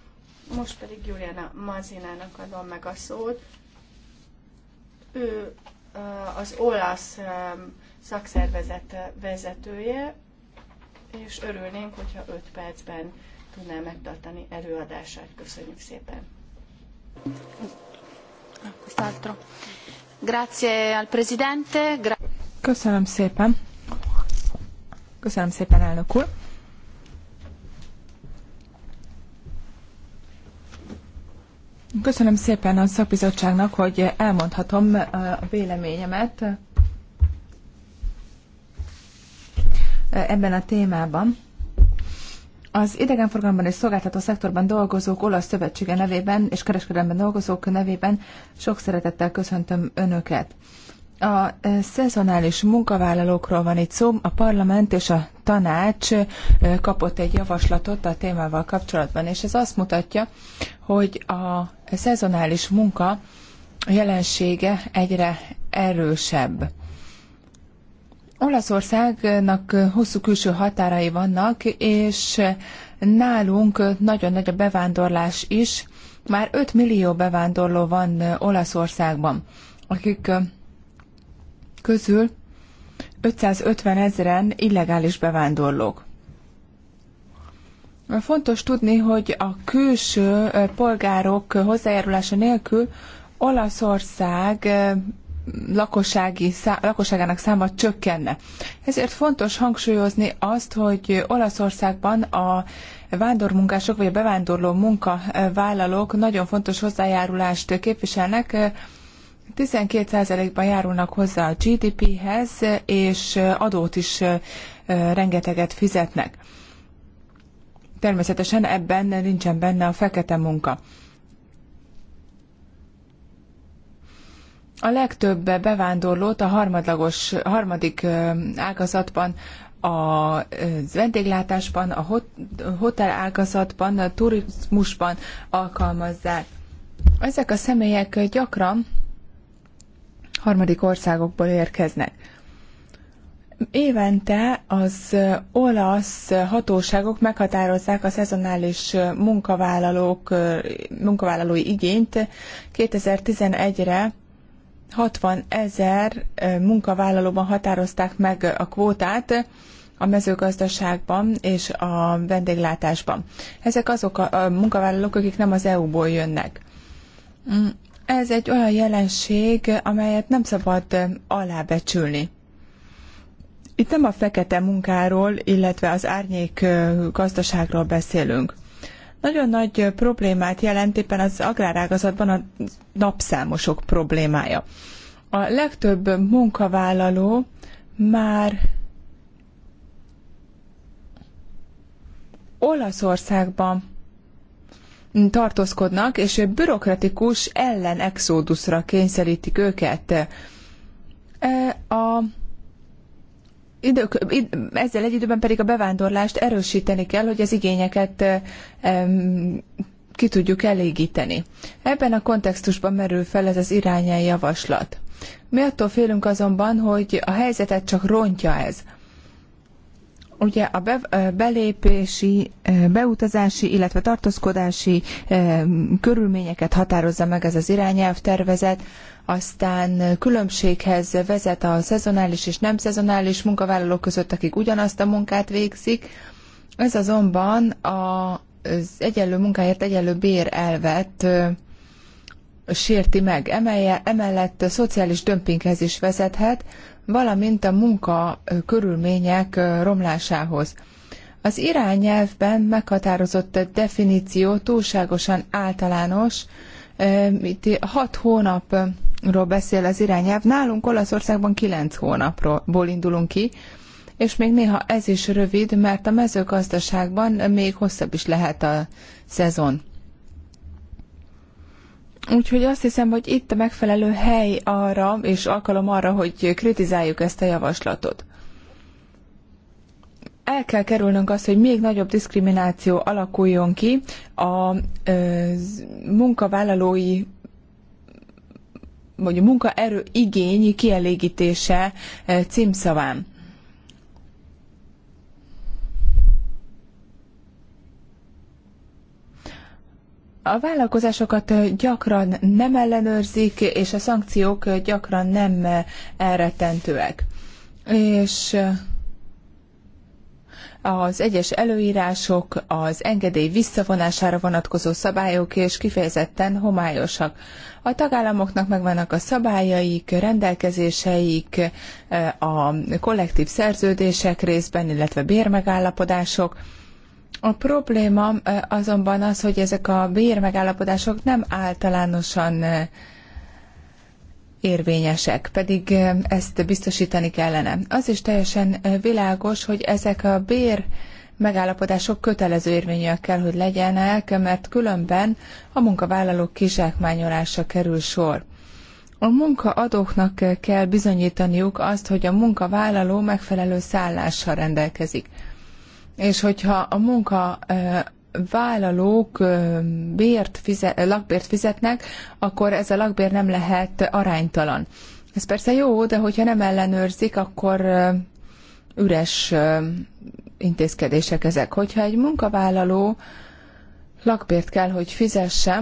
Most pedig Juliana Mazinának adom meg a szót. Ő az olasz szakszervezet vezetője, és örülnénk, hogyha 5 percben tudná megtartani előadását. Köszönjük szépen! Grazie al Presidente. Köszönöm szépen. Köszönöm szépen, elnök úr. Köszönöm szépen a szakbizottságnak, hogy elmondhatom a véleményemet ebben a témában. Az idegenforgalomban és szolgáltató szektorban dolgozók olasz szövetsége nevében és kereskedelemben dolgozók nevében sok szeretettel köszöntöm Önöket. A szezonális munkavállalókról van itt szó. A parlament és a tanács kapott egy javaslatot a témával kapcsolatban, és ez azt mutatja, hogy a szezonális munka jelensége egyre erősebb. Olaszországnak hosszú külső határai vannak, és nálunk nagyon nagy a bevándorlás is. Már 5 millió bevándorló van Olaszországban, akik közül 550 ezeren illegális bevándorlók. Fontos tudni, hogy a külső polgárok hozzájárulása nélkül Olaszország lakossági, szá, lakosságának száma csökkenne. Ezért fontos hangsúlyozni azt, hogy Olaszországban a vándormunkások vagy a bevándorló munkavállalók nagyon fontos hozzájárulást képviselnek 12%-ban járulnak hozzá a GDP-hez, és adót is rengeteget fizetnek. Természetesen ebben nincsen benne a fekete munka. A legtöbb bevándorlót a harmadlagos, harmadik ágazatban a vendéglátásban, a hotel ágazatban, a turizmusban alkalmazzák. Ezek a személyek gyakran harmadik országokból érkeznek. Évente az olasz hatóságok meghatározzák a szezonális munkavállalók, munkavállalói igényt. 2011-re 60 ezer munkavállalóban határozták meg a kvótát a mezőgazdaságban és a vendéglátásban. Ezek azok a munkavállalók, akik nem az EU-ból jönnek. Mm. Ez egy olyan jelenség, amelyet nem szabad alábecsülni. Itt nem a fekete munkáról, illetve az árnyék gazdaságról beszélünk. Nagyon nagy problémát jelent éppen az agrárágazatban a napszámosok problémája. A legtöbb munkavállaló már Olaszországban tartózkodnak, és bürokratikus ellen exóduszra kényszerítik őket. E, a Idők, ezzel egy időben pedig a bevándorlást erősíteni kell, hogy az igényeket e, em, ki tudjuk elégíteni. Ebben a kontextusban merül fel ez az irányai javaslat. Mi attól félünk azonban, hogy a helyzetet csak rontja ez. Ugye a be, belépési, beutazási, illetve tartózkodási körülményeket határozza meg ez az irányelv tervezet, aztán különbséghez vezet a szezonális és nem szezonális munkavállalók között, akik ugyanazt a munkát végzik. Ez azonban az egyenlő munkáért egyenlő bér elvet sérti meg. Emelje, emellett szociális dömpinghez is vezethet, valamint a munka körülmények romlásához. Az irányelvben meghatározott definíció túlságosan általános, itt hat hónapról beszél az irányelv, nálunk Olaszországban kilenc hónapból indulunk ki, és még néha ez is rövid, mert a mezőgazdaságban még hosszabb is lehet a szezon. Úgyhogy azt hiszem, hogy itt a megfelelő hely arra, és alkalom arra, hogy kritizáljuk ezt a javaslatot. El kell kerülnünk azt, hogy még nagyobb diszkrimináció alakuljon ki a munkavállalói vagy a munkaerő igény kielégítése címszaván. A vállalkozásokat gyakran nem ellenőrzik, és a szankciók gyakran nem elrettentőek. És az egyes előírások, az engedély visszavonására vonatkozó szabályok és kifejezetten homályosak. A tagállamoknak megvannak a szabályaik, rendelkezéseik, a kollektív szerződések részben, illetve bérmegállapodások, a probléma azonban az, hogy ezek a bérmegállapodások nem általánosan érvényesek, pedig ezt biztosítani kellene. Az is teljesen világos, hogy ezek a bér megállapodások kötelező érvényűek kell, hogy legyenek, mert különben a munkavállalók kizsákmányolása kerül sor. A munkaadóknak kell bizonyítaniuk azt, hogy a munkavállaló megfelelő szállással rendelkezik és hogyha a munka vállalók bért fizet, lakbért fizetnek, akkor ez a lakbér nem lehet aránytalan. Ez persze jó, de hogyha nem ellenőrzik, akkor üres intézkedések ezek. Hogyha egy munkavállaló lakbért kell, hogy fizesse,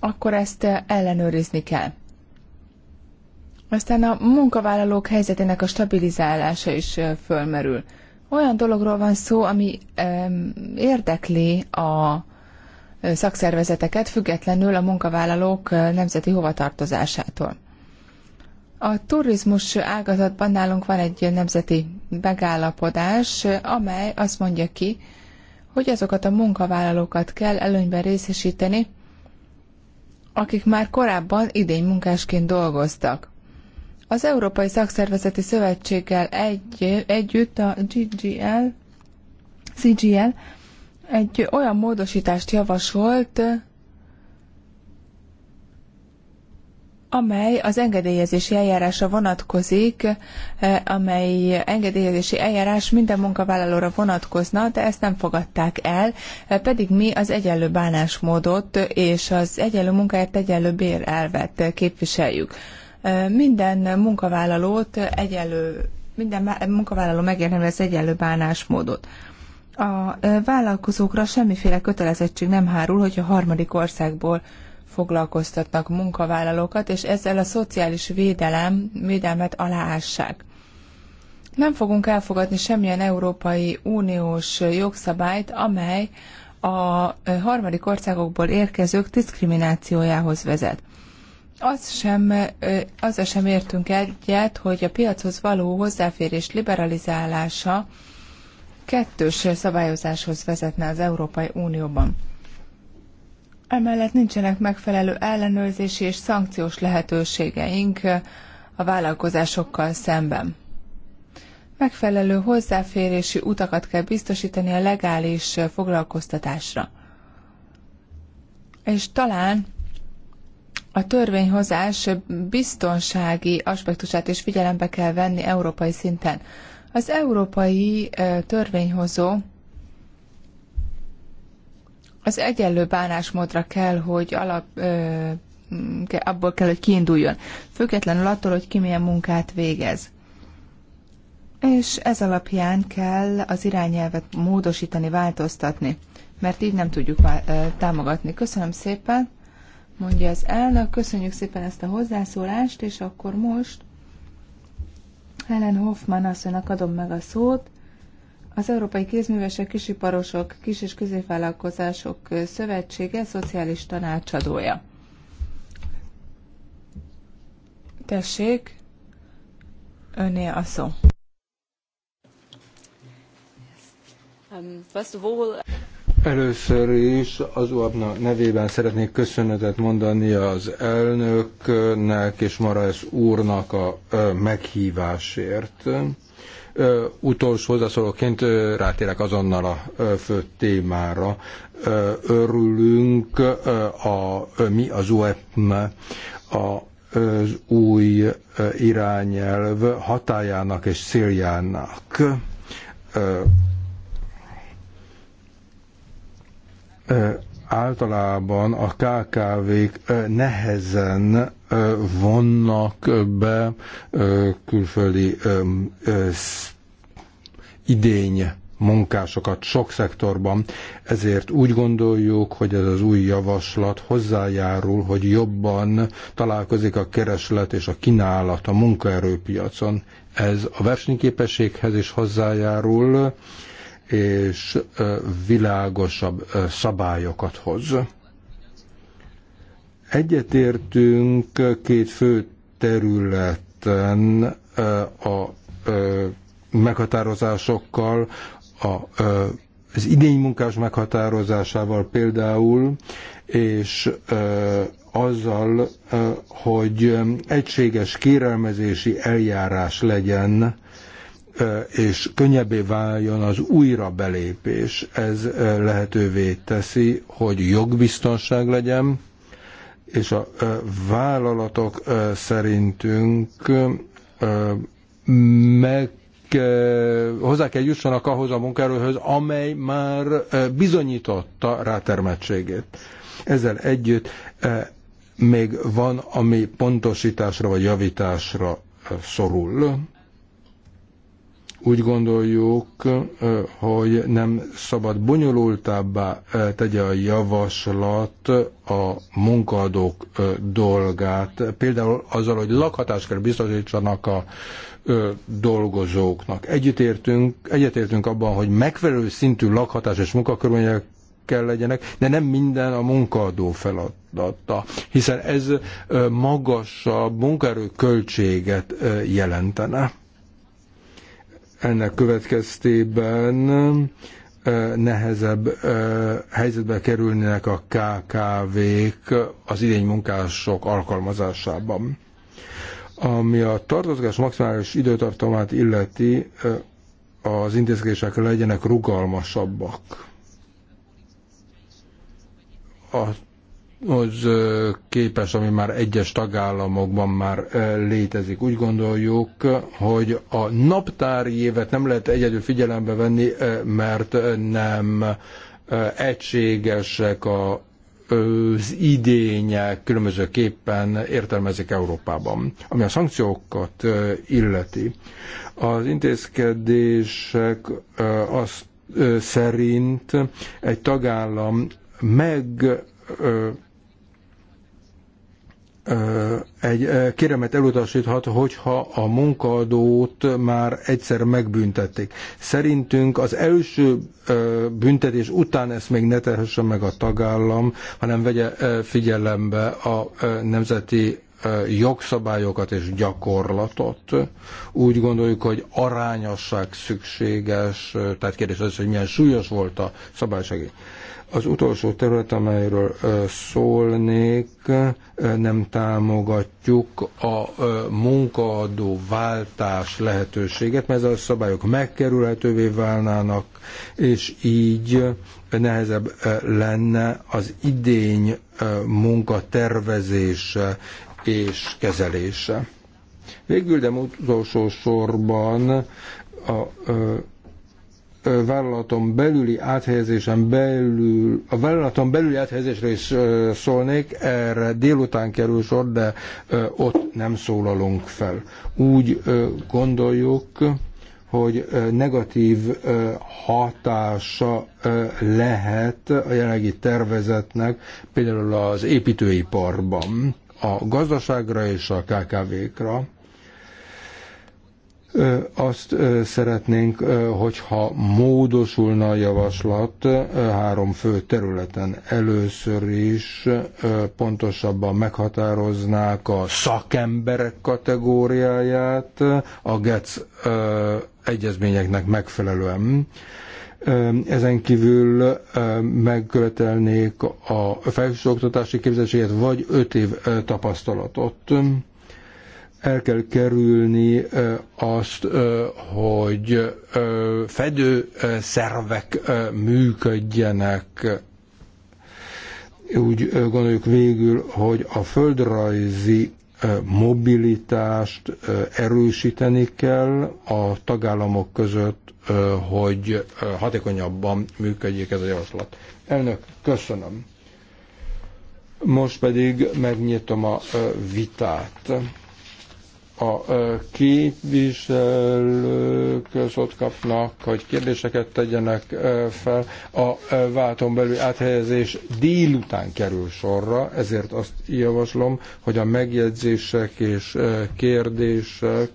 akkor ezt ellenőrizni kell. Aztán a munkavállalók helyzetének a stabilizálása is fölmerül. Olyan dologról van szó, ami érdekli a szakszervezeteket, függetlenül a munkavállalók nemzeti hovatartozásától. A turizmus ágazatban nálunk van egy nemzeti megállapodás, amely azt mondja ki, hogy azokat a munkavállalókat kell előnyben részesíteni, akik már korábban idény munkásként dolgoztak. Az Európai Szakszervezeti Szövetséggel egy, együtt a GGL, CGL egy olyan módosítást javasolt, amely az engedélyezési eljárásra vonatkozik, amely engedélyezési eljárás minden munkavállalóra vonatkozna, de ezt nem fogadták el, pedig mi az egyenlő bánásmódot és az egyenlő munkáért egyenlő bér elvet képviseljük minden munkavállalót egyenlő, minden munkavállaló megérdemli az egyenlő bánásmódot. A vállalkozókra semmiféle kötelezettség nem hárul, hogy a harmadik országból foglalkoztatnak munkavállalókat, és ezzel a szociális védelem, védelmet aláássák. Nem fogunk elfogadni semmilyen Európai Uniós jogszabályt, amely a harmadik országokból érkezők diszkriminációjához vezet az sem, az sem értünk egyet, hogy a piachoz való hozzáférés liberalizálása kettős szabályozáshoz vezetne az Európai Unióban. Emellett nincsenek megfelelő ellenőrzési és szankciós lehetőségeink a vállalkozásokkal szemben. Megfelelő hozzáférési utakat kell biztosítani a legális foglalkoztatásra. És talán a törvényhozás biztonsági aspektusát is figyelembe kell venni európai szinten. Az európai törvényhozó az egyenlő bánásmódra kell, hogy alap, abból kell, hogy kiinduljon, függetlenül attól, hogy ki milyen munkát végez. És ez alapján kell az irányelvet módosítani, változtatni, mert így nem tudjuk támogatni. Köszönöm szépen! mondja az elnök. Köszönjük szépen ezt a hozzászólást, és akkor most Helen Hoffman asszonynak adom meg a szót. Az Európai Kézművesek, Kisiparosok, Kis- és Középvállalkozások Szövetsége szociális tanácsadója. Tessék, öné a szó. Um, Először is az UAPNA nevében szeretnék köszönetet mondani az elnöknek és Maraesz úrnak a meghívásért. Utolsó hozzászólóként rátérek azonnal a fő témára. Örülünk a, mi az UAPNA a az új irányelv hatájának és céljának általában a KKV-k nehezen vonnak be külföldi idény munkásokat sok szektorban, ezért úgy gondoljuk, hogy ez az új javaslat hozzájárul, hogy jobban találkozik a kereslet és a kínálat a munkaerőpiacon. Ez a versenyképességhez is hozzájárul, és világosabb szabályokat hoz. Egyetértünk két fő területen a meghatározásokkal, az idénymunkás meghatározásával például, és azzal, hogy egységes kérelmezési eljárás legyen és könnyebbé váljon az újrabelépés. Ez lehetővé teszi, hogy jogbiztonság legyen, és a vállalatok szerintünk meg hozzá kell jussanak ahhoz a munkaerőhöz, amely már bizonyította rátermettségét. Ezzel együtt még van, ami pontosításra vagy javításra szorul úgy gondoljuk, hogy nem szabad bonyolultábbá tegye a javaslat a munkadók dolgát, például azzal, hogy lakhatást kell biztosítsanak a dolgozóknak. Egyetértünk, egyetértünk abban, hogy megfelelő szintű lakhatás és munkakörülmények kell legyenek, de nem minden a munkaadó feladata, hiszen ez magasabb munkaerő költséget jelentene. Ennek következtében nehezebb helyzetbe kerülnének a KKV-k az idény munkások alkalmazásában. Ami a tartozás maximális időtartamát illeti, az intézkedések legyenek rugalmasabbak. A az képes, ami már egyes tagállamokban már létezik. Úgy gondoljuk, hogy a naptári évet nem lehet egyedül figyelembe venni, mert nem egységesek a az idények különbözőképpen értelmezik Európában. Ami a szankciókat illeti, az intézkedések az szerint egy tagállam meg egy kéremet elutasíthat, hogyha a munkadót már egyszer megbüntették. Szerintünk az első büntetés után ezt még ne tehesse meg a tagállam, hanem vegye figyelembe a nemzeti jogszabályokat és gyakorlatot. Úgy gondoljuk, hogy arányosság szükséges, tehát kérdés az, hogy milyen súlyos volt a szabályságé. Az utolsó terület, amelyről szólnék, nem támogatjuk a munkaadó váltás lehetőséget, mert ezzel a szabályok megkerülhetővé válnának, és így nehezebb lenne az idény munkatervezése és kezelése. Végül, de utolsó sorban a vállalaton belüli áthelyezésen belül, a vállalaton belüli áthelyezésre is szólnék, erre délután kerül sor, de ott nem szólalunk fel. Úgy gondoljuk, hogy negatív hatása lehet a jelenlegi tervezetnek, például az építőiparban, a gazdaságra és a KKV-kra, azt szeretnénk, hogyha módosulna a javaslat három fő területen. Először is pontosabban meghatároznák a szakemberek kategóriáját a GEC egyezményeknek megfelelően. Ezen kívül megkövetelnék a felsőoktatási képzettséget vagy öt év tapasztalatot el kell kerülni azt, hogy fedő szervek működjenek. Úgy gondoljuk végül, hogy a földrajzi mobilitást erősíteni kell a tagállamok között, hogy hatékonyabban működjék ez a javaslat. Elnök, köszönöm. Most pedig megnyitom a vitát a képviselők szót kapnak, hogy kérdéseket tegyenek fel. A válton belül áthelyezés délután kerül sorra, ezért azt javaslom, hogy a megjegyzések és kérdések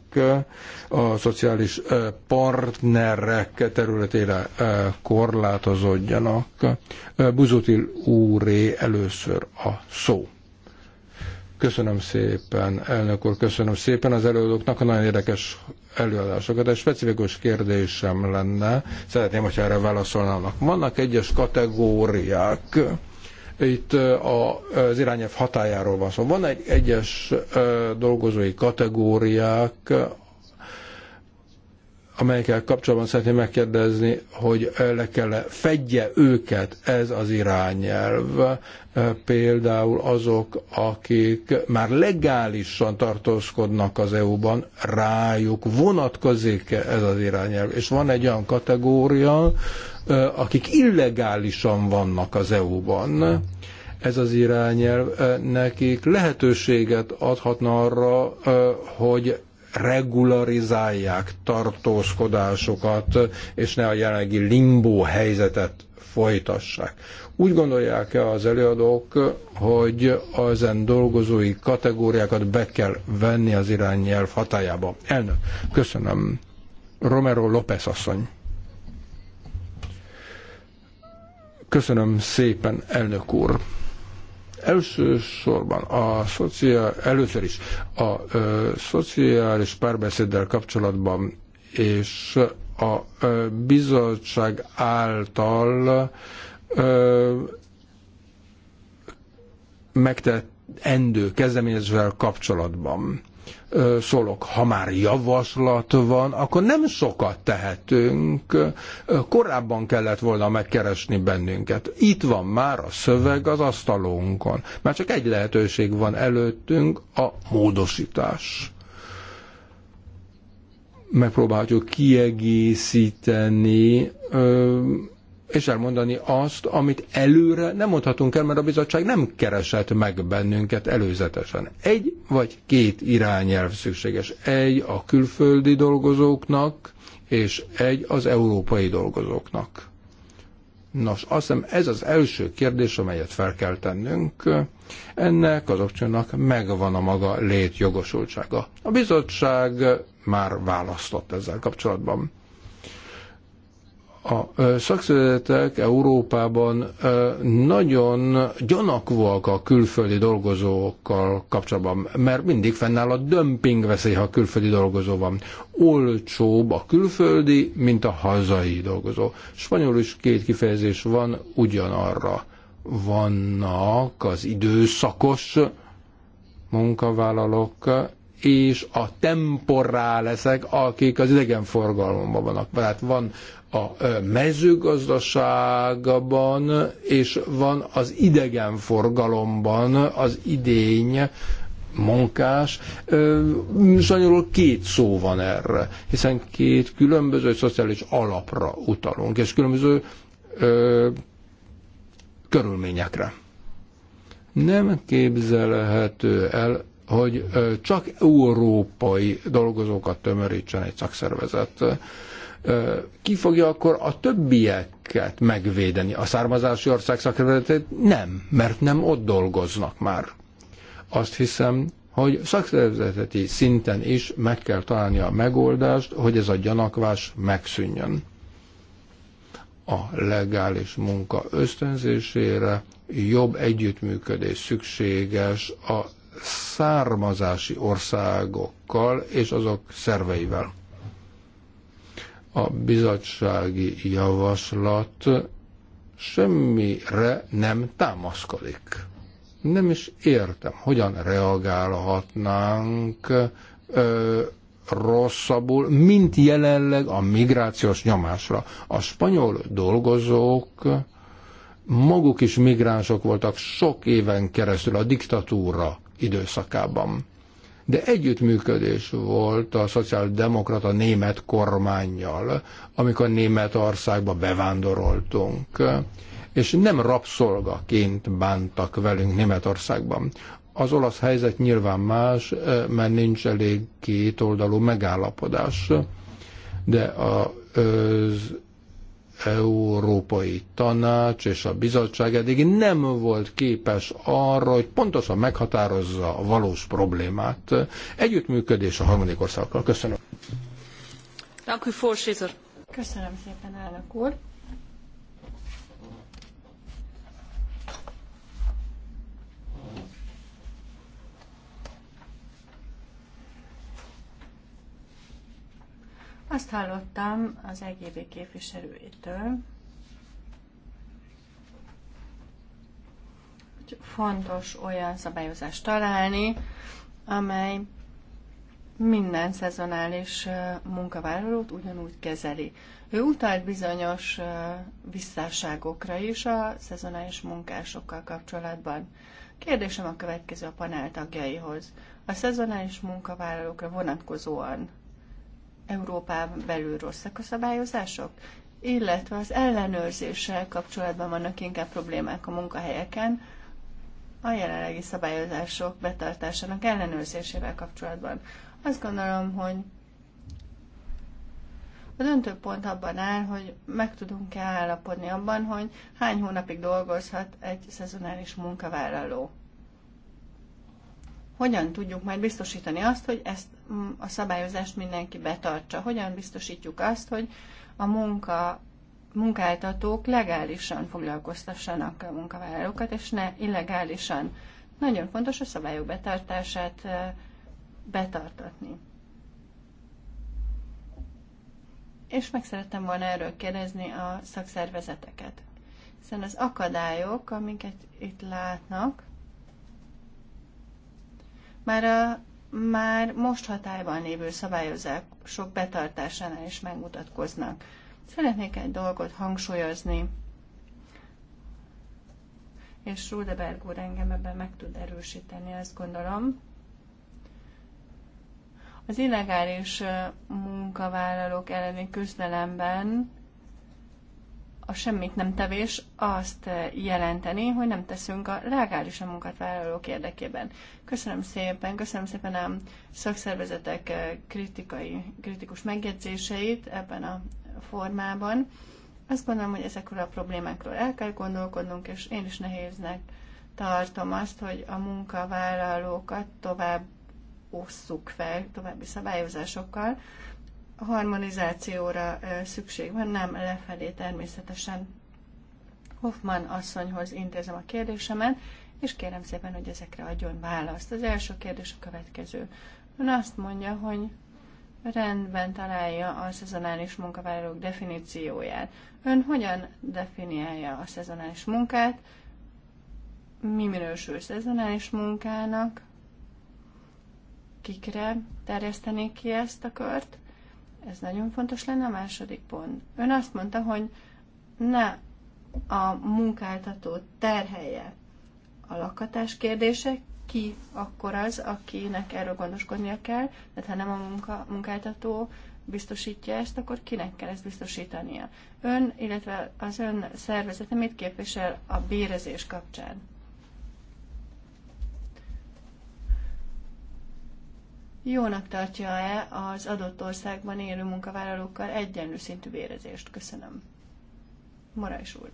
a szociális partnerek területére korlátozódjanak. Buzutil úré először a szó. Köszönöm szépen, elnök úr, köszönöm szépen az előadóknak a nagyon érdekes előadásokat. Egy specifikus kérdésem lenne, szeretném, hogyha erre válaszolnának. Vannak egyes kategóriák, itt az irányelv hatájáról van szó. Szóval van egy egyes dolgozói kategóriák, amelyekkel kapcsolatban szeretném megkérdezni, hogy le kell -e fedje őket ez az irányelv, e, például azok, akik már legálisan tartózkodnak az EU-ban, rájuk vonatkozik ez az irányelv. És van egy olyan kategória, e, akik illegálisan vannak az EU-ban. Ez az irányelv e, nekik lehetőséget adhatna arra, hogy regularizálják tartózkodásokat, és ne a jelenlegi limbó helyzetet folytassák. Úgy gondolják-e az előadók, hogy ezen dolgozói kategóriákat be kell venni az irányelv hatájába? Elnök, köszönöm. Romero López asszony. Köszönöm szépen, elnök úr. Elsősorban a szociál, először is a ö, szociális párbeszéddel kapcsolatban és a ö, bizottság által ö, megtett endő kezdeményezővel kapcsolatban szólok. Ha már javaslat van, akkor nem sokat tehetünk. Korábban kellett volna megkeresni bennünket. Itt van már a szöveg az asztalunkon. Már csak egy lehetőség van előttünk, a módosítás megpróbáljuk kiegészíteni ö, és elmondani azt, amit előre nem mondhatunk el, mert a bizottság nem keresett meg bennünket előzetesen. Egy vagy két irányelv szükséges. Egy a külföldi dolgozóknak, és egy az európai dolgozóknak. Nos, azt hiszem ez az első kérdés, amelyet fel kell tennünk. Ennek az opciónak megvan a maga létjogosultsága. A bizottság már választott ezzel kapcsolatban. A szakszervezetek Európában nagyon gyanakvóak a külföldi dolgozókkal kapcsolatban, mert mindig fennáll a dömping veszély, ha a külföldi dolgozó van. Olcsóbb a külföldi, mint a hazai dolgozó. Spanyol is két kifejezés van ugyanarra. Vannak az időszakos munkavállalók, és a temporáleszek, akik az idegenforgalomban vannak. Tehát van a mezőgazdaságban, és van az idegenforgalomban az idény munkás. Sanyolul két szó van erre, hiszen két különböző szociális alapra utalunk, és különböző ö, körülményekre. Nem képzelhető el, hogy csak európai dolgozókat tömörítsen egy szakszervezet ki fogja akkor a többieket megvédeni? A származási ország szakszervezetét nem, mert nem ott dolgoznak már. Azt hiszem, hogy szakszervezeti szinten is meg kell találni a megoldást, hogy ez a gyanakvás megszűnjön. A legális munka ösztönzésére jobb együttműködés szükséges a származási országokkal és azok szerveivel a bizottsági javaslat semmire nem támaszkodik. Nem is értem, hogyan reagálhatnánk ö, rosszabbul, mint jelenleg a migrációs nyomásra. A spanyol dolgozók maguk is migránsok voltak sok éven keresztül a diktatúra időszakában de együttműködés volt a szociáldemokrata német kormányjal, amikor Németországba bevándoroltunk, és nem rabszolgaként bántak velünk Németországban. Az olasz helyzet nyilván más, mert nincs elég kétoldalú megállapodás, de az Európai Tanács és a bizottság eddig nem volt képes arra, hogy pontosan meghatározza a valós problémát. Együttműködés a harmadik országokkal. Köszönöm. Köszönöm szépen, elnök úr. Azt hallottam az EGB képviselőjétől, hogy fontos olyan szabályozást találni, amely minden szezonális munkavállalót ugyanúgy kezeli. Ő utalt bizonyos visszáságokra is a szezonális munkásokkal kapcsolatban. Kérdésem a következő a panel tagjaihoz. A szezonális munkavállalókra vonatkozóan Európában belül rosszak a szabályozások, illetve az ellenőrzéssel kapcsolatban vannak inkább problémák a munkahelyeken, a jelenlegi szabályozások betartásának ellenőrzésével kapcsolatban. Azt gondolom, hogy a döntő pont abban áll, hogy meg tudunk-e állapodni abban, hogy hány hónapig dolgozhat egy szezonális munkavállaló. Hogyan tudjuk majd biztosítani azt, hogy ezt a szabályozást mindenki betartsa. Hogyan biztosítjuk azt, hogy a munka munkáltatók legálisan foglalkoztassanak a munkavállalókat, és ne illegálisan. Nagyon fontos a szabályok betartását betartatni. És meg szerettem volna erről kérdezni a szakszervezeteket. Hiszen az akadályok, amiket itt látnak, már a már most hatályban lévő szabályozások betartásánál is megmutatkoznak. Szeretnék egy dolgot hangsúlyozni, és Rudeberg úr engem ebben meg tud erősíteni, azt gondolom. Az illegális munkavállalók elleni küzdelemben a semmit nem tevés azt jelenteni, hogy nem teszünk a legális a munkatvállalók érdekében. Köszönöm szépen, köszönöm szépen a szakszervezetek eh, kritikai, kritikus megjegyzéseit ebben a formában. Azt gondolom, hogy ezekről a problémákról el kell gondolkodnunk, és én is nehéznek tartom azt, hogy a munkavállalókat tovább osszuk fel további szabályozásokkal, harmonizációra szükség van, nem lefelé természetesen. Hoffman asszonyhoz intézem a kérdésemet, és kérem szépen, hogy ezekre adjon választ. Az első kérdés a következő. Ön azt mondja, hogy rendben találja a szezonális munkavállalók definícióját. Ön hogyan definiálja a szezonális munkát? Mi minősül szezonális munkának? Kikre terjesztenék ki ezt a kört? Ez nagyon fontos lenne. A második pont. Ön azt mondta, hogy ne a munkáltató terhelje a lakhatás kérdése, ki akkor az, akinek erről gondoskodnia kell, tehát ha nem a munka, munkáltató biztosítja ezt, akkor kinek kell ezt biztosítania? Ön, illetve az ön szervezete mit képvisel a bérezés kapcsán? jónak tartja-e az adott országban élő munkavállalókkal egyenlő szintű bérezést. Köszönöm. Marajs úr.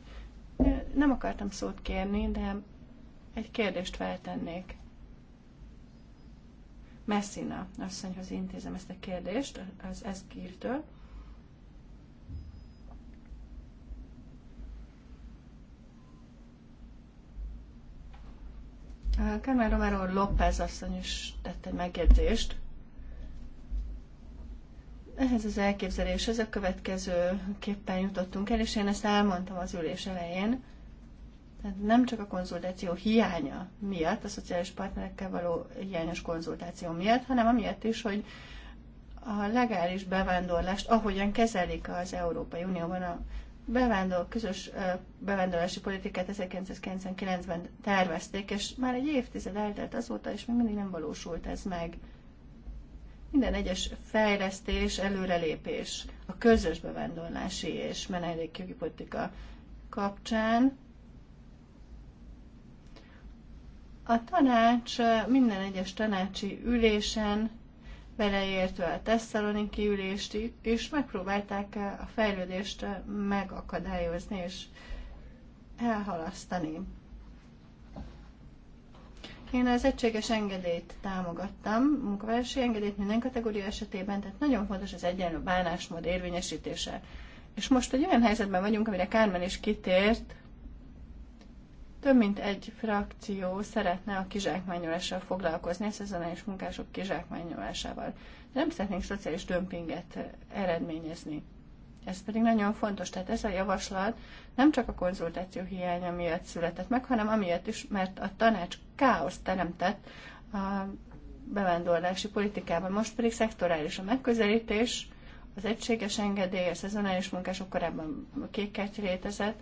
Nem akartam szót kérni, de egy kérdést feltennék. Messina asszonyhoz intézem ezt a kérdést az eszkírtől. Carmen Romero López asszony is tett egy megjegyzést. Ehhez az elképzeléshez a következő képpen jutottunk el, és én ezt elmondtam az ülés elején. Tehát nem csak a konzultáció hiánya miatt, a szociális partnerekkel való hiányos konzultáció miatt, hanem amiatt is, hogy a legális bevándorlást, ahogyan kezelik az Európai Unióban a bevándor, közös bevándorlási politikát 1999-ben tervezték, és már egy évtized eltelt azóta, és még mindig nem valósult ez meg. Minden egyes fejlesztés, előrelépés a közös bevándorlási és menedékjogi politika kapcsán a tanács minden egyes tanácsi ülésen beleértve a tesszaloniki ülést is, megpróbálták a fejlődést megakadályozni és elhalasztani. Én az egységes engedélyt támogattam, munkavárosi engedélyt minden kategória esetében, tehát nagyon fontos az egyenlő bánásmód érvényesítése. És most egy olyan helyzetben vagyunk, amire Kármen is kitért, több mint egy frakció szeretne a kizsákmányolással foglalkozni, a szezonális munkások kizsákmányolásával. De nem szeretnénk szociális dömpinget eh, eredményezni. Ez pedig nagyon fontos, tehát ez a javaslat nem csak a konzultáció hiánya miatt született meg, hanem amiatt is, mert a tanács káoszt teremtett a bevándorlási politikában. Most pedig szektorális a megközelítés, az egységes engedély, a szezonális munkások korábban kártya létezett,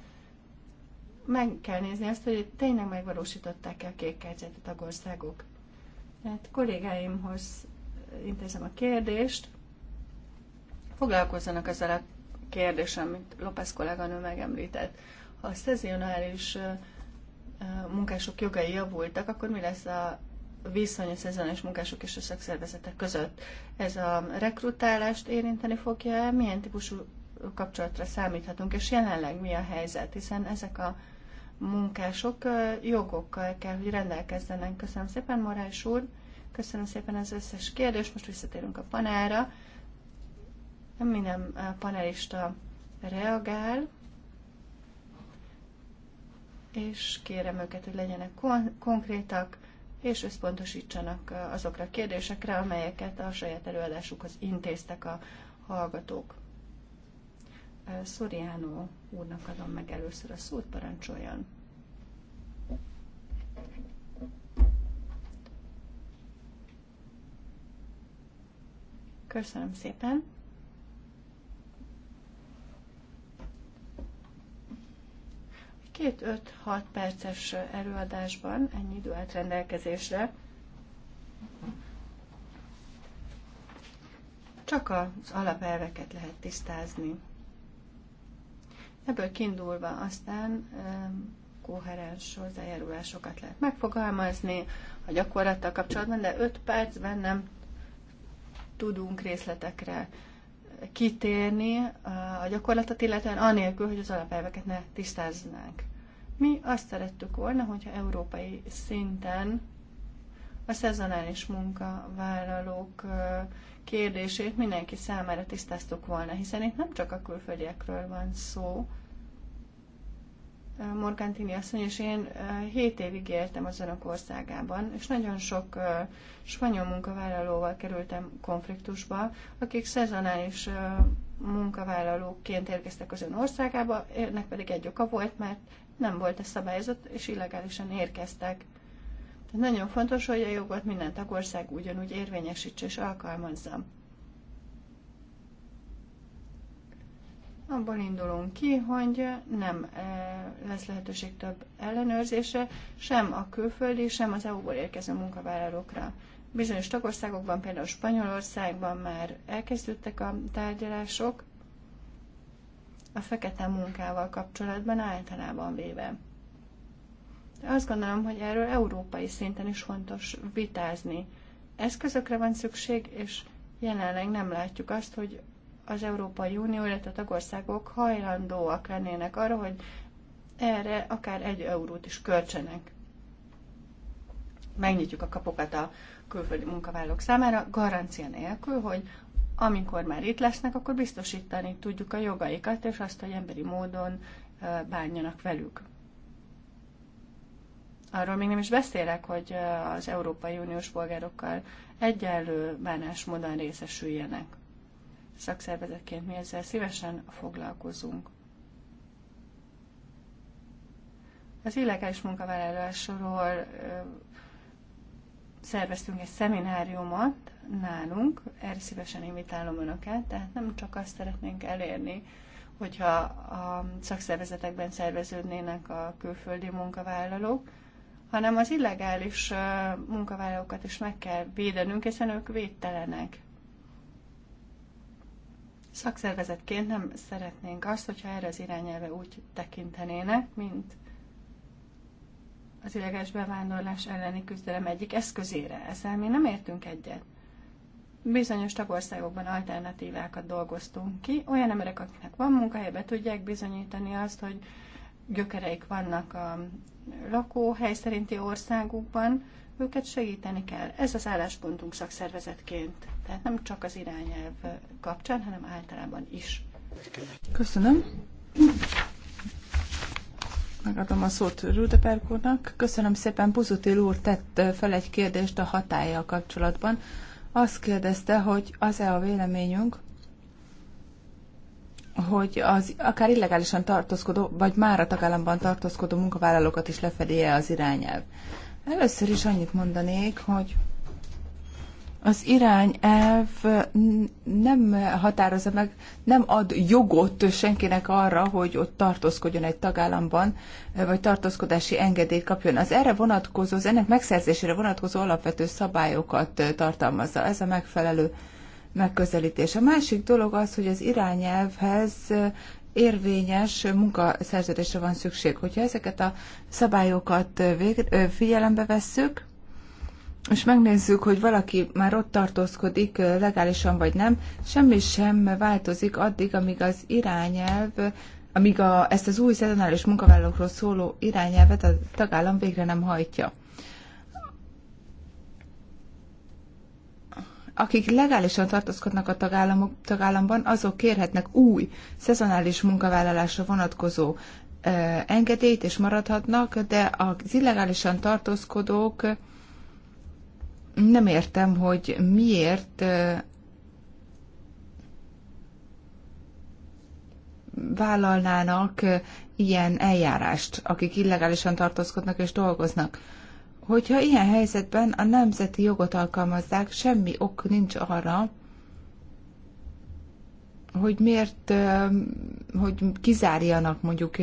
meg kell nézni azt, hogy tényleg megvalósították-e a kék kártyát a országok. Tehát kollégáimhoz intézem a kérdést. Foglalkozzanak ezzel a kérdéssel, amit López kolléganő megemlített. Ha a szezionális munkások jogai javultak, akkor mi lesz a viszony a szezonális munkások és a szakszervezetek között? Ez a rekrutálást érinteni fogja? Milyen típusú kapcsolatra számíthatunk, és jelenleg mi a helyzet, hiszen ezek a munkások jogokkal kell, hogy rendelkezzenek. Köszönöm szépen, Morás úr, köszönöm szépen az összes kérdést, most visszatérünk a Nem Minden panelista reagál, és kérem őket, hogy legyenek kon- konkrétak, és összpontosítsanak azokra a kérdésekre, amelyeket a saját előadásukhoz intéztek a hallgatók. Soriano úrnak adom meg először a szót, parancsoljon. Köszönöm szépen. Két-öt-hat perces előadásban ennyi idő állt rendelkezésre. Csak az alapelveket lehet tisztázni. Ebből kiindulva aztán koherens hozzájárulásokat lehet megfogalmazni a gyakorlattal kapcsolatban, de 5 percben nem tudunk részletekre kitérni a gyakorlatot, illetve anélkül, hogy az alapelveket ne tisztáznánk. Mi azt szerettük volna, hogyha európai szinten a szezonális munkavállalók kérdését mindenki számára tisztáztuk volna, hiszen itt nem csak a külföldiekről van szó. Morgantini asszony, és én 7 évig éltem az önök országában, és nagyon sok spanyol munkavállalóval kerültem konfliktusba, akik szezonális munkavállalóként érkeztek az ön országába, ennek pedig egy oka volt, mert nem volt ez szabályozott, és illegálisan érkeztek. Tehát nagyon fontos, hogy a jogot minden tagország ugyanúgy érvényesítse és alkalmazza. Abból indulunk ki, hogy nem eh, lesz lehetőség több ellenőrzése, sem a külföldi, sem az EU-ból érkező munkavállalókra. Bizonyos tagországokban, például Spanyolországban már elkezdődtek a tárgyalások a fekete munkával kapcsolatban általában véve. Azt gondolom, hogy erről európai szinten is fontos vitázni. Eszközökre van szükség, és jelenleg nem látjuk azt, hogy az Európai Unió, illetve a tagországok hajlandóak lennének arra, hogy erre akár egy eurót is költsenek. Megnyitjuk a kapokat a külföldi munkavállalók számára, garancia nélkül, hogy amikor már itt lesznek, akkor biztosítani tudjuk a jogaikat, és azt, hogy emberi módon bánjanak velük arról még nem is beszélek, hogy az Európai Uniós polgárokkal egyenlő bánásmódon részesüljenek. Szakszervezetként mi ezzel szívesen foglalkozunk. Az illegális munkavállalásról szerveztünk egy szemináriumot nálunk, erre szívesen invitálom Önöket, tehát nem csak azt szeretnénk elérni, hogyha a szakszervezetekben szerveződnének a külföldi munkavállalók, hanem az illegális munkavállalókat is meg kell védenünk, hiszen ők védtelenek. Szakszervezetként nem szeretnénk azt, hogyha erre az irányelve úgy tekintenének, mint az illegális bevándorlás elleni küzdelem egyik eszközére. Ezzel mi nem értünk egyet. Bizonyos tagországokban alternatívákat dolgoztunk ki. Olyan emberek, akiknek van munkahelye, be tudják bizonyítani azt, hogy gyökereik vannak a lakóhely szerinti országukban, őket segíteni kell. Ez az álláspontunk szakszervezetként. Tehát nem csak az irányelv kapcsán, hanem általában is. Köszönöm. Megadom a szót Rudeberg úrnak. Köszönöm szépen, Buzutil úr tett fel egy kérdést a hatája kapcsolatban. Azt kérdezte, hogy az-e a véleményünk, hogy az akár illegálisan tartózkodó, vagy már a tagállamban tartózkodó munkavállalókat is e az irányelv. Először is annyit mondanék, hogy az irányelv nem határozza meg, nem ad jogot senkinek arra, hogy ott tartózkodjon egy tagállamban, vagy tartózkodási engedélyt kapjon. Az erre vonatkozó, az ennek megszerzésére vonatkozó alapvető szabályokat tartalmazza. Ez a megfelelő megközelítés. A másik dolog az, hogy az irányelvhez érvényes munkaszerződésre van szükség. Hogyha ezeket a szabályokat figyelembe vesszük, és megnézzük, hogy valaki már ott tartózkodik legálisan vagy nem, semmi sem változik addig, amíg az irányelv, amíg a, ezt az új szezonális munkavállalókról szóló irányelvet a tagállam végre nem hajtja. akik legálisan tartózkodnak a tagállamok, tagállamban, azok kérhetnek új, szezonális munkavállalásra vonatkozó engedélyt, és maradhatnak, de az illegálisan tartózkodók nem értem, hogy miért vállalnának ilyen eljárást, akik illegálisan tartózkodnak és dolgoznak Hogyha ilyen helyzetben a nemzeti jogot alkalmazzák, semmi ok nincs arra, hogy miért, hogy kizárjanak mondjuk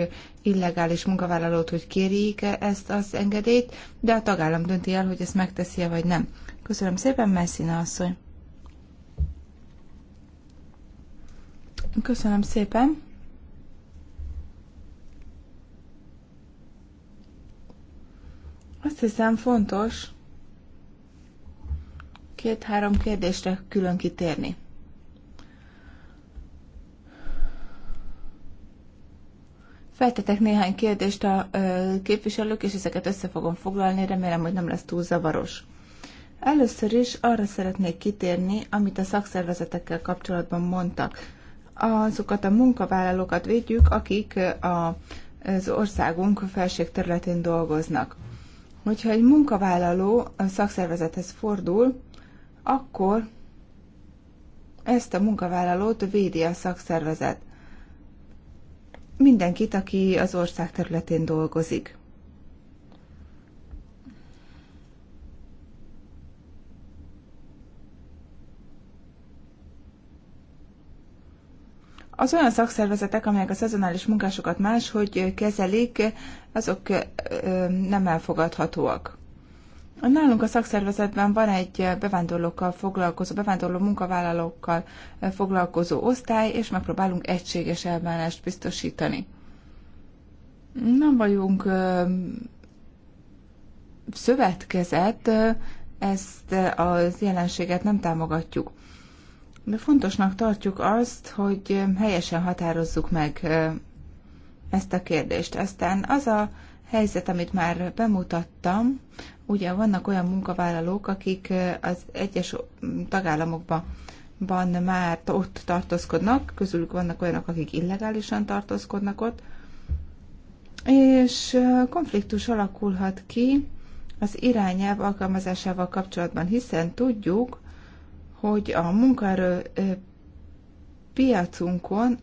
illegális munkavállalót, hogy kérjék -e ezt az engedélyt, de a tagállam dönti el, hogy ezt megteszi-e vagy nem. Köszönöm szépen, Messina asszony. Köszönöm szépen. Azt hiszem fontos két-három kérdésre külön kitérni. Feltetek néhány kérdést a képviselők, és ezeket össze fogom foglalni, remélem, hogy nem lesz túl zavaros. Először is arra szeretnék kitérni, amit a szakszervezetekkel kapcsolatban mondtak. Azokat a munkavállalókat védjük, akik a, az országunk felségterületén dolgoznak. Hogyha egy munkavállaló a szakszervezethez fordul, akkor ezt a munkavállalót védi a szakszervezet. Mindenkit, aki az ország területén dolgozik. Az olyan szakszervezetek, amelyek a szezonális munkásokat máshogy kezelik, azok nem elfogadhatóak. Nálunk a szakszervezetben van egy bevándorlókkal foglalkozó, bevándorló munkavállalókkal foglalkozó osztály, és megpróbálunk egységes elbánást biztosítani. Nem vagyunk ö, szövetkezet, ezt az jelenséget nem támogatjuk. De fontosnak tartjuk azt, hogy helyesen határozzuk meg ezt a kérdést. Aztán az a helyzet, amit már bemutattam, ugye vannak olyan munkavállalók, akik az egyes tagállamokban van már ott tartózkodnak, közülük vannak olyanok, akik illegálisan tartózkodnak ott, és konfliktus alakulhat ki az irányelv alkalmazásával kapcsolatban, hiszen tudjuk, hogy a munkaerő piacunkon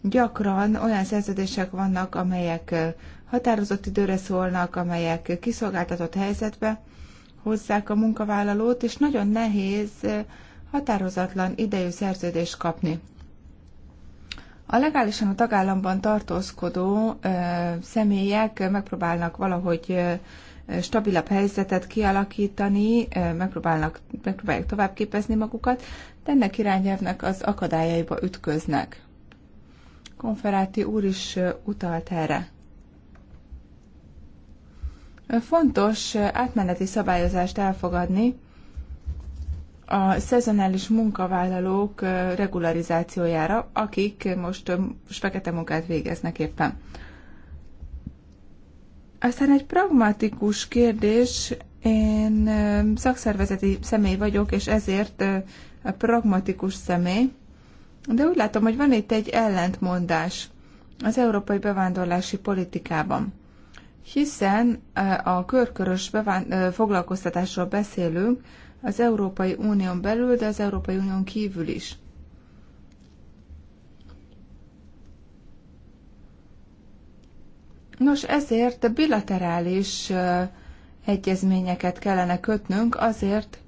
gyakran olyan szerződések vannak, amelyek határozott időre szólnak, amelyek kiszolgáltatott helyzetbe hozzák a munkavállalót, és nagyon nehéz határozatlan idejű szerződést kapni. A legálisan a tagállamban tartózkodó ö, személyek megpróbálnak valahogy ö, stabilabb helyzetet kialakítani, ö, megpróbálnak, megpróbálják továbbképezni magukat, de ennek irányelvnek az akadályaiba ütköznek. Konferáti úr is utalt erre. Fontos átmeneti szabályozást elfogadni a szezonális munkavállalók regularizációjára, akik most fekete munkát végeznek éppen. Aztán egy pragmatikus kérdés, én szakszervezeti személy vagyok, és ezért a pragmatikus személy. De úgy látom, hogy van itt egy ellentmondás az európai bevándorlási politikában. Hiszen a körkörös beván- foglalkoztatásról beszélünk az Európai Unión belül, de az Európai Unión kívül is. Nos, ezért bilaterális egyezményeket kellene kötnünk azért,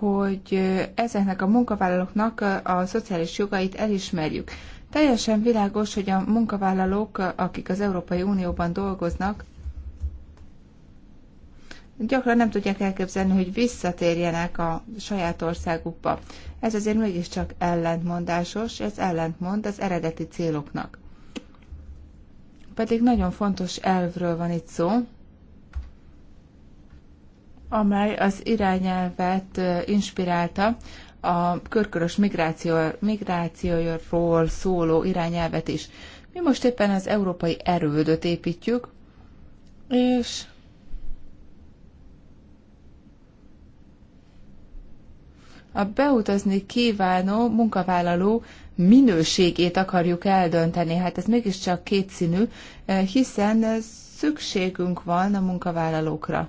hogy ezeknek a munkavállalóknak a szociális jogait elismerjük. Teljesen világos, hogy a munkavállalók, akik az Európai Unióban dolgoznak, gyakran nem tudják elképzelni, hogy visszatérjenek a saját országukba. Ez azért mégiscsak ellentmondásos, ez ellentmond az eredeti céloknak. Pedig nagyon fontos elvről van itt szó, amely az irányelvet inspirálta, a körkörös migráció, migrációról szóló irányelvet is. Mi most éppen az európai erődöt építjük, és a beutazni kívánó munkavállaló minőségét akarjuk eldönteni. Hát ez mégiscsak kétszínű, hiszen szükségünk van a munkavállalókra.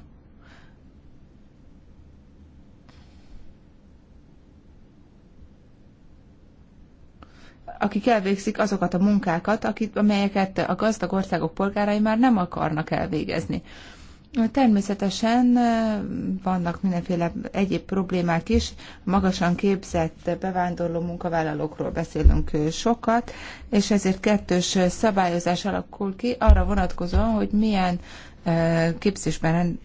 akik elvégzik azokat a munkákat, akik, amelyeket a gazdag országok polgárai már nem akarnak elvégezni. Természetesen vannak mindenféle egyéb problémák is. Magasan képzett bevándorló munkavállalókról beszélünk sokat, és ezért kettős szabályozás alakul ki arra vonatkozóan, hogy milyen képzésben,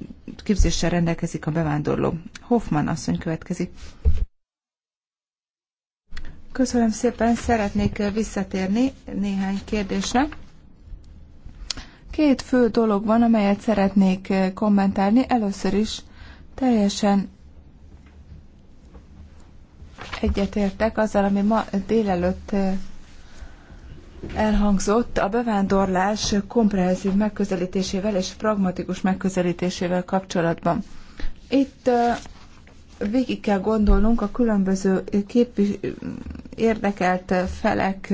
képzéssel rendelkezik a bevándorló. Hoffman asszony következik. Köszönöm szépen, szeretnék visszatérni néhány kérdésre. Két fő dolog van, amelyet szeretnék kommentálni. Először is teljesen egyetértek azzal, ami ma délelőtt eh, elhangzott a bevándorlás komprehenzív megközelítésével és pragmatikus megközelítésével kapcsolatban. Itt eh, végig kell gondolnunk a különböző eh, kép eh, érdekelt eh, felek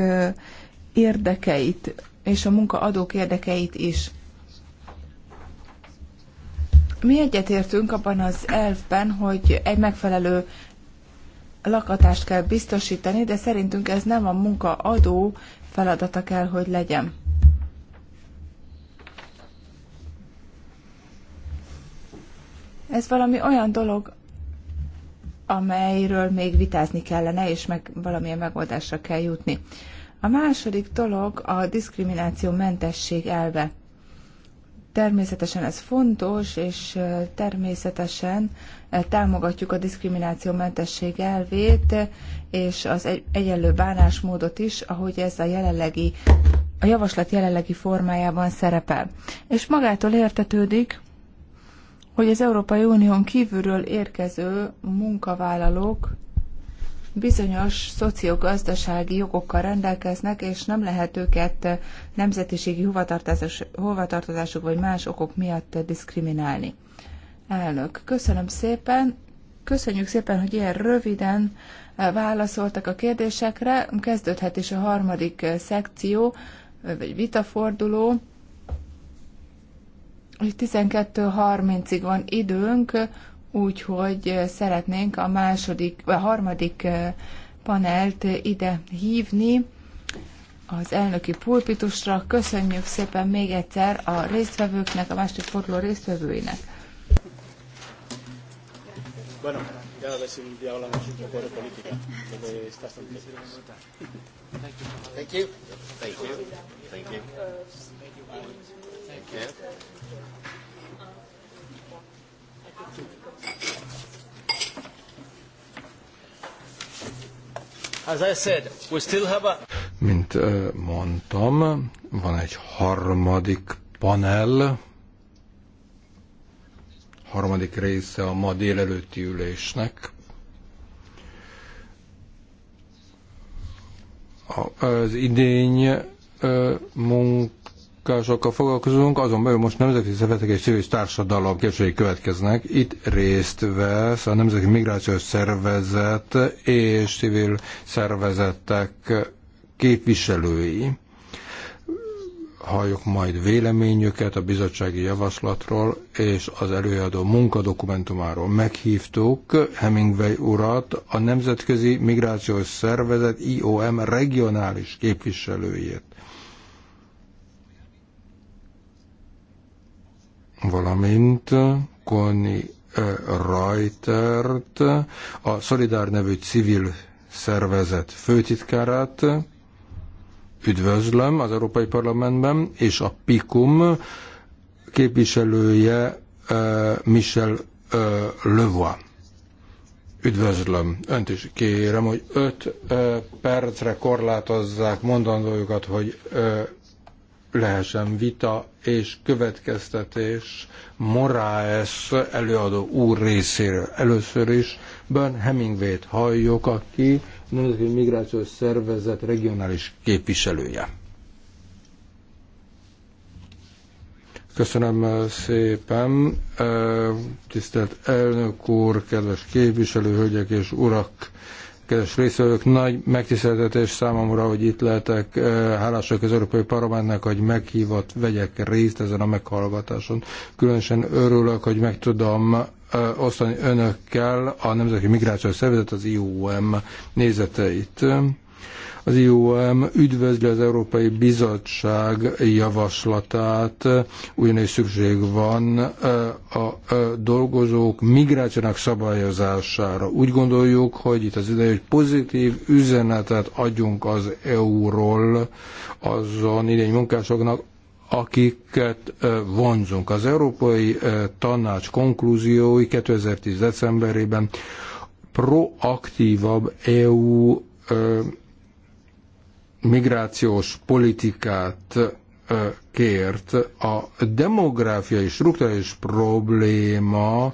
érdekeit, és a munkaadók érdekeit is. Mi egyetértünk abban az elvben, hogy egy megfelelő lakatást kell biztosítani, de szerintünk ez nem a munkaadó feladata kell, hogy legyen. Ez valami olyan dolog, amelyről még vitázni kellene, és meg valamilyen megoldásra kell jutni. A második dolog a diszkrimináció mentesség elve. Természetesen ez fontos, és természetesen támogatjuk a mentesség elvét, és az egy, egyenlő bánásmódot is, ahogy ez a jelenlegi, a javaslat jelenlegi formájában szerepel. És magától értetődik, hogy az Európai Unión kívülről érkező munkavállalók bizonyos szociogazdasági jogokkal rendelkeznek, és nem lehet őket nemzetiségi hovatartozásuk vagy más okok miatt diszkriminálni. Elnök, köszönöm szépen. Köszönjük szépen, hogy ilyen röviden eh, válaszoltak a kérdésekre. Kezdődhet is a harmadik eh, szekció, eh, vagy vitaforduló hogy 12.30-ig van időnk, úgyhogy szeretnénk a második, a harmadik panelt ide hívni az elnöki pulpitusra. Köszönjük szépen még egyszer a résztvevőknek, a második forduló résztvevőinek. Bueno, ya a ver si un día hablamos un poco de política, donde estás tan Thank you. Thank you. Thank you. Thank you. Thank you. Mint mondtam, van egy harmadik panel, harmadik része a ma délelőtti ülésnek. Az idény munka munkásokkal foglalkozunk, azon belül most nemzeti szervezetek és civil társadalom képviselői következnek. Itt részt vesz a Nemzeti Migrációs Szervezet és civil szervezetek képviselői. Halljuk majd véleményüket a bizottsági javaslatról és az előadó munkadokumentumáról. Meghívtuk Hemingway urat, a Nemzetközi Migrációs Szervezet IOM regionális képviselőjét valamint Koni Reutert, a Szolidár nevű civil szervezet főtitkárát üdvözlöm az Európai Parlamentben, és a PIKUM képviselője Michel Levois. Üdvözlöm. Önt is kérem, hogy öt percre korlátozzák mondandójukat, hogy lehessen vita és következtetés Moraes előadó úr részéről. Először is Ben Hemingway-t halljuk, aki Nemzeti Migrációs Szervezet regionális képviselője. Köszönöm eh, szépen, eh, tisztelt elnök úr, kedves képviselő, hölgyek és urak! kedves részvevők, nagy megtiszteltetés számomra, hogy itt lehetek. Eh, hálásak az Európai Parlamentnek, hogy meghívott vegyek részt ezen a meghallgatáson. Különösen örülök, hogy meg tudom eh, osztani önökkel a Nemzeti Migrációs Szervezet, az IOM nézeteit. Az IOM üdvözli az Európai Bizottság javaslatát, ugyanis szükség van a dolgozók migrációnak szabályozására. Úgy gondoljuk, hogy itt az ideje, hogy pozitív üzenetet adjunk az EU-ról azon idény munkásoknak, akiket vonzunk. Az Európai Tanács konklúziói 2010. decemberében proaktívabb EU migrációs politikát kért, a demográfiai struktúrális probléma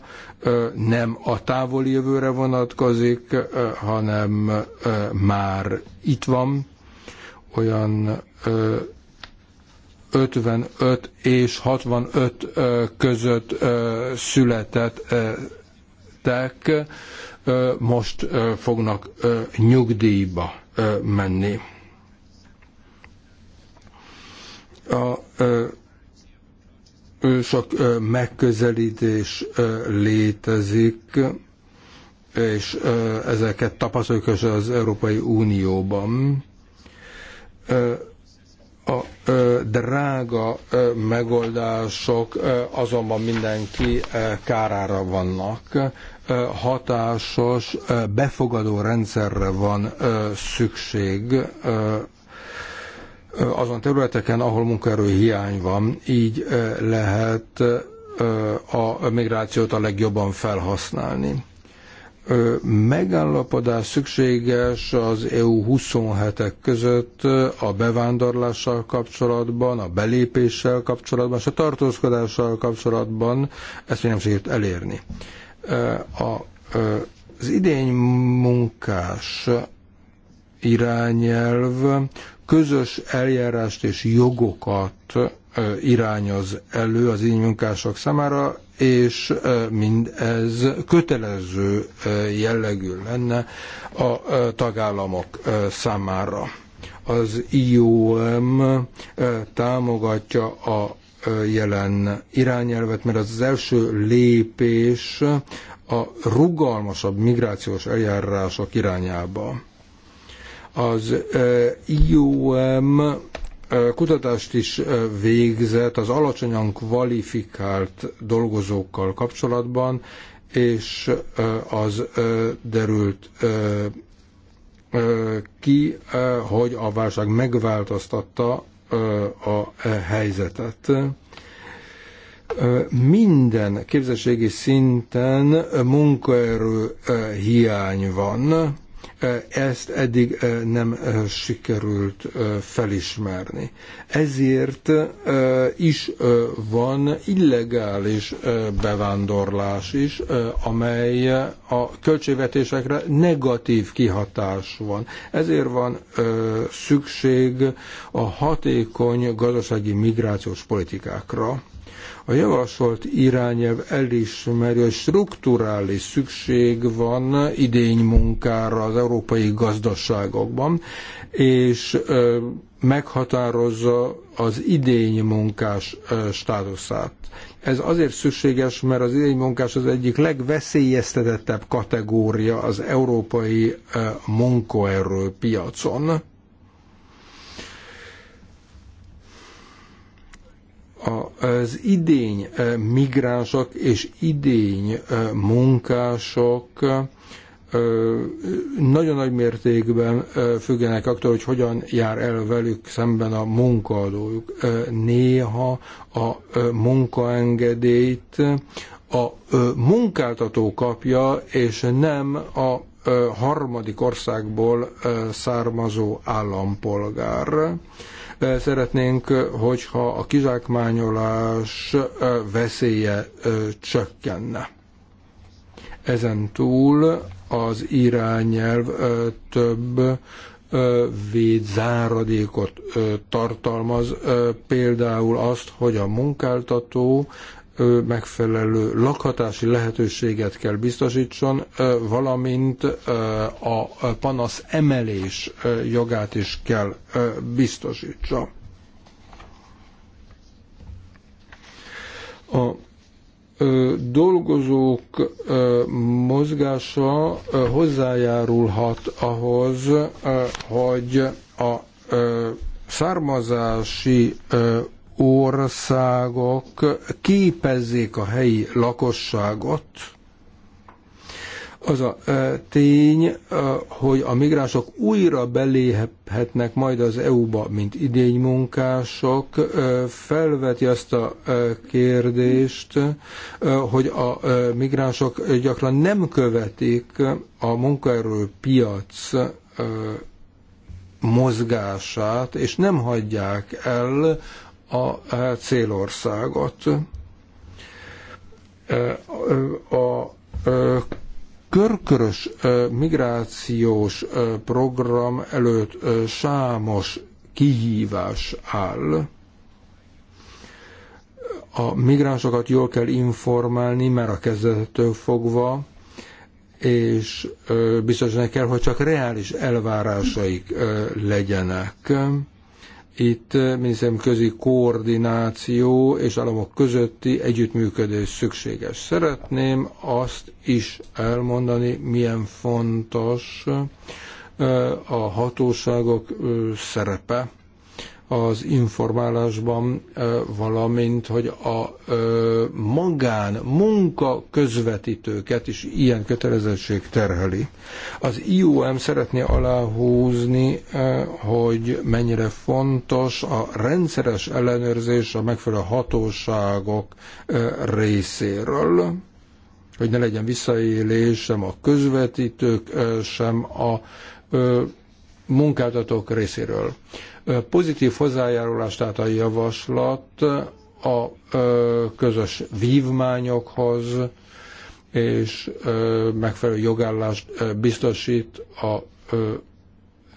nem a távoli jövőre vonatkozik, hanem már itt van olyan 55 és 65 között születettek, most fognak nyugdíjba menni. a sok megközelítés létezik, és ezeket tapasztaljuk az Európai Unióban. A drága megoldások azonban mindenki kárára vannak. Hatásos, befogadó rendszerre van szükség azon területeken, ahol munkaerő hiány van, így lehet a migrációt a legjobban felhasználni. Megállapodás szükséges az EU 27-ek között a bevándorlással kapcsolatban, a belépéssel kapcsolatban és a tartózkodással kapcsolatban, ezt még nem sikerült elérni. A, az idény munkás irányelv közös eljárást és jogokat irányoz elő az így munkások számára, és mindez kötelező jellegű lenne a tagállamok számára. Az IOM támogatja a jelen irányelvet, mert az, az első lépés a rugalmasabb migrációs eljárások irányába az IOM kutatást is végzett az alacsonyan kvalifikált dolgozókkal kapcsolatban, és az derült ki, hogy a válság megváltoztatta a e, helyzetet. Minden képzettségi szinten munkaerő hiány van ezt eddig nem sikerült felismerni. Ezért is van illegális bevándorlás is, amely a költségvetésekre negatív kihatás van. Ezért van szükség a hatékony gazdasági migrációs politikákra. A javasolt irányelv elismeri, hogy strukturális szükség van idénymunkára az európai gazdaságokban, és meghatározza az idénymunkás státuszát. Ez azért szükséges, mert az idénymunkás az egyik legveszélyeztetettebb kategória az európai munkaerőpiacon az idény e, migránsok és idény e, munkások e, nagyon nagy mértékben függenek attól, hogy hogyan jár el velük szemben a munkaadójuk. Néha a munkaengedélyt a munkáltató kapja, és nem a harmadik országból származó állampolgár Szeretnénk, hogyha a kizsákmányolás veszélye csökkenne. Ezen túl az irányelv több védzáradékot tartalmaz, például azt, hogy a munkáltató megfelelő lakhatási lehetőséget kell biztosítson, valamint a panasz emelés jogát is kell biztosítsa. A dolgozók mozgása hozzájárulhat ahhoz, hogy a származási országok képezzék a helyi lakosságot, az a tény, hogy a migránsok újra beléphetnek majd az EU-ba, mint idénymunkások, felveti azt a kérdést, hogy a migránsok gyakran nem követik a munkaerőpiac mozgását, és nem hagyják el a célországot. A körkörös migrációs program előtt sámos kihívás áll. A migránsokat jól kell informálni, mert a kezdetől fogva, és biztosan kell, hogy csak reális elvárásaik legyenek itt eh, közi koordináció és államok közötti együttműködés szükséges. Szeretném azt is elmondani, milyen fontos eh, a hatóságok eh, szerepe az informálásban, valamint, hogy a magán munka közvetítőket is ilyen kötelezettség terheli. Az IOM szeretné aláhúzni, hogy mennyire fontos a rendszeres ellenőrzés a megfelelő hatóságok részéről hogy ne legyen visszaélés sem a közvetítők, sem a munkáltatók részéről. Pozitív hozzájárulást tehát a javaslat a közös vívmányokhoz, és megfelelő jogállást biztosít a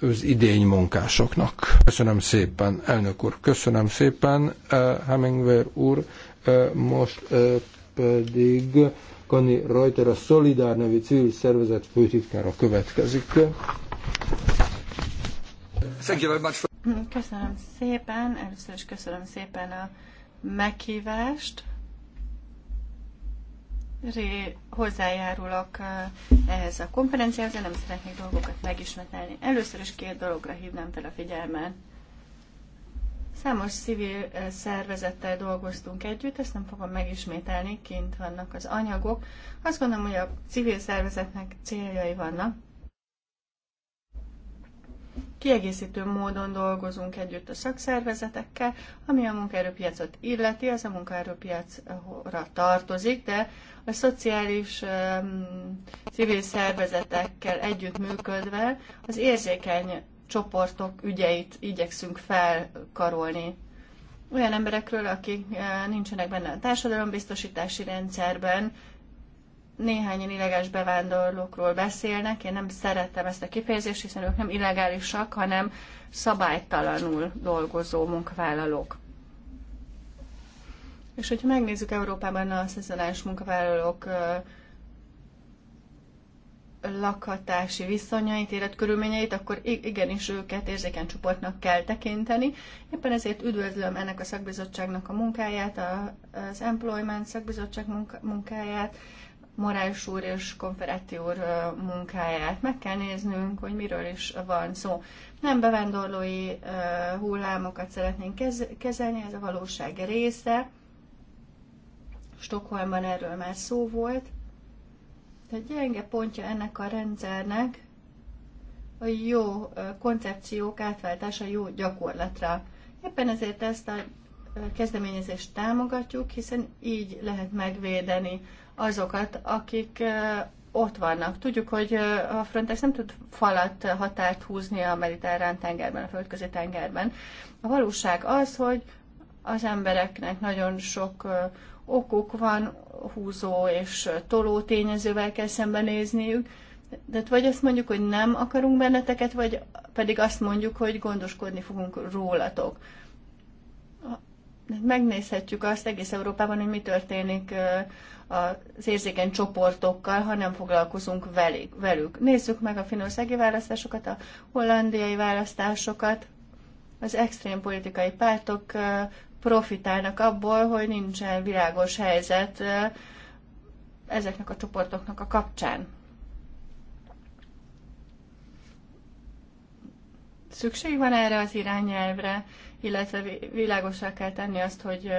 az idény munkásoknak. Köszönöm szépen, elnök úr. Köszönöm szépen, Hemingway úr. Most pedig Kani Reuter, a Szolidár nevű civil szervezet főtitkára következik. Köszönöm szépen, először is köszönöm szépen a meghívást. Ré, hozzájárulok uh, ehhez a konferenciához, én nem szeretnék dolgokat megismételni. Először is két dologra hívnám fel a figyelmet. Számos civil uh, szervezettel dolgoztunk együtt, ezt nem fogom megismételni, kint vannak az anyagok. Azt gondolom, hogy a civil szervezetnek céljai vannak, kiegészítő módon dolgozunk együtt a szakszervezetekkel, ami a munkaerőpiacot illeti, az a munkaerőpiacra tartozik, de a szociális um, civil szervezetekkel együttműködve az érzékeny csoportok ügyeit igyekszünk felkarolni. Olyan emberekről, akik eh, nincsenek benne a társadalombiztosítási rendszerben, néhányan illegális bevándorlókról beszélnek, én nem szeretem ezt a kifejezést, hiszen ők nem illegálisak, hanem szabálytalanul dolgozó munkavállalók. És hogyha megnézzük Európában a szezonális munkavállalók lakhatási viszonyait, életkörülményeit, akkor igenis őket érzékeny csoportnak kell tekinteni. Éppen ezért üdvözlöm ennek a szakbizottságnak a munkáját, az Employment szakbizottság munkáját, Morális úr és Konferetti úr munkáját. Meg kell néznünk, hogy miről is van szó. Nem bevándorlói hullámokat szeretnénk kezelni, ez a valóság része. Stockholmban erről már szó volt. De gyenge pontja ennek a rendszernek a jó koncepciók átváltása jó gyakorlatra. Éppen ezért ezt a kezdeményezést támogatjuk, hiszen így lehet megvédeni azokat, akik ott vannak. Tudjuk, hogy a Frontex nem tud falat, határt húzni a mediterrán tengerben, a földközi tengerben. A valóság az, hogy az embereknek nagyon sok okuk van, húzó és toló tényezővel kell szembenézniük, de hát vagy azt mondjuk, hogy nem akarunk benneteket, vagy pedig azt mondjuk, hogy gondoskodni fogunk rólatok megnézhetjük azt egész Európában, hogy mi történik az érzékeny csoportokkal, ha nem foglalkozunk velük. Nézzük meg a finországi választásokat, a hollandiai választásokat. Az extrém politikai pártok profitálnak abból, hogy nincsen világos helyzet ezeknek a csoportoknak a kapcsán. Szükség van erre az irányelvre, illetve világosá kell tenni azt, hogy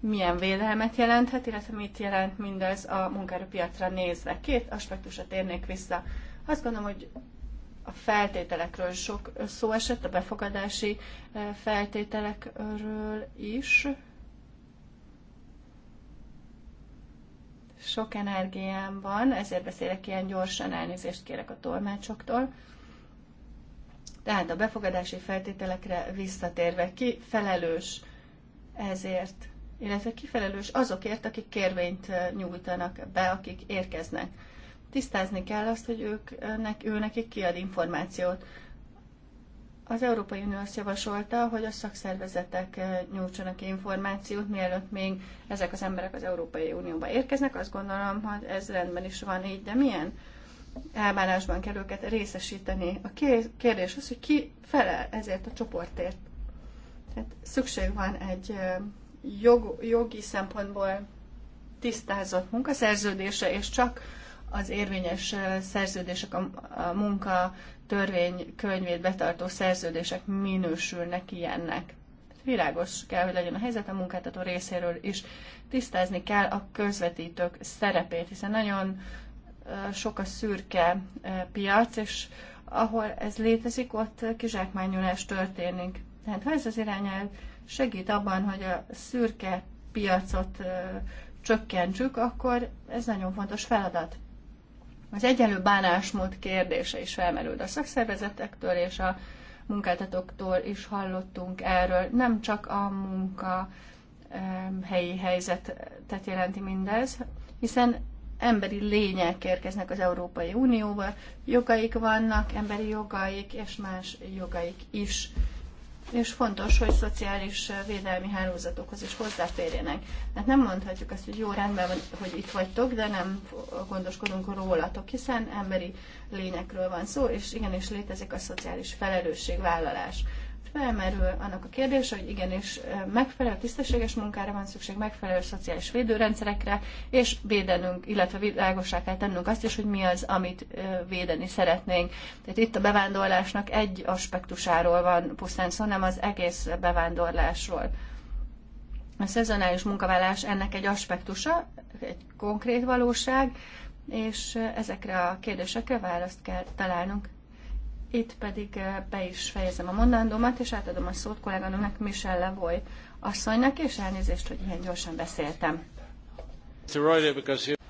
milyen védelmet jelenthet, illetve mit jelent mindez a munkaerőpiacra nézve. Két aspektusra térnék vissza. Azt gondolom, hogy a feltételekről sok szó esett, a befogadási feltételekről is. Sok energiám van, ezért beszélek ilyen gyorsan, elnézést kérek a tolmácsoktól. Tehát a befogadási feltételekre visszatérve, ki felelős ezért, illetve ki felelős azokért, akik kérvényt nyújtanak be, akik érkeznek. Tisztázni kell azt, hogy ők, nek ő nekik kiad információt. Az Európai Unió azt javasolta, hogy a szakszervezetek nyújtsanak információt, mielőtt még ezek az emberek az Európai Unióba érkeznek. Azt gondolom, hogy ez rendben is van így, de milyen elbánásban kell őket részesíteni. A kérdés az, hogy ki felel ezért a csoportért. Tehát szükség van egy jog, jogi szempontból tisztázott munkaszerződése, és csak az érvényes szerződések, a, munka törvény könyvét betartó szerződések minősülnek ilyennek. Világos kell, hogy legyen a helyzet a munkáltató részéről is. Tisztázni kell a közvetítők szerepét, hiszen nagyon sok a szürke piac, és ahol ez létezik, ott kizsákmányolás történik. Tehát ha ez az irány segít abban, hogy a szürke piacot csökkentsük, akkor ez nagyon fontos feladat. Az egyenlő bánásmód kérdése is felmerült a szakszervezetektől és a munkáltatóktól is hallottunk erről. Nem csak a munka helyi helyzetet jelenti mindez, hiszen emberi lények érkeznek az Európai Unióba, jogaik vannak, emberi jogaik és más jogaik is. És fontos, hogy szociális eh, védelmi hálózatokhoz is hozzáférjenek. Tehát nem mondhatjuk azt, hogy jó, rendben van, hogy itt vagytok, de nem gondoskodunk rólatok, hiszen emberi lényekről van szó, és igenis létezik a szociális felelősségvállalás felmerül annak a kérdése, hogy igenis megfelelő tisztességes munkára van szükség, megfelelő szociális védőrendszerekre, és védenünk, illetve világosá kell tennünk azt is, hogy mi az, amit védeni szeretnénk. Tehát itt a bevándorlásnak egy aspektusáról van pusztán szó, nem az egész bevándorlásról. A szezonális munkavállás ennek egy aspektusa, egy konkrét valóság, és ezekre a kérdésekre választ kell találnunk. Itt pedig eh, be is fejezem a mondandómat, és átadom a szót kolléganőnek, Michelle Levoy asszonynak, és elnézést, hogy ilyen gyorsan beszéltem.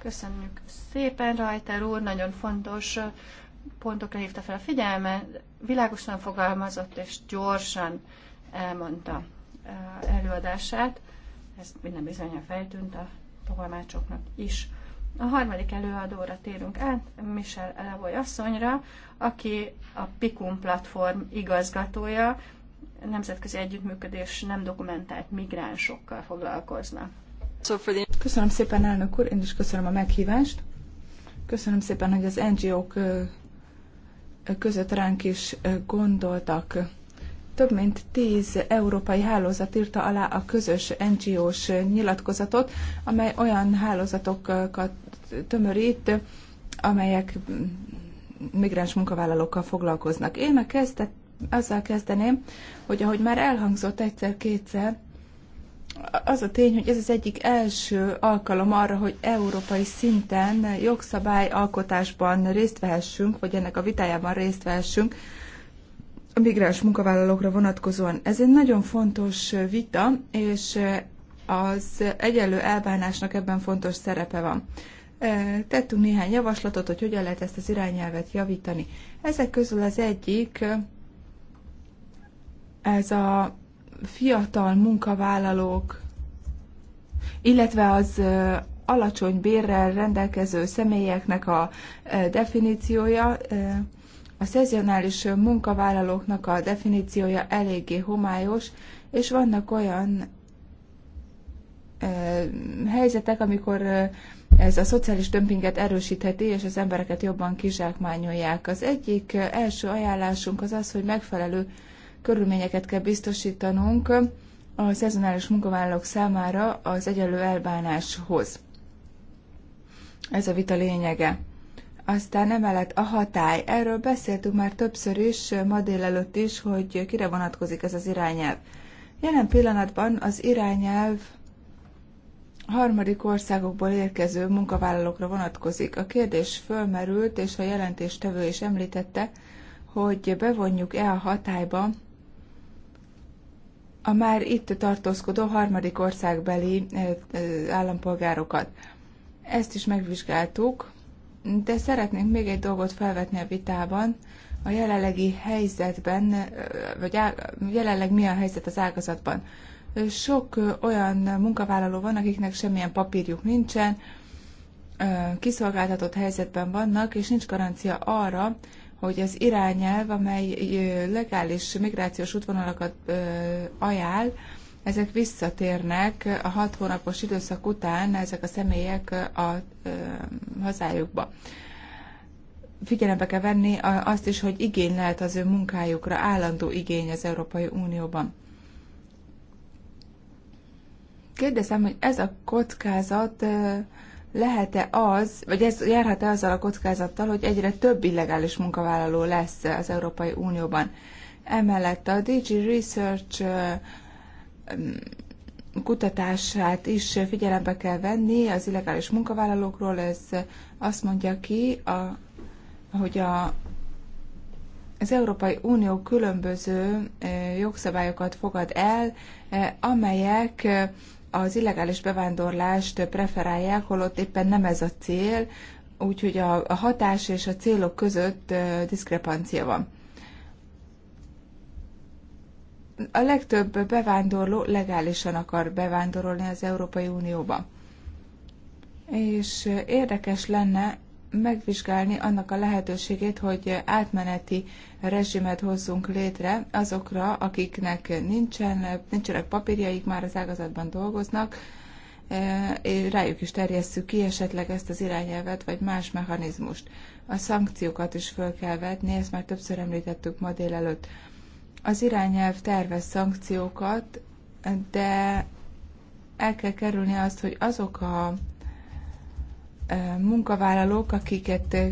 Köszönjük szépen, Rajter úr, nagyon fontos eh, pontokra hívta fel a figyelme, világosan fogalmazott és gyorsan elmondta eh, előadását. Ez minden bizony feltűnt a tolmácsoknak is. A harmadik előadóra térünk át, Michel Levoy asszonyra, aki a PIKUM platform igazgatója, nemzetközi együttműködés nem dokumentált migránsokkal foglalkozna. Köszönöm szépen, elnök úr, én is köszönöm a meghívást. Köszönöm szépen, hogy az NGO-k között ránk is gondoltak több mint tíz európai hálózat írta alá a közös NGO-s nyilatkozatot, amely olyan hálózatokat tömörít, amelyek migráns munkavállalókkal foglalkoznak. Én meg kezdet, azzal kezdeném, hogy ahogy már elhangzott egyszer-kétszer, az a tény, hogy ez az egyik első alkalom arra, hogy európai szinten jogszabályalkotásban részt vehessünk, vagy ennek a vitájában részt vehessünk, a migráns munkavállalókra vonatkozóan. Ez egy nagyon fontos vita, és az egyenlő elbánásnak ebben fontos szerepe van. E, tettünk néhány javaslatot, hogy hogyan lehet ezt az irányelvet javítani. Ezek közül az egyik, ez a fiatal munkavállalók, illetve az e, alacsony bérrel rendelkező személyeknek a e, definíciója, a szezonális munkavállalóknak a definíciója eléggé homályos, és vannak olyan helyzetek, amikor ez a szociális dömpinget erősítheti, és az embereket jobban kizsákmányolják. Az egyik első ajánlásunk az az, hogy megfelelő körülményeket kell biztosítanunk a szezonális munkavállalók számára az egyenlő elbánáshoz. Ez a vita lényege. Aztán emellett a hatály. Erről beszéltünk már többször is, ma délelőtt is, hogy kire vonatkozik ez az irányelv. Jelen pillanatban az irányelv harmadik országokból érkező munkavállalókra vonatkozik. A kérdés fölmerült, és a jelentéstevő is említette, hogy bevonjuk-e a hatályba a már itt tartózkodó harmadik országbeli eh, eh, állampolgárokat. Ezt is megvizsgáltuk, de szeretnénk még egy dolgot felvetni a vitában. A jelenlegi helyzetben, vagy á, jelenleg mi a helyzet az ágazatban? Sok olyan munkavállaló van, akiknek semmilyen papírjuk nincsen, kiszolgáltatott helyzetben vannak, és nincs garancia arra, hogy az irányelv, amely legális migrációs útvonalakat ajánl, ezek visszatérnek a hat hónapos időszak után, ezek a személyek a hazájukba. Figyelembe kell venni azt is, hogy igény lehet az ő munkájukra, állandó igény az Európai Unióban. Kérdezem, hogy ez a kockázat lehet-e az, vagy ez járhat-e azzal a kockázattal, hogy egyre több illegális munkavállaló lesz az Európai Unióban. Emellett a DG Research kutatását is figyelembe kell venni az illegális munkavállalókról. Ez azt mondja ki, a, hogy a, az Európai Unió különböző eh, jogszabályokat fogad el, eh, amelyek eh, az illegális bevándorlást preferálják, holott éppen nem ez a cél, úgyhogy a hatás és a célok között diszkrepancia van a legtöbb bevándorló legálisan akar bevándorolni az Európai Unióba. És érdekes lenne megvizsgálni annak a lehetőségét, hogy átmeneti rezsimet hozzunk létre azokra, akiknek nincsen, nincsenek papírjaik, már az ágazatban dolgoznak, eh, és rájuk is terjesszük ki esetleg ezt az irányelvet, vagy más mechanizmust. A szankciókat is föl kell vetni, ezt már többször említettük ma délelőtt. Az irányelv tervez szankciókat, de el kell kerülni azt, hogy azok a e, munkavállalók, akiket e,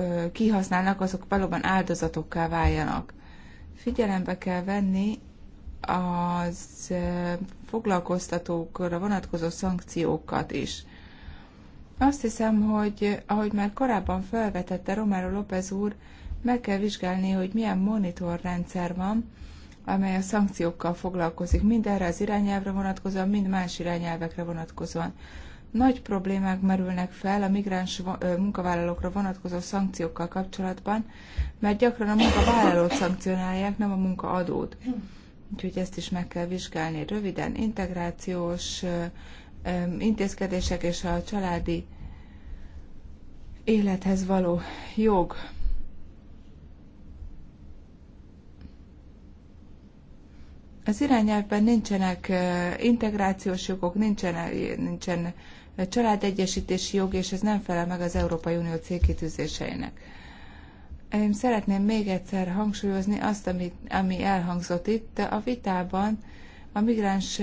e, kihasználnak, azok valóban áldozatokká váljanak. Figyelembe kell venni az foglalkoztatókra vonatkozó szankciókat is. Azt hiszem, hogy ahogy már korábban felvetette Romero López úr, meg kell vizsgálni, hogy milyen monitorrendszer van, amely a szankciókkal foglalkozik, mind erre az irányelvre vonatkozóan, mind más irányelvekre vonatkozóan. Nagy problémák merülnek fel a migráns munkavállalókra vonatkozó szankciókkal kapcsolatban, mert gyakran a munkavállalót szankcionálják, nem a munkaadót. Úgyhogy ezt is meg kell vizsgálni. Röviden integrációs intézkedések és a családi élethez való jog Az irányelvben nincsenek integrációs jogok, nincsen, nincsen családegyesítési jog, és ez nem felel meg az Európai Unió célkitűzéseinek. Én szeretném még egyszer hangsúlyozni azt, ami, ami elhangzott itt. A vitában a migráns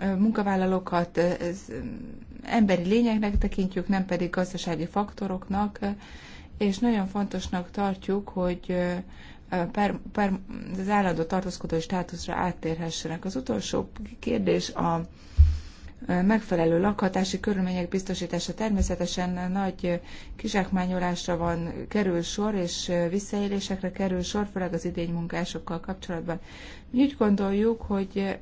munkavállalókat emberi lényeknek tekintjük, nem pedig gazdasági faktoroknak, és nagyon fontosnak tartjuk, hogy per, per, az állandó tartózkodói státuszra áttérhessenek. Az utolsó kérdés a megfelelő lakhatási körülmények biztosítása természetesen nagy kizsákmányolásra van kerül sor, és visszaélésekre kerül sor, főleg az idénymunkásokkal kapcsolatban. Mi úgy gondoljuk, hogy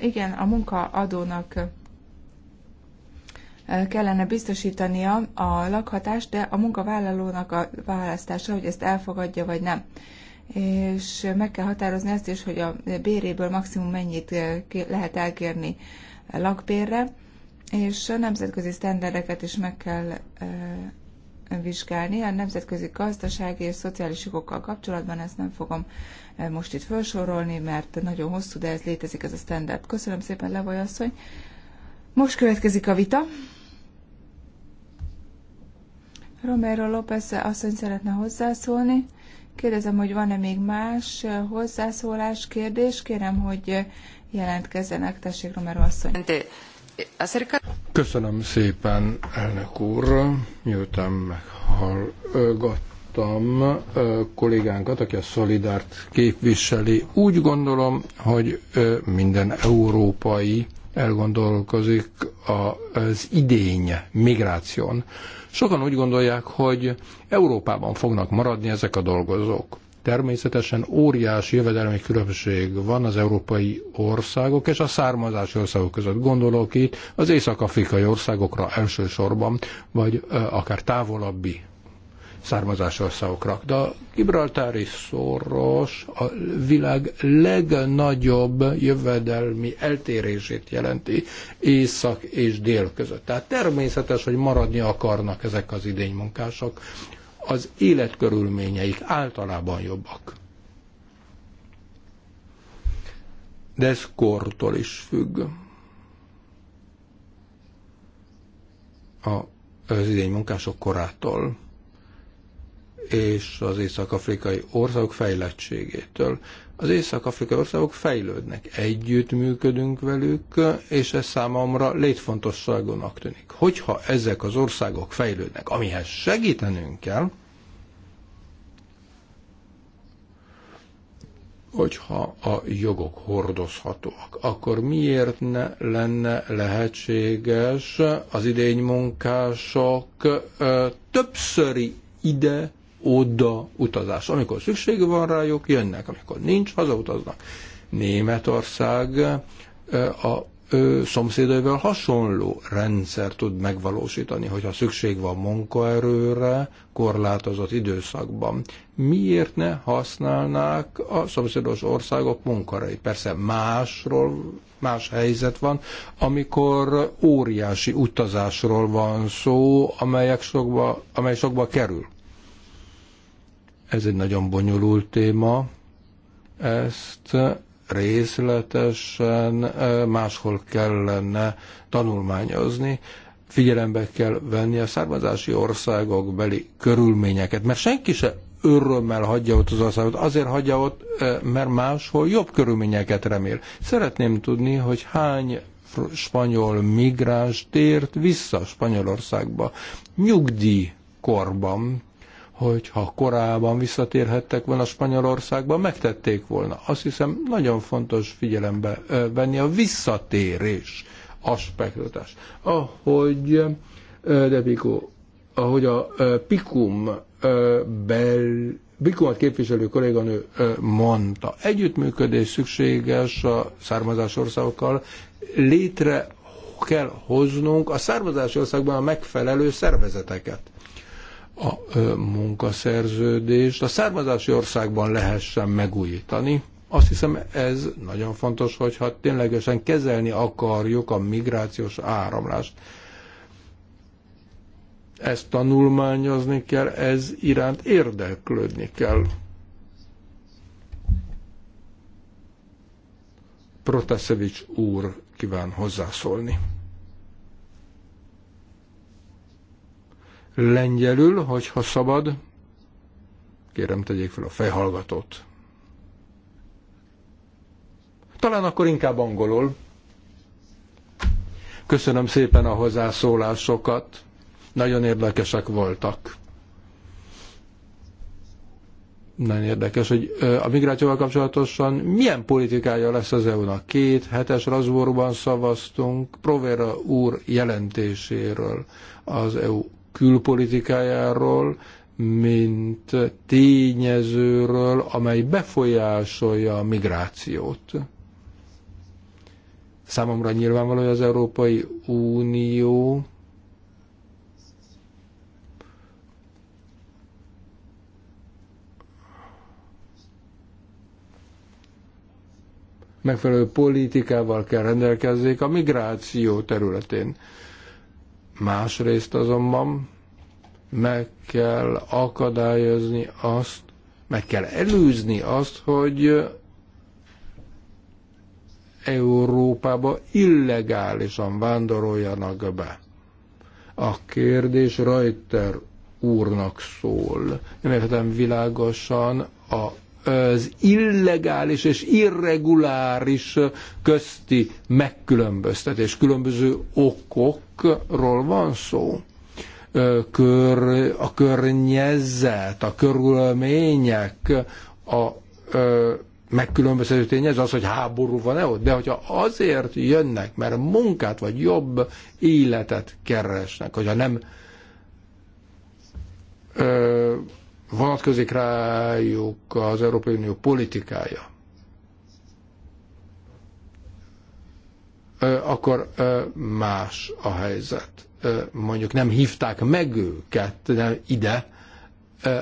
igen, a munkaadónak kellene biztosítania a lakhatást, de a munkavállalónak a választása, hogy ezt elfogadja vagy nem. És meg kell határozni azt is, hogy a béréből maximum mennyit eh, lehet elkérni lakbérre, és a nemzetközi sztenderdeket is meg kell eh, vizsgálni. A nemzetközi gazdasági és szociális jogokkal kapcsolatban ezt nem fogom eh, most itt felsorolni, mert nagyon hosszú, de ez létezik ez a standard. Köszönöm szépen, Levoly asszony. Most következik a vita. Romero López asszony szeretne hozzászólni. Kérdezem, hogy van-e még más hozzászólás, kérdés? Kérem, hogy jelentkezzenek. Tessék, Romero asszony. Köszönöm szépen, elnök úr. Miután meghallgattam kollégánkat, aki a Szolidárt képviseli, úgy gondolom, hogy minden európai elgondolkozik az idény migráción. Sokan úgy gondolják, hogy Európában fognak maradni ezek a dolgozók. Természetesen óriási jövedelmi különbség van az európai országok és a származási országok között. Gondolok itt az észak-afrikai országokra elsősorban, vagy akár távolabbi származású országokra. De a Gibraltári szoros a világ legnagyobb jövedelmi eltérését jelenti észak és dél között. Tehát természetes, hogy maradni akarnak ezek az idénymunkások. Az életkörülményeik általában jobbak. De ez kortól is függ. A az idény munkások korától és az észak-afrikai országok fejlettségétől. Az észak-afrikai országok fejlődnek, együtt működünk velük, és ez számomra létfontosságonak tűnik. Hogyha ezek az országok fejlődnek, amihez segítenünk kell, hogyha a jogok hordozhatóak, akkor miért ne lenne lehetséges az idénymunkások többszöri ide oda utazás. Amikor szükség van rájuk, jönnek, amikor nincs, hazautaznak. Németország a szomszédaival hasonló rendszer tud megvalósítani, hogyha szükség van munkaerőre korlátozott időszakban. Miért ne használnák a szomszédos országok munkareit? Persze másról, más helyzet van, amikor óriási utazásról van szó, amelyek sokba, amely sokba kerül. Ez egy nagyon bonyolult téma, ezt részletesen máshol kellene tanulmányozni, figyelembe kell venni a származási országok beli körülményeket, mert senki se örömmel hagyja ott az országot, azért hagyja ott, mert máshol jobb körülményeket remél. Szeretném tudni, hogy hány spanyol migráns tért vissza Spanyolországba nyugdíjkorban, hogy ha korábban visszatérhettek volna Spanyolországban, megtették volna. Azt hiszem nagyon fontos figyelembe venni a visszatérés aspektotást. Ahogy de Pico, ahogy a Pikum bel Bikumat képviselő kolléganő mondta, együttműködés szükséges a származás országokkal, létre kell hoznunk a származási országban a megfelelő szervezeteket a munkaszerződést a származási országban lehessen megújítani. Azt hiszem ez nagyon fontos, hogyha ténylegesen kezelni akarjuk a migrációs áramlást. Ezt tanulmányozni kell, ez iránt érdeklődni kell. Protasevics úr kíván hozzászólni. Lengyelül, hogyha szabad, kérem tegyék fel a fejhallgatót. Talán akkor inkább angolul. Köszönöm szépen a hozzászólásokat. Nagyon érdekesek voltak. Nagyon érdekes, hogy a migrációval kapcsolatosan milyen politikája lesz az EU-nak. Két hetes Razborban szavaztunk Provera úr jelentéséről az EU külpolitikájáról, mint tényezőről, amely befolyásolja a migrációt. Számomra nyilvánvaló, hogy az Európai Unió megfelelő politikával kell rendelkezzék a migráció területén. Másrészt azonban meg kell akadályozni azt, meg kell előzni azt, hogy Európába illegálisan vándoroljanak be. A kérdés Reuter úrnak szól. Nem értem világosan a az illegális és irreguláris közti megkülönböztetés. Különböző okokról van szó. Kör, a környezet, a körülmények, a ö, megkülönböztető tényező az, hogy háború van-e ott, de hogyha azért jönnek, mert munkát vagy jobb életet keresnek, hogyha nem ö, vonatkozik rájuk az Európai Unió politikája, akkor más a helyzet. Mondjuk nem hívták meg őket ide,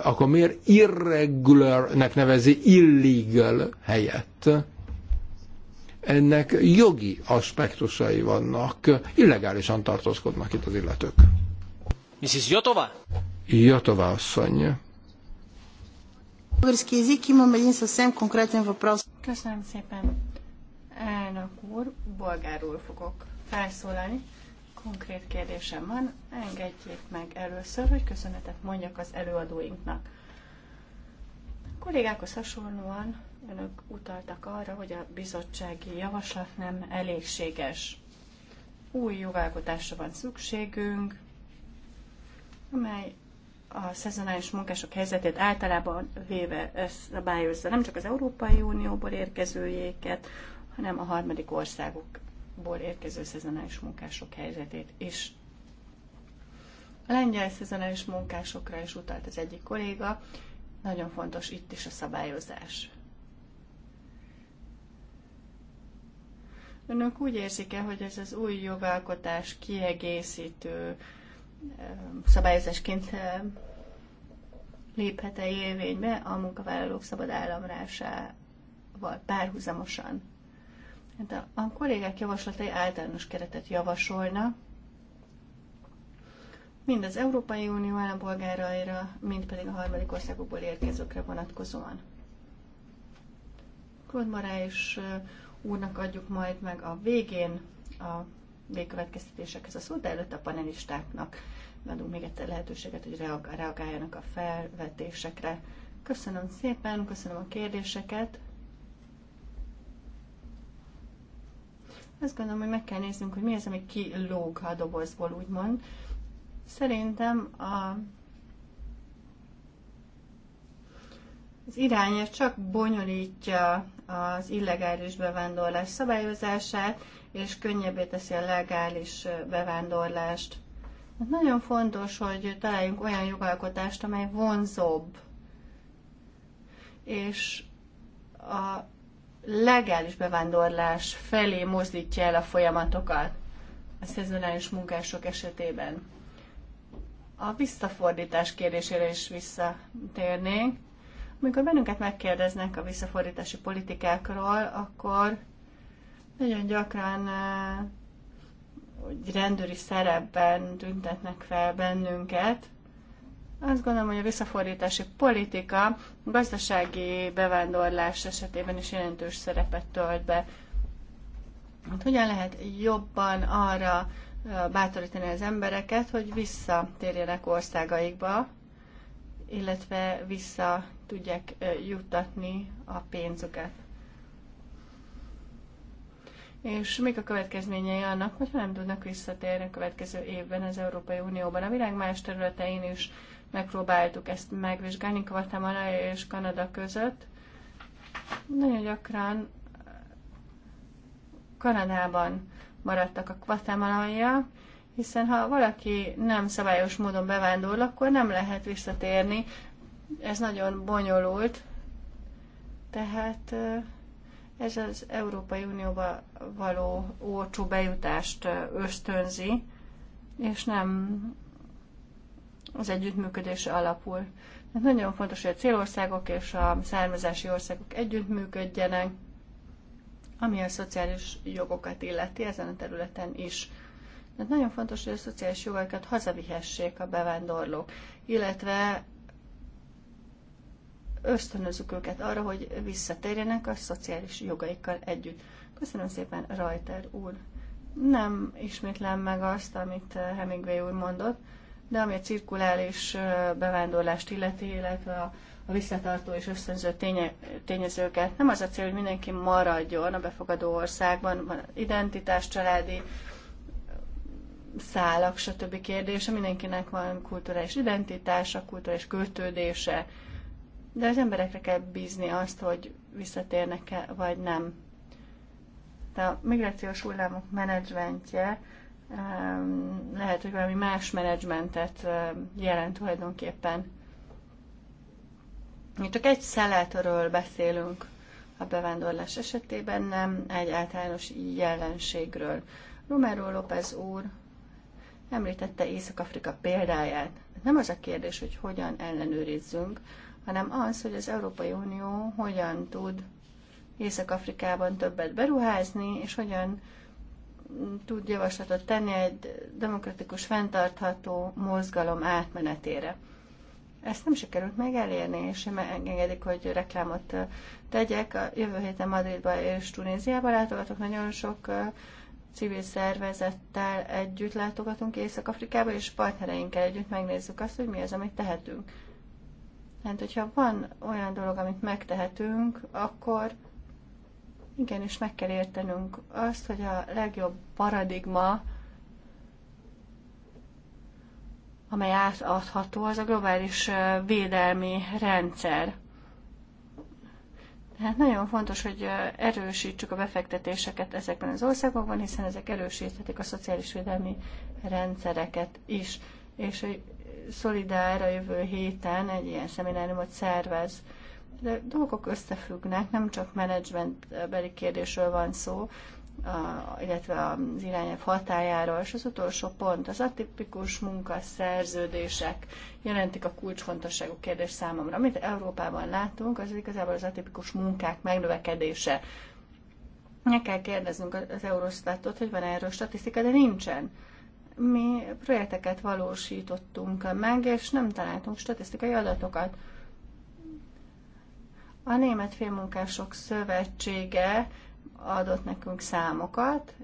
akkor miért irregularnek nevezi illegal helyett? Ennek jogi aspektusai vannak, illegálisan tartózkodnak itt az illetők. Mrs. Jotova? Jotova asszony. Köszönöm szépen. Elnök úr, bolgárul fogok felszólalni. Konkrét kérdésem van. Engedjék meg először, hogy köszönetet mondjak az előadóinknak. A kollégákhoz hasonlóan önök utaltak arra, hogy a bizottsági javaslat nem elégséges. Új jogalkotásra van szükségünk, amely a szezonális munkások helyzetét általában véve szabályozza nem csak az Európai Unióból érkezőjéket, hanem a harmadik országokból érkező szezonális munkások helyzetét is. A lengyel szezonális munkásokra is utalt az egyik kolléga, nagyon fontos itt is a szabályozás. Önök úgy érzik-e, hogy ez az új jogalkotás kiegészítő szabályozásként léphet-e érvénybe a munkavállalók szabad államrásával párhuzamosan. Hát a, a kollégák javaslatai általános keretet javasolna, mind az Európai Unió állampolgáraira, mind pedig a harmadik országokból érkezőkre vonatkozóan. Claude Marais úrnak adjuk majd meg a végén a végkövetkeztetésekhez a szót, de előtt a panelistáknak adunk még egyszer lehetőséget, hogy reagáljanak a felvetésekre. Köszönöm szépen, köszönöm a kérdéseket. Azt gondolom, hogy meg kell néznünk, hogy mi az, ami kilóg a dobozból, úgymond. Szerintem a az irányért csak bonyolítja az illegális bevándorlás szabályozását, és könnyebbé teszi a legális bevándorlást. Hát nagyon fontos, hogy találjunk olyan jogalkotást, amely vonzóbb, és a legális bevándorlás felé mozdítja el a folyamatokat a szezonális munkások esetében. A visszafordítás kérdésére is visszatérnénk. Amikor bennünket megkérdeznek a visszafordítási politikákról, akkor nagyon gyakran hogy rendőri szerepben tüntetnek fel bennünket. Azt gondolom, hogy a visszafordítási politika gazdasági bevándorlás esetében is jelentős szerepet tölt be. Hát hogyan lehet jobban arra bátorítani az embereket, hogy visszatérjenek országaikba, illetve vissza tudják juttatni a pénzüket? és mik a következményei annak, hogyha nem tudnak visszatérni a következő évben az Európai Unióban. A világ más területein is megpróbáltuk ezt megvizsgálni, Guatemala és Kanada között. Nagyon gyakran Kanadában maradtak a guatemalaiak, hiszen ha valaki nem szabályos módon bevándorl, akkor nem lehet visszatérni. Ez nagyon bonyolult, tehát ez az Európai Unióba való olcsó bejutást ösztönzi, és nem az együttműködés alapul. Mert hát nagyon fontos, hogy a célországok és a származási országok együttműködjenek, ami a szociális jogokat illeti ezen a területen is. Mert hát nagyon fontos, hogy a szociális jogokat hazavihessék a bevándorlók, illetve ösztönözzük őket arra, hogy visszatérjenek a szociális jogaikkal együtt. Köszönöm szépen, Rajter úr! Nem ismétlem meg azt, amit Hemingway úr mondott, de ami a cirkulális bevándorlást illeti, illetve a, a visszatartó és ösztönző ténye, tényezőket. Nem az a cél, hogy mindenki maradjon a befogadó országban, van identitás, családi szálak, stb. kérdése. Mindenkinek van kulturális identitása, kulturális kötődése, de az emberekre kell bízni azt, hogy visszatérnek-e vagy nem. De a migrációs hullámok menedzsmentje lehet, hogy valami más menedzsmentet jelent tulajdonképpen. Mi csak egy szeletről beszélünk a bevándorlás esetében, nem egy általános jelenségről. Romero López úr említette Észak-Afrika példáját. Nem az a kérdés, hogy hogyan ellenőrizzünk, hanem az, hogy az Európai Unió hogyan tud Észak-Afrikában többet beruházni, és hogyan tud javaslatot tenni egy demokratikus, fenntartható mozgalom átmenetére. Ezt nem sikerült meg elérni, és megengedik, hogy reklámot tegyek. A jövő héten Madridba és Tunéziába látogatok, nagyon sok civil szervezettel együtt látogatunk Észak-Afrikába, és partnereinkkel együtt megnézzük azt, hogy mi az, amit tehetünk mert hogyha van olyan dolog, amit megtehetünk, akkor igenis meg kell értenünk azt, hogy a legjobb paradigma, amely átadható, az a globális védelmi rendszer. Tehát nagyon fontos, hogy erősítsük a befektetéseket ezekben az országokban, hiszen ezek erősíthetik a szociális védelmi rendszereket is. És Szolidára jövő héten egy ilyen szemináriumot szervez. De dolgok összefüggnek, nem csak menedzsmentbeli kérdésről van szó, a, illetve az irányelv hatájáról, és az utolsó pont, az atipikus munkaszerződések jelentik a kulcsfontosságú kérdés számomra. Amit Európában látunk, az igazából az atipikus munkák megnövekedése. Ne kell kérdeznünk az Eurostatot, hogy van erről statisztika, de nincsen mi projekteket valósítottunk meg, és nem találtunk statisztikai adatokat. A Német Félmunkások Szövetsége adott nekünk számokat,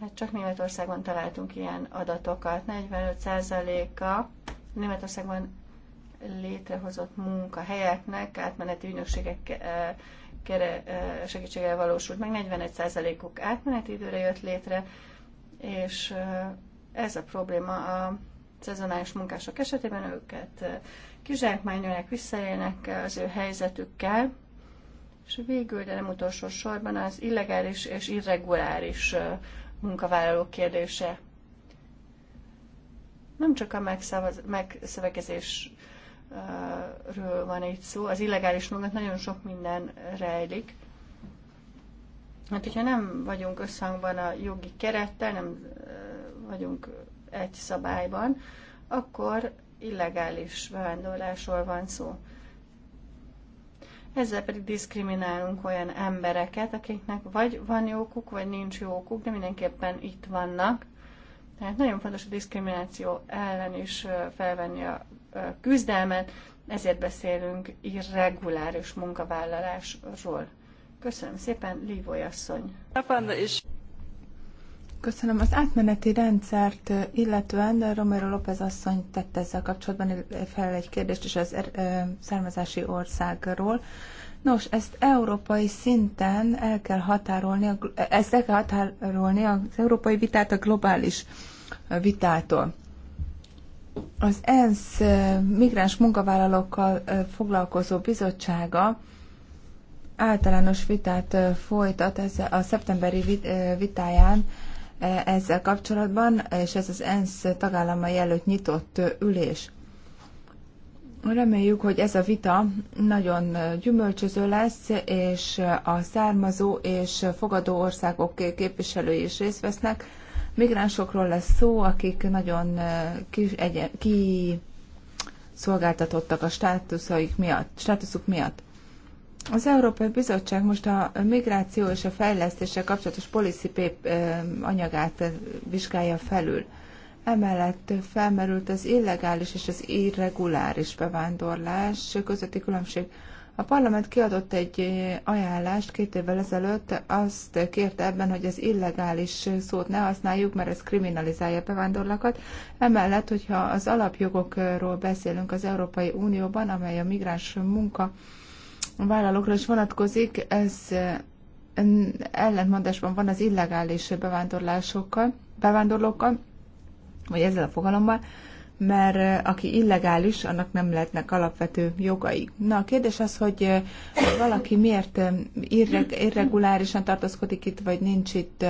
hát csak Németországban találtunk ilyen adatokat. 45%-a Németországban létrehozott munkahelyeknek átmeneti ügynökségek eh, eh, segítségével valósult meg, 41%-uk átmeneti időre jött létre, és ez a probléma a szezonális munkások esetében, őket kizsákmányolják, visszaélnek az ő helyzetükkel, és végül, de nem utolsó sorban az illegális és irreguláris munkavállalók kérdése. Nem csak a megszavaz, megszövegezésről van itt szó, az illegális munkat nagyon sok minden rejlik. Hát, hogyha nem vagyunk összhangban a jogi kerettel, nem vagyunk egy szabályban, akkor illegális bevándorlásról van szó. Ezzel pedig diszkriminálunk olyan embereket, akiknek vagy van jókuk, vagy nincs jókuk, de mindenképpen itt vannak. Tehát nagyon fontos a diszkrimináció ellen is felvenni a küzdelmet, ezért beszélünk irreguláris munkavállalásról. Köszönöm szépen, Lívoly asszony. Köszönöm. Az átmeneti rendszert illetően Romero López asszony tette ezzel kapcsolatban fel egy kérdést is az er-, származási országról. Nos, ezt európai szinten el kell határolni, e, ezt el kell határolni az európai vitát a globális vitától. Az ENSZ migráns munkavállalókkal foglalkozó bizottsága általános vitát folytat ez a szeptemberi vitáján ezzel kapcsolatban, és ez az ENSZ tagállamai előtt nyitott ülés. Reméljük, hogy ez a vita nagyon gyümölcsöző lesz, és a származó és fogadó országok képviselői is részt vesznek. Migránsokról lesz szó, akik nagyon kiszolgáltatottak ki szolgáltatottak a státuszaik miatt, státuszuk miatt. Az Európai Bizottság most a migráció és a fejlesztéssel kapcsolatos policy anyagát vizsgálja felül. Emellett felmerült az illegális és az irreguláris bevándorlás közötti különbség. A parlament kiadott egy ajánlást két évvel ezelőtt, azt kérte ebben, hogy az illegális szót ne használjuk, mert ez kriminalizálja a bevándorlakat. Emellett, hogyha az alapjogokról beszélünk az Európai Unióban, amely a migráns munka vállalókra is vonatkozik, ez eh, ellentmondásban van az illegális bevándorlásokkal, bevándorlókkal, vagy ezzel a fogalommal, mert eh, aki illegális, annak nem lehetnek alapvető jogai. Na, a kérdés az, hogy eh, valaki miért irreg- irregulárisan tartózkodik itt, vagy nincs itt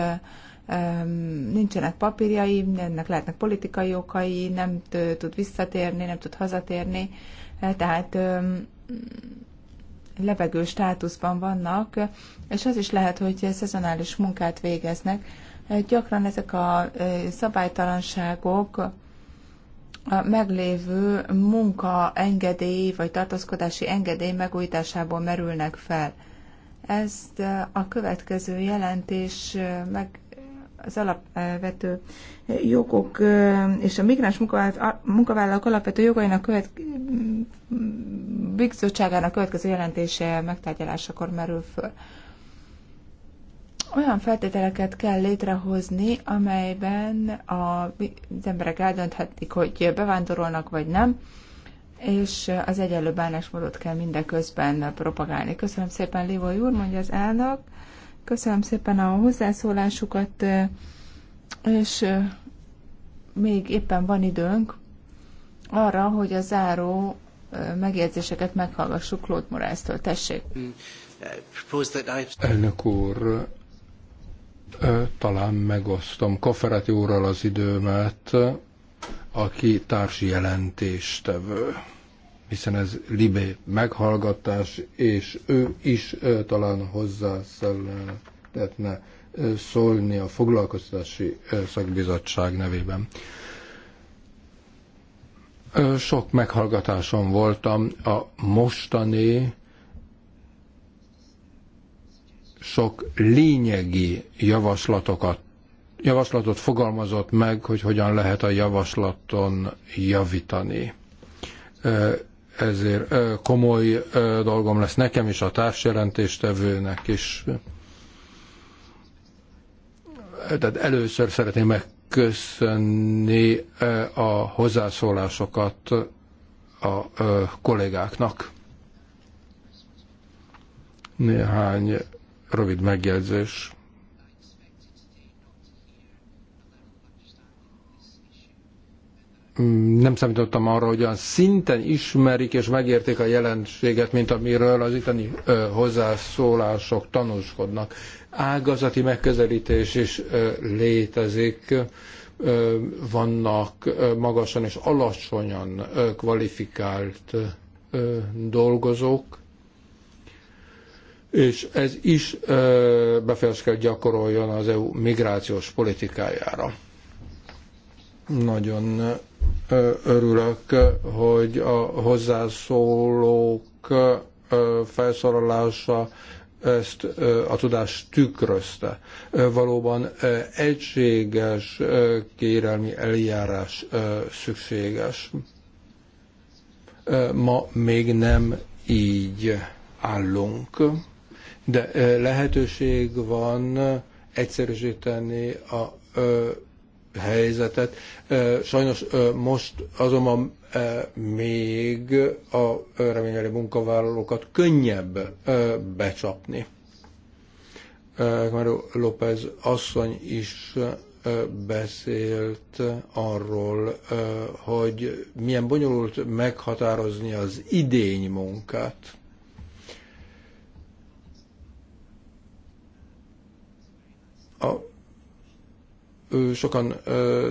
nincsenek papírjai, ennek lehetnek politikai okai, nem tud visszatérni, nem tud hazatérni. Tehát levegő státuszban vannak, és az is lehet, hogy szezonális munkát végeznek. Gyakran ezek a szabálytalanságok a meglévő munkaengedély vagy tartózkodási engedély megújításából merülnek fel. Ezt a következő jelentés meg az alapvető jogok és a migráns munkavállalók alapvető jogainak követ, bizottságának következő jelentése megtárgyalásakor merül föl. Olyan feltételeket kell létrehozni, amelyben a, az emberek eldönthetik, hogy bevándorolnak vagy nem, és az egyenlő bánásmódot kell mindeközben propagálni. Köszönöm szépen, Lévo úr, mondja az elnök. Köszönöm szépen a hozzászólásukat, és még éppen van időnk arra, hogy a záró megjegyzéseket meghallgassuk Claude Moráztól. Tessék! Elnök úr, talán megosztom Kaferati úrral az időmet, aki társi jelentéstevő hiszen ez libé meghallgatás, és ő is talán hozzá szeretne szólni a foglalkoztatási szakbizottság nevében. Sok meghallgatáson voltam, a mostani sok lényegi javaslatokat javaslatot fogalmazott meg, hogy hogyan lehet a javaslaton javítani ezért komoly dolgom lesz nekem is, a társjelentéstevőnek is. Tehát először szeretném megköszönni a hozzászólásokat a kollégáknak. Néhány rövid megjegyzés nem számítottam arra, hogy olyan szinten ismerik és megértik a jelenséget, mint amiről az itteni ö, hozzászólások tanúskodnak. Ágazati megközelítés is ö, létezik, ö, vannak ö, magasan és alacsonyan ö, kvalifikált ö, dolgozók, és ez is befolyást kell gyakoroljon az EU migrációs politikájára. Nagyon Örülök, hogy a hozzászólók felszorolása ezt a tudást tükrözte. Valóban egységes kérelmi eljárás szükséges. Ma még nem így állunk, de lehetőség van egyszerűsíteni a helyzetet. Sajnos most azonban még a reményeli munkavállalókat könnyebb becsapni. Mario López asszony is beszélt arról, hogy milyen bonyolult meghatározni az idény munkát. A Sokan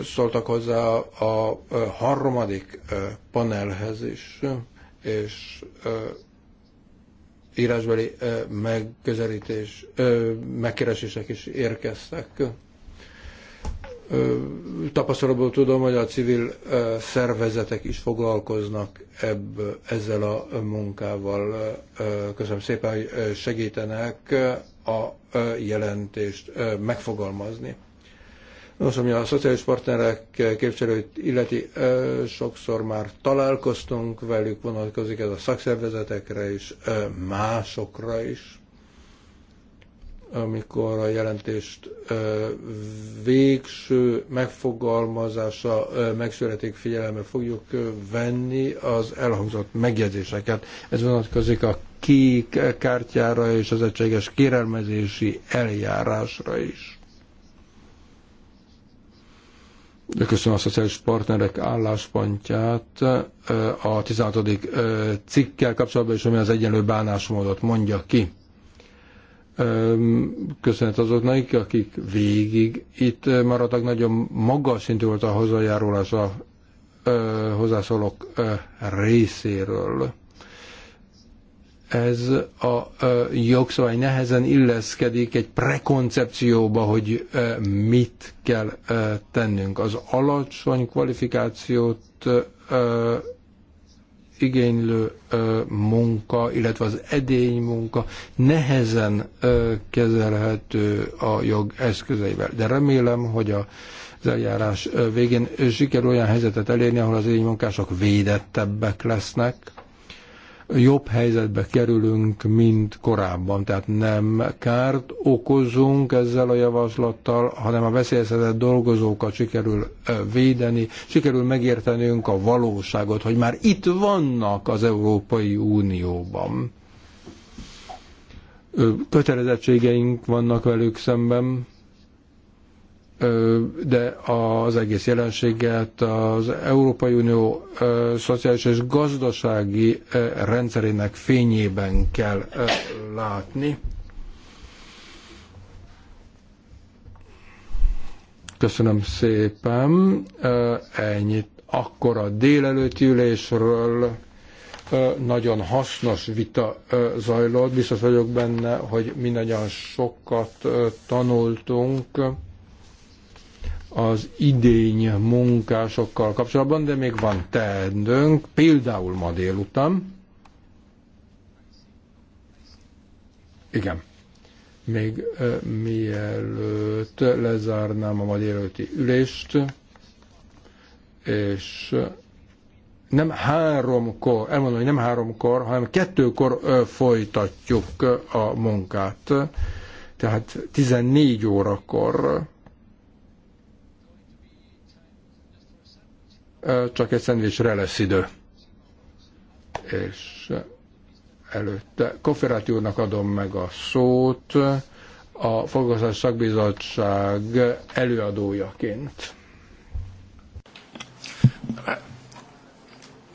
szóltak hozzá a harmadik panelhez is, és írásbeli megközelítés, megkeresések is érkeztek. Tapasztalatból tudom, hogy a civil szervezetek is foglalkoznak ebb, ezzel a munkával. Köszönöm szépen, hogy segítenek a jelentést megfogalmazni. Nos, ami a szociális partnerek képviselőit illeti, sokszor már találkoztunk velük, vonatkozik ez a szakszervezetekre is, másokra is. Amikor a jelentést végső megfogalmazása megszületik, figyelembe fogjuk venni az elhangzott megjegyzéseket. Ez vonatkozik a kék kártyára és az egységes kérelmezési eljárásra is Köszönöm a szociális partnerek álláspontját a 16. cikkkel kapcsolatban, és ami az egyenlő bánásmódot mondja ki. Köszönet azoknak, akik végig itt maradtak. Nagyon magas szintű volt a hozzájárulás a hozzászólók részéről ez a jogszabály nehezen illeszkedik egy prekoncepcióba, hogy mit kell tennünk. Az alacsony kvalifikációt igénylő munka, illetve az edény munka nehezen kezelhető a jog eszközeivel. De remélem, hogy a az eljárás végén sikerül olyan helyzetet elérni, ahol az edény munkások védettebbek lesznek, jobb helyzetbe kerülünk, mint korábban. Tehát nem kárt okozunk ezzel a javaslattal, hanem a veszélyeztetett dolgozókat sikerül védeni, sikerül megértenünk a valóságot, hogy már itt vannak az Európai Unióban. Kötelezettségeink vannak velük szemben, de az egész jelenséget az Európai Unió szociális és gazdasági rendszerének fényében kell látni. Köszönöm szépen. Ennyit akkor a délelőtti ülésről nagyon hasznos vita zajlott. Biztos vagyok benne, hogy mindannyian sokat tanultunk az idény munkásokkal kapcsolatban, de még van teendőnk, például ma délután. Igen. Még e, mielőtt lezárnám a ma délőtti ülést, és nem háromkor, elmondom, hogy nem háromkor, hanem kettőkor folytatjuk a munkát. Tehát 14 órakor csak egy szendvicsre lesz idő. És előtte Koferáti úrnak adom meg a szót a Foglalkozás Szakbizottság előadójaként.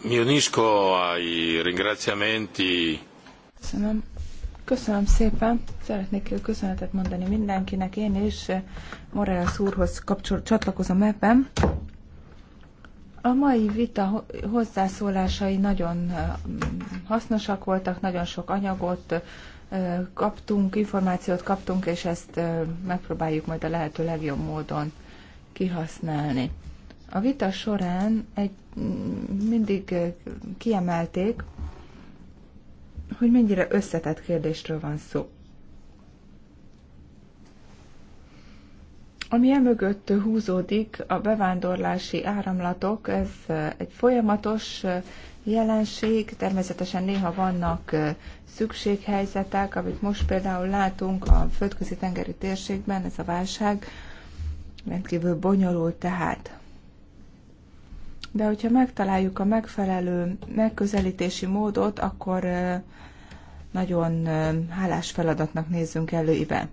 Mi unisco ai ringraziamenti. Köszönöm. Köszönöm szépen. Szeretnék köszönetet mondani mindenkinek. Én is Morales úrhoz kapcsol, csatlakozom ebben. A mai vita hozzászólásai nagyon hasznosak voltak, nagyon sok anyagot kaptunk, információt kaptunk, és ezt megpróbáljuk majd a lehető legjobb módon kihasználni. A vita során egy, mindig kiemelték, hogy mennyire összetett kérdésről van szó. Ami emögött húzódik, a bevándorlási áramlatok, ez egy folyamatos jelenség, természetesen néha vannak szükséghelyzetek, amit most például látunk a földközi tengeri térségben, ez a válság rendkívül bonyolult tehát. De hogyha megtaláljuk a megfelelő megközelítési módot, akkor nagyon hálás feladatnak nézzünk előiben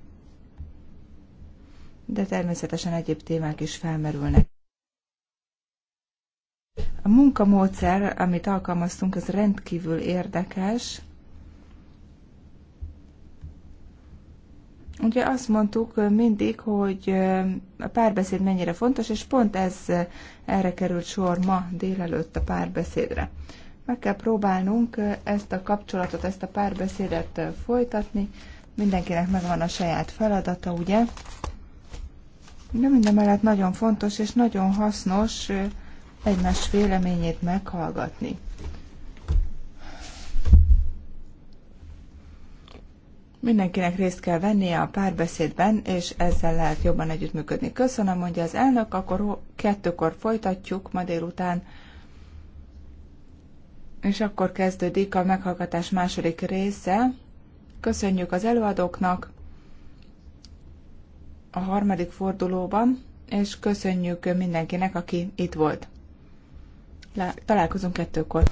de természetesen egyéb témák is felmerülnek. A munkamódszer, amit alkalmaztunk, az rendkívül érdekes. Ugye azt mondtuk mindig, hogy a párbeszéd mennyire fontos, és pont ez erre került sor ma délelőtt a párbeszédre. Meg kell próbálnunk ezt a kapcsolatot, ezt a párbeszédet folytatni. Mindenkinek megvan a saját feladata, ugye? de mindemellett nagyon fontos és nagyon hasznos egymás véleményét meghallgatni. Mindenkinek részt kell vennie a párbeszédben, és ezzel lehet jobban együttműködni. Köszönöm, mondja az elnök, akkor kettőkor folytatjuk ma délután, és akkor kezdődik a meghallgatás második része. Köszönjük az előadóknak, a harmadik fordulóban, és köszönjük mindenkinek, aki itt volt. Találkozunk kettőkor.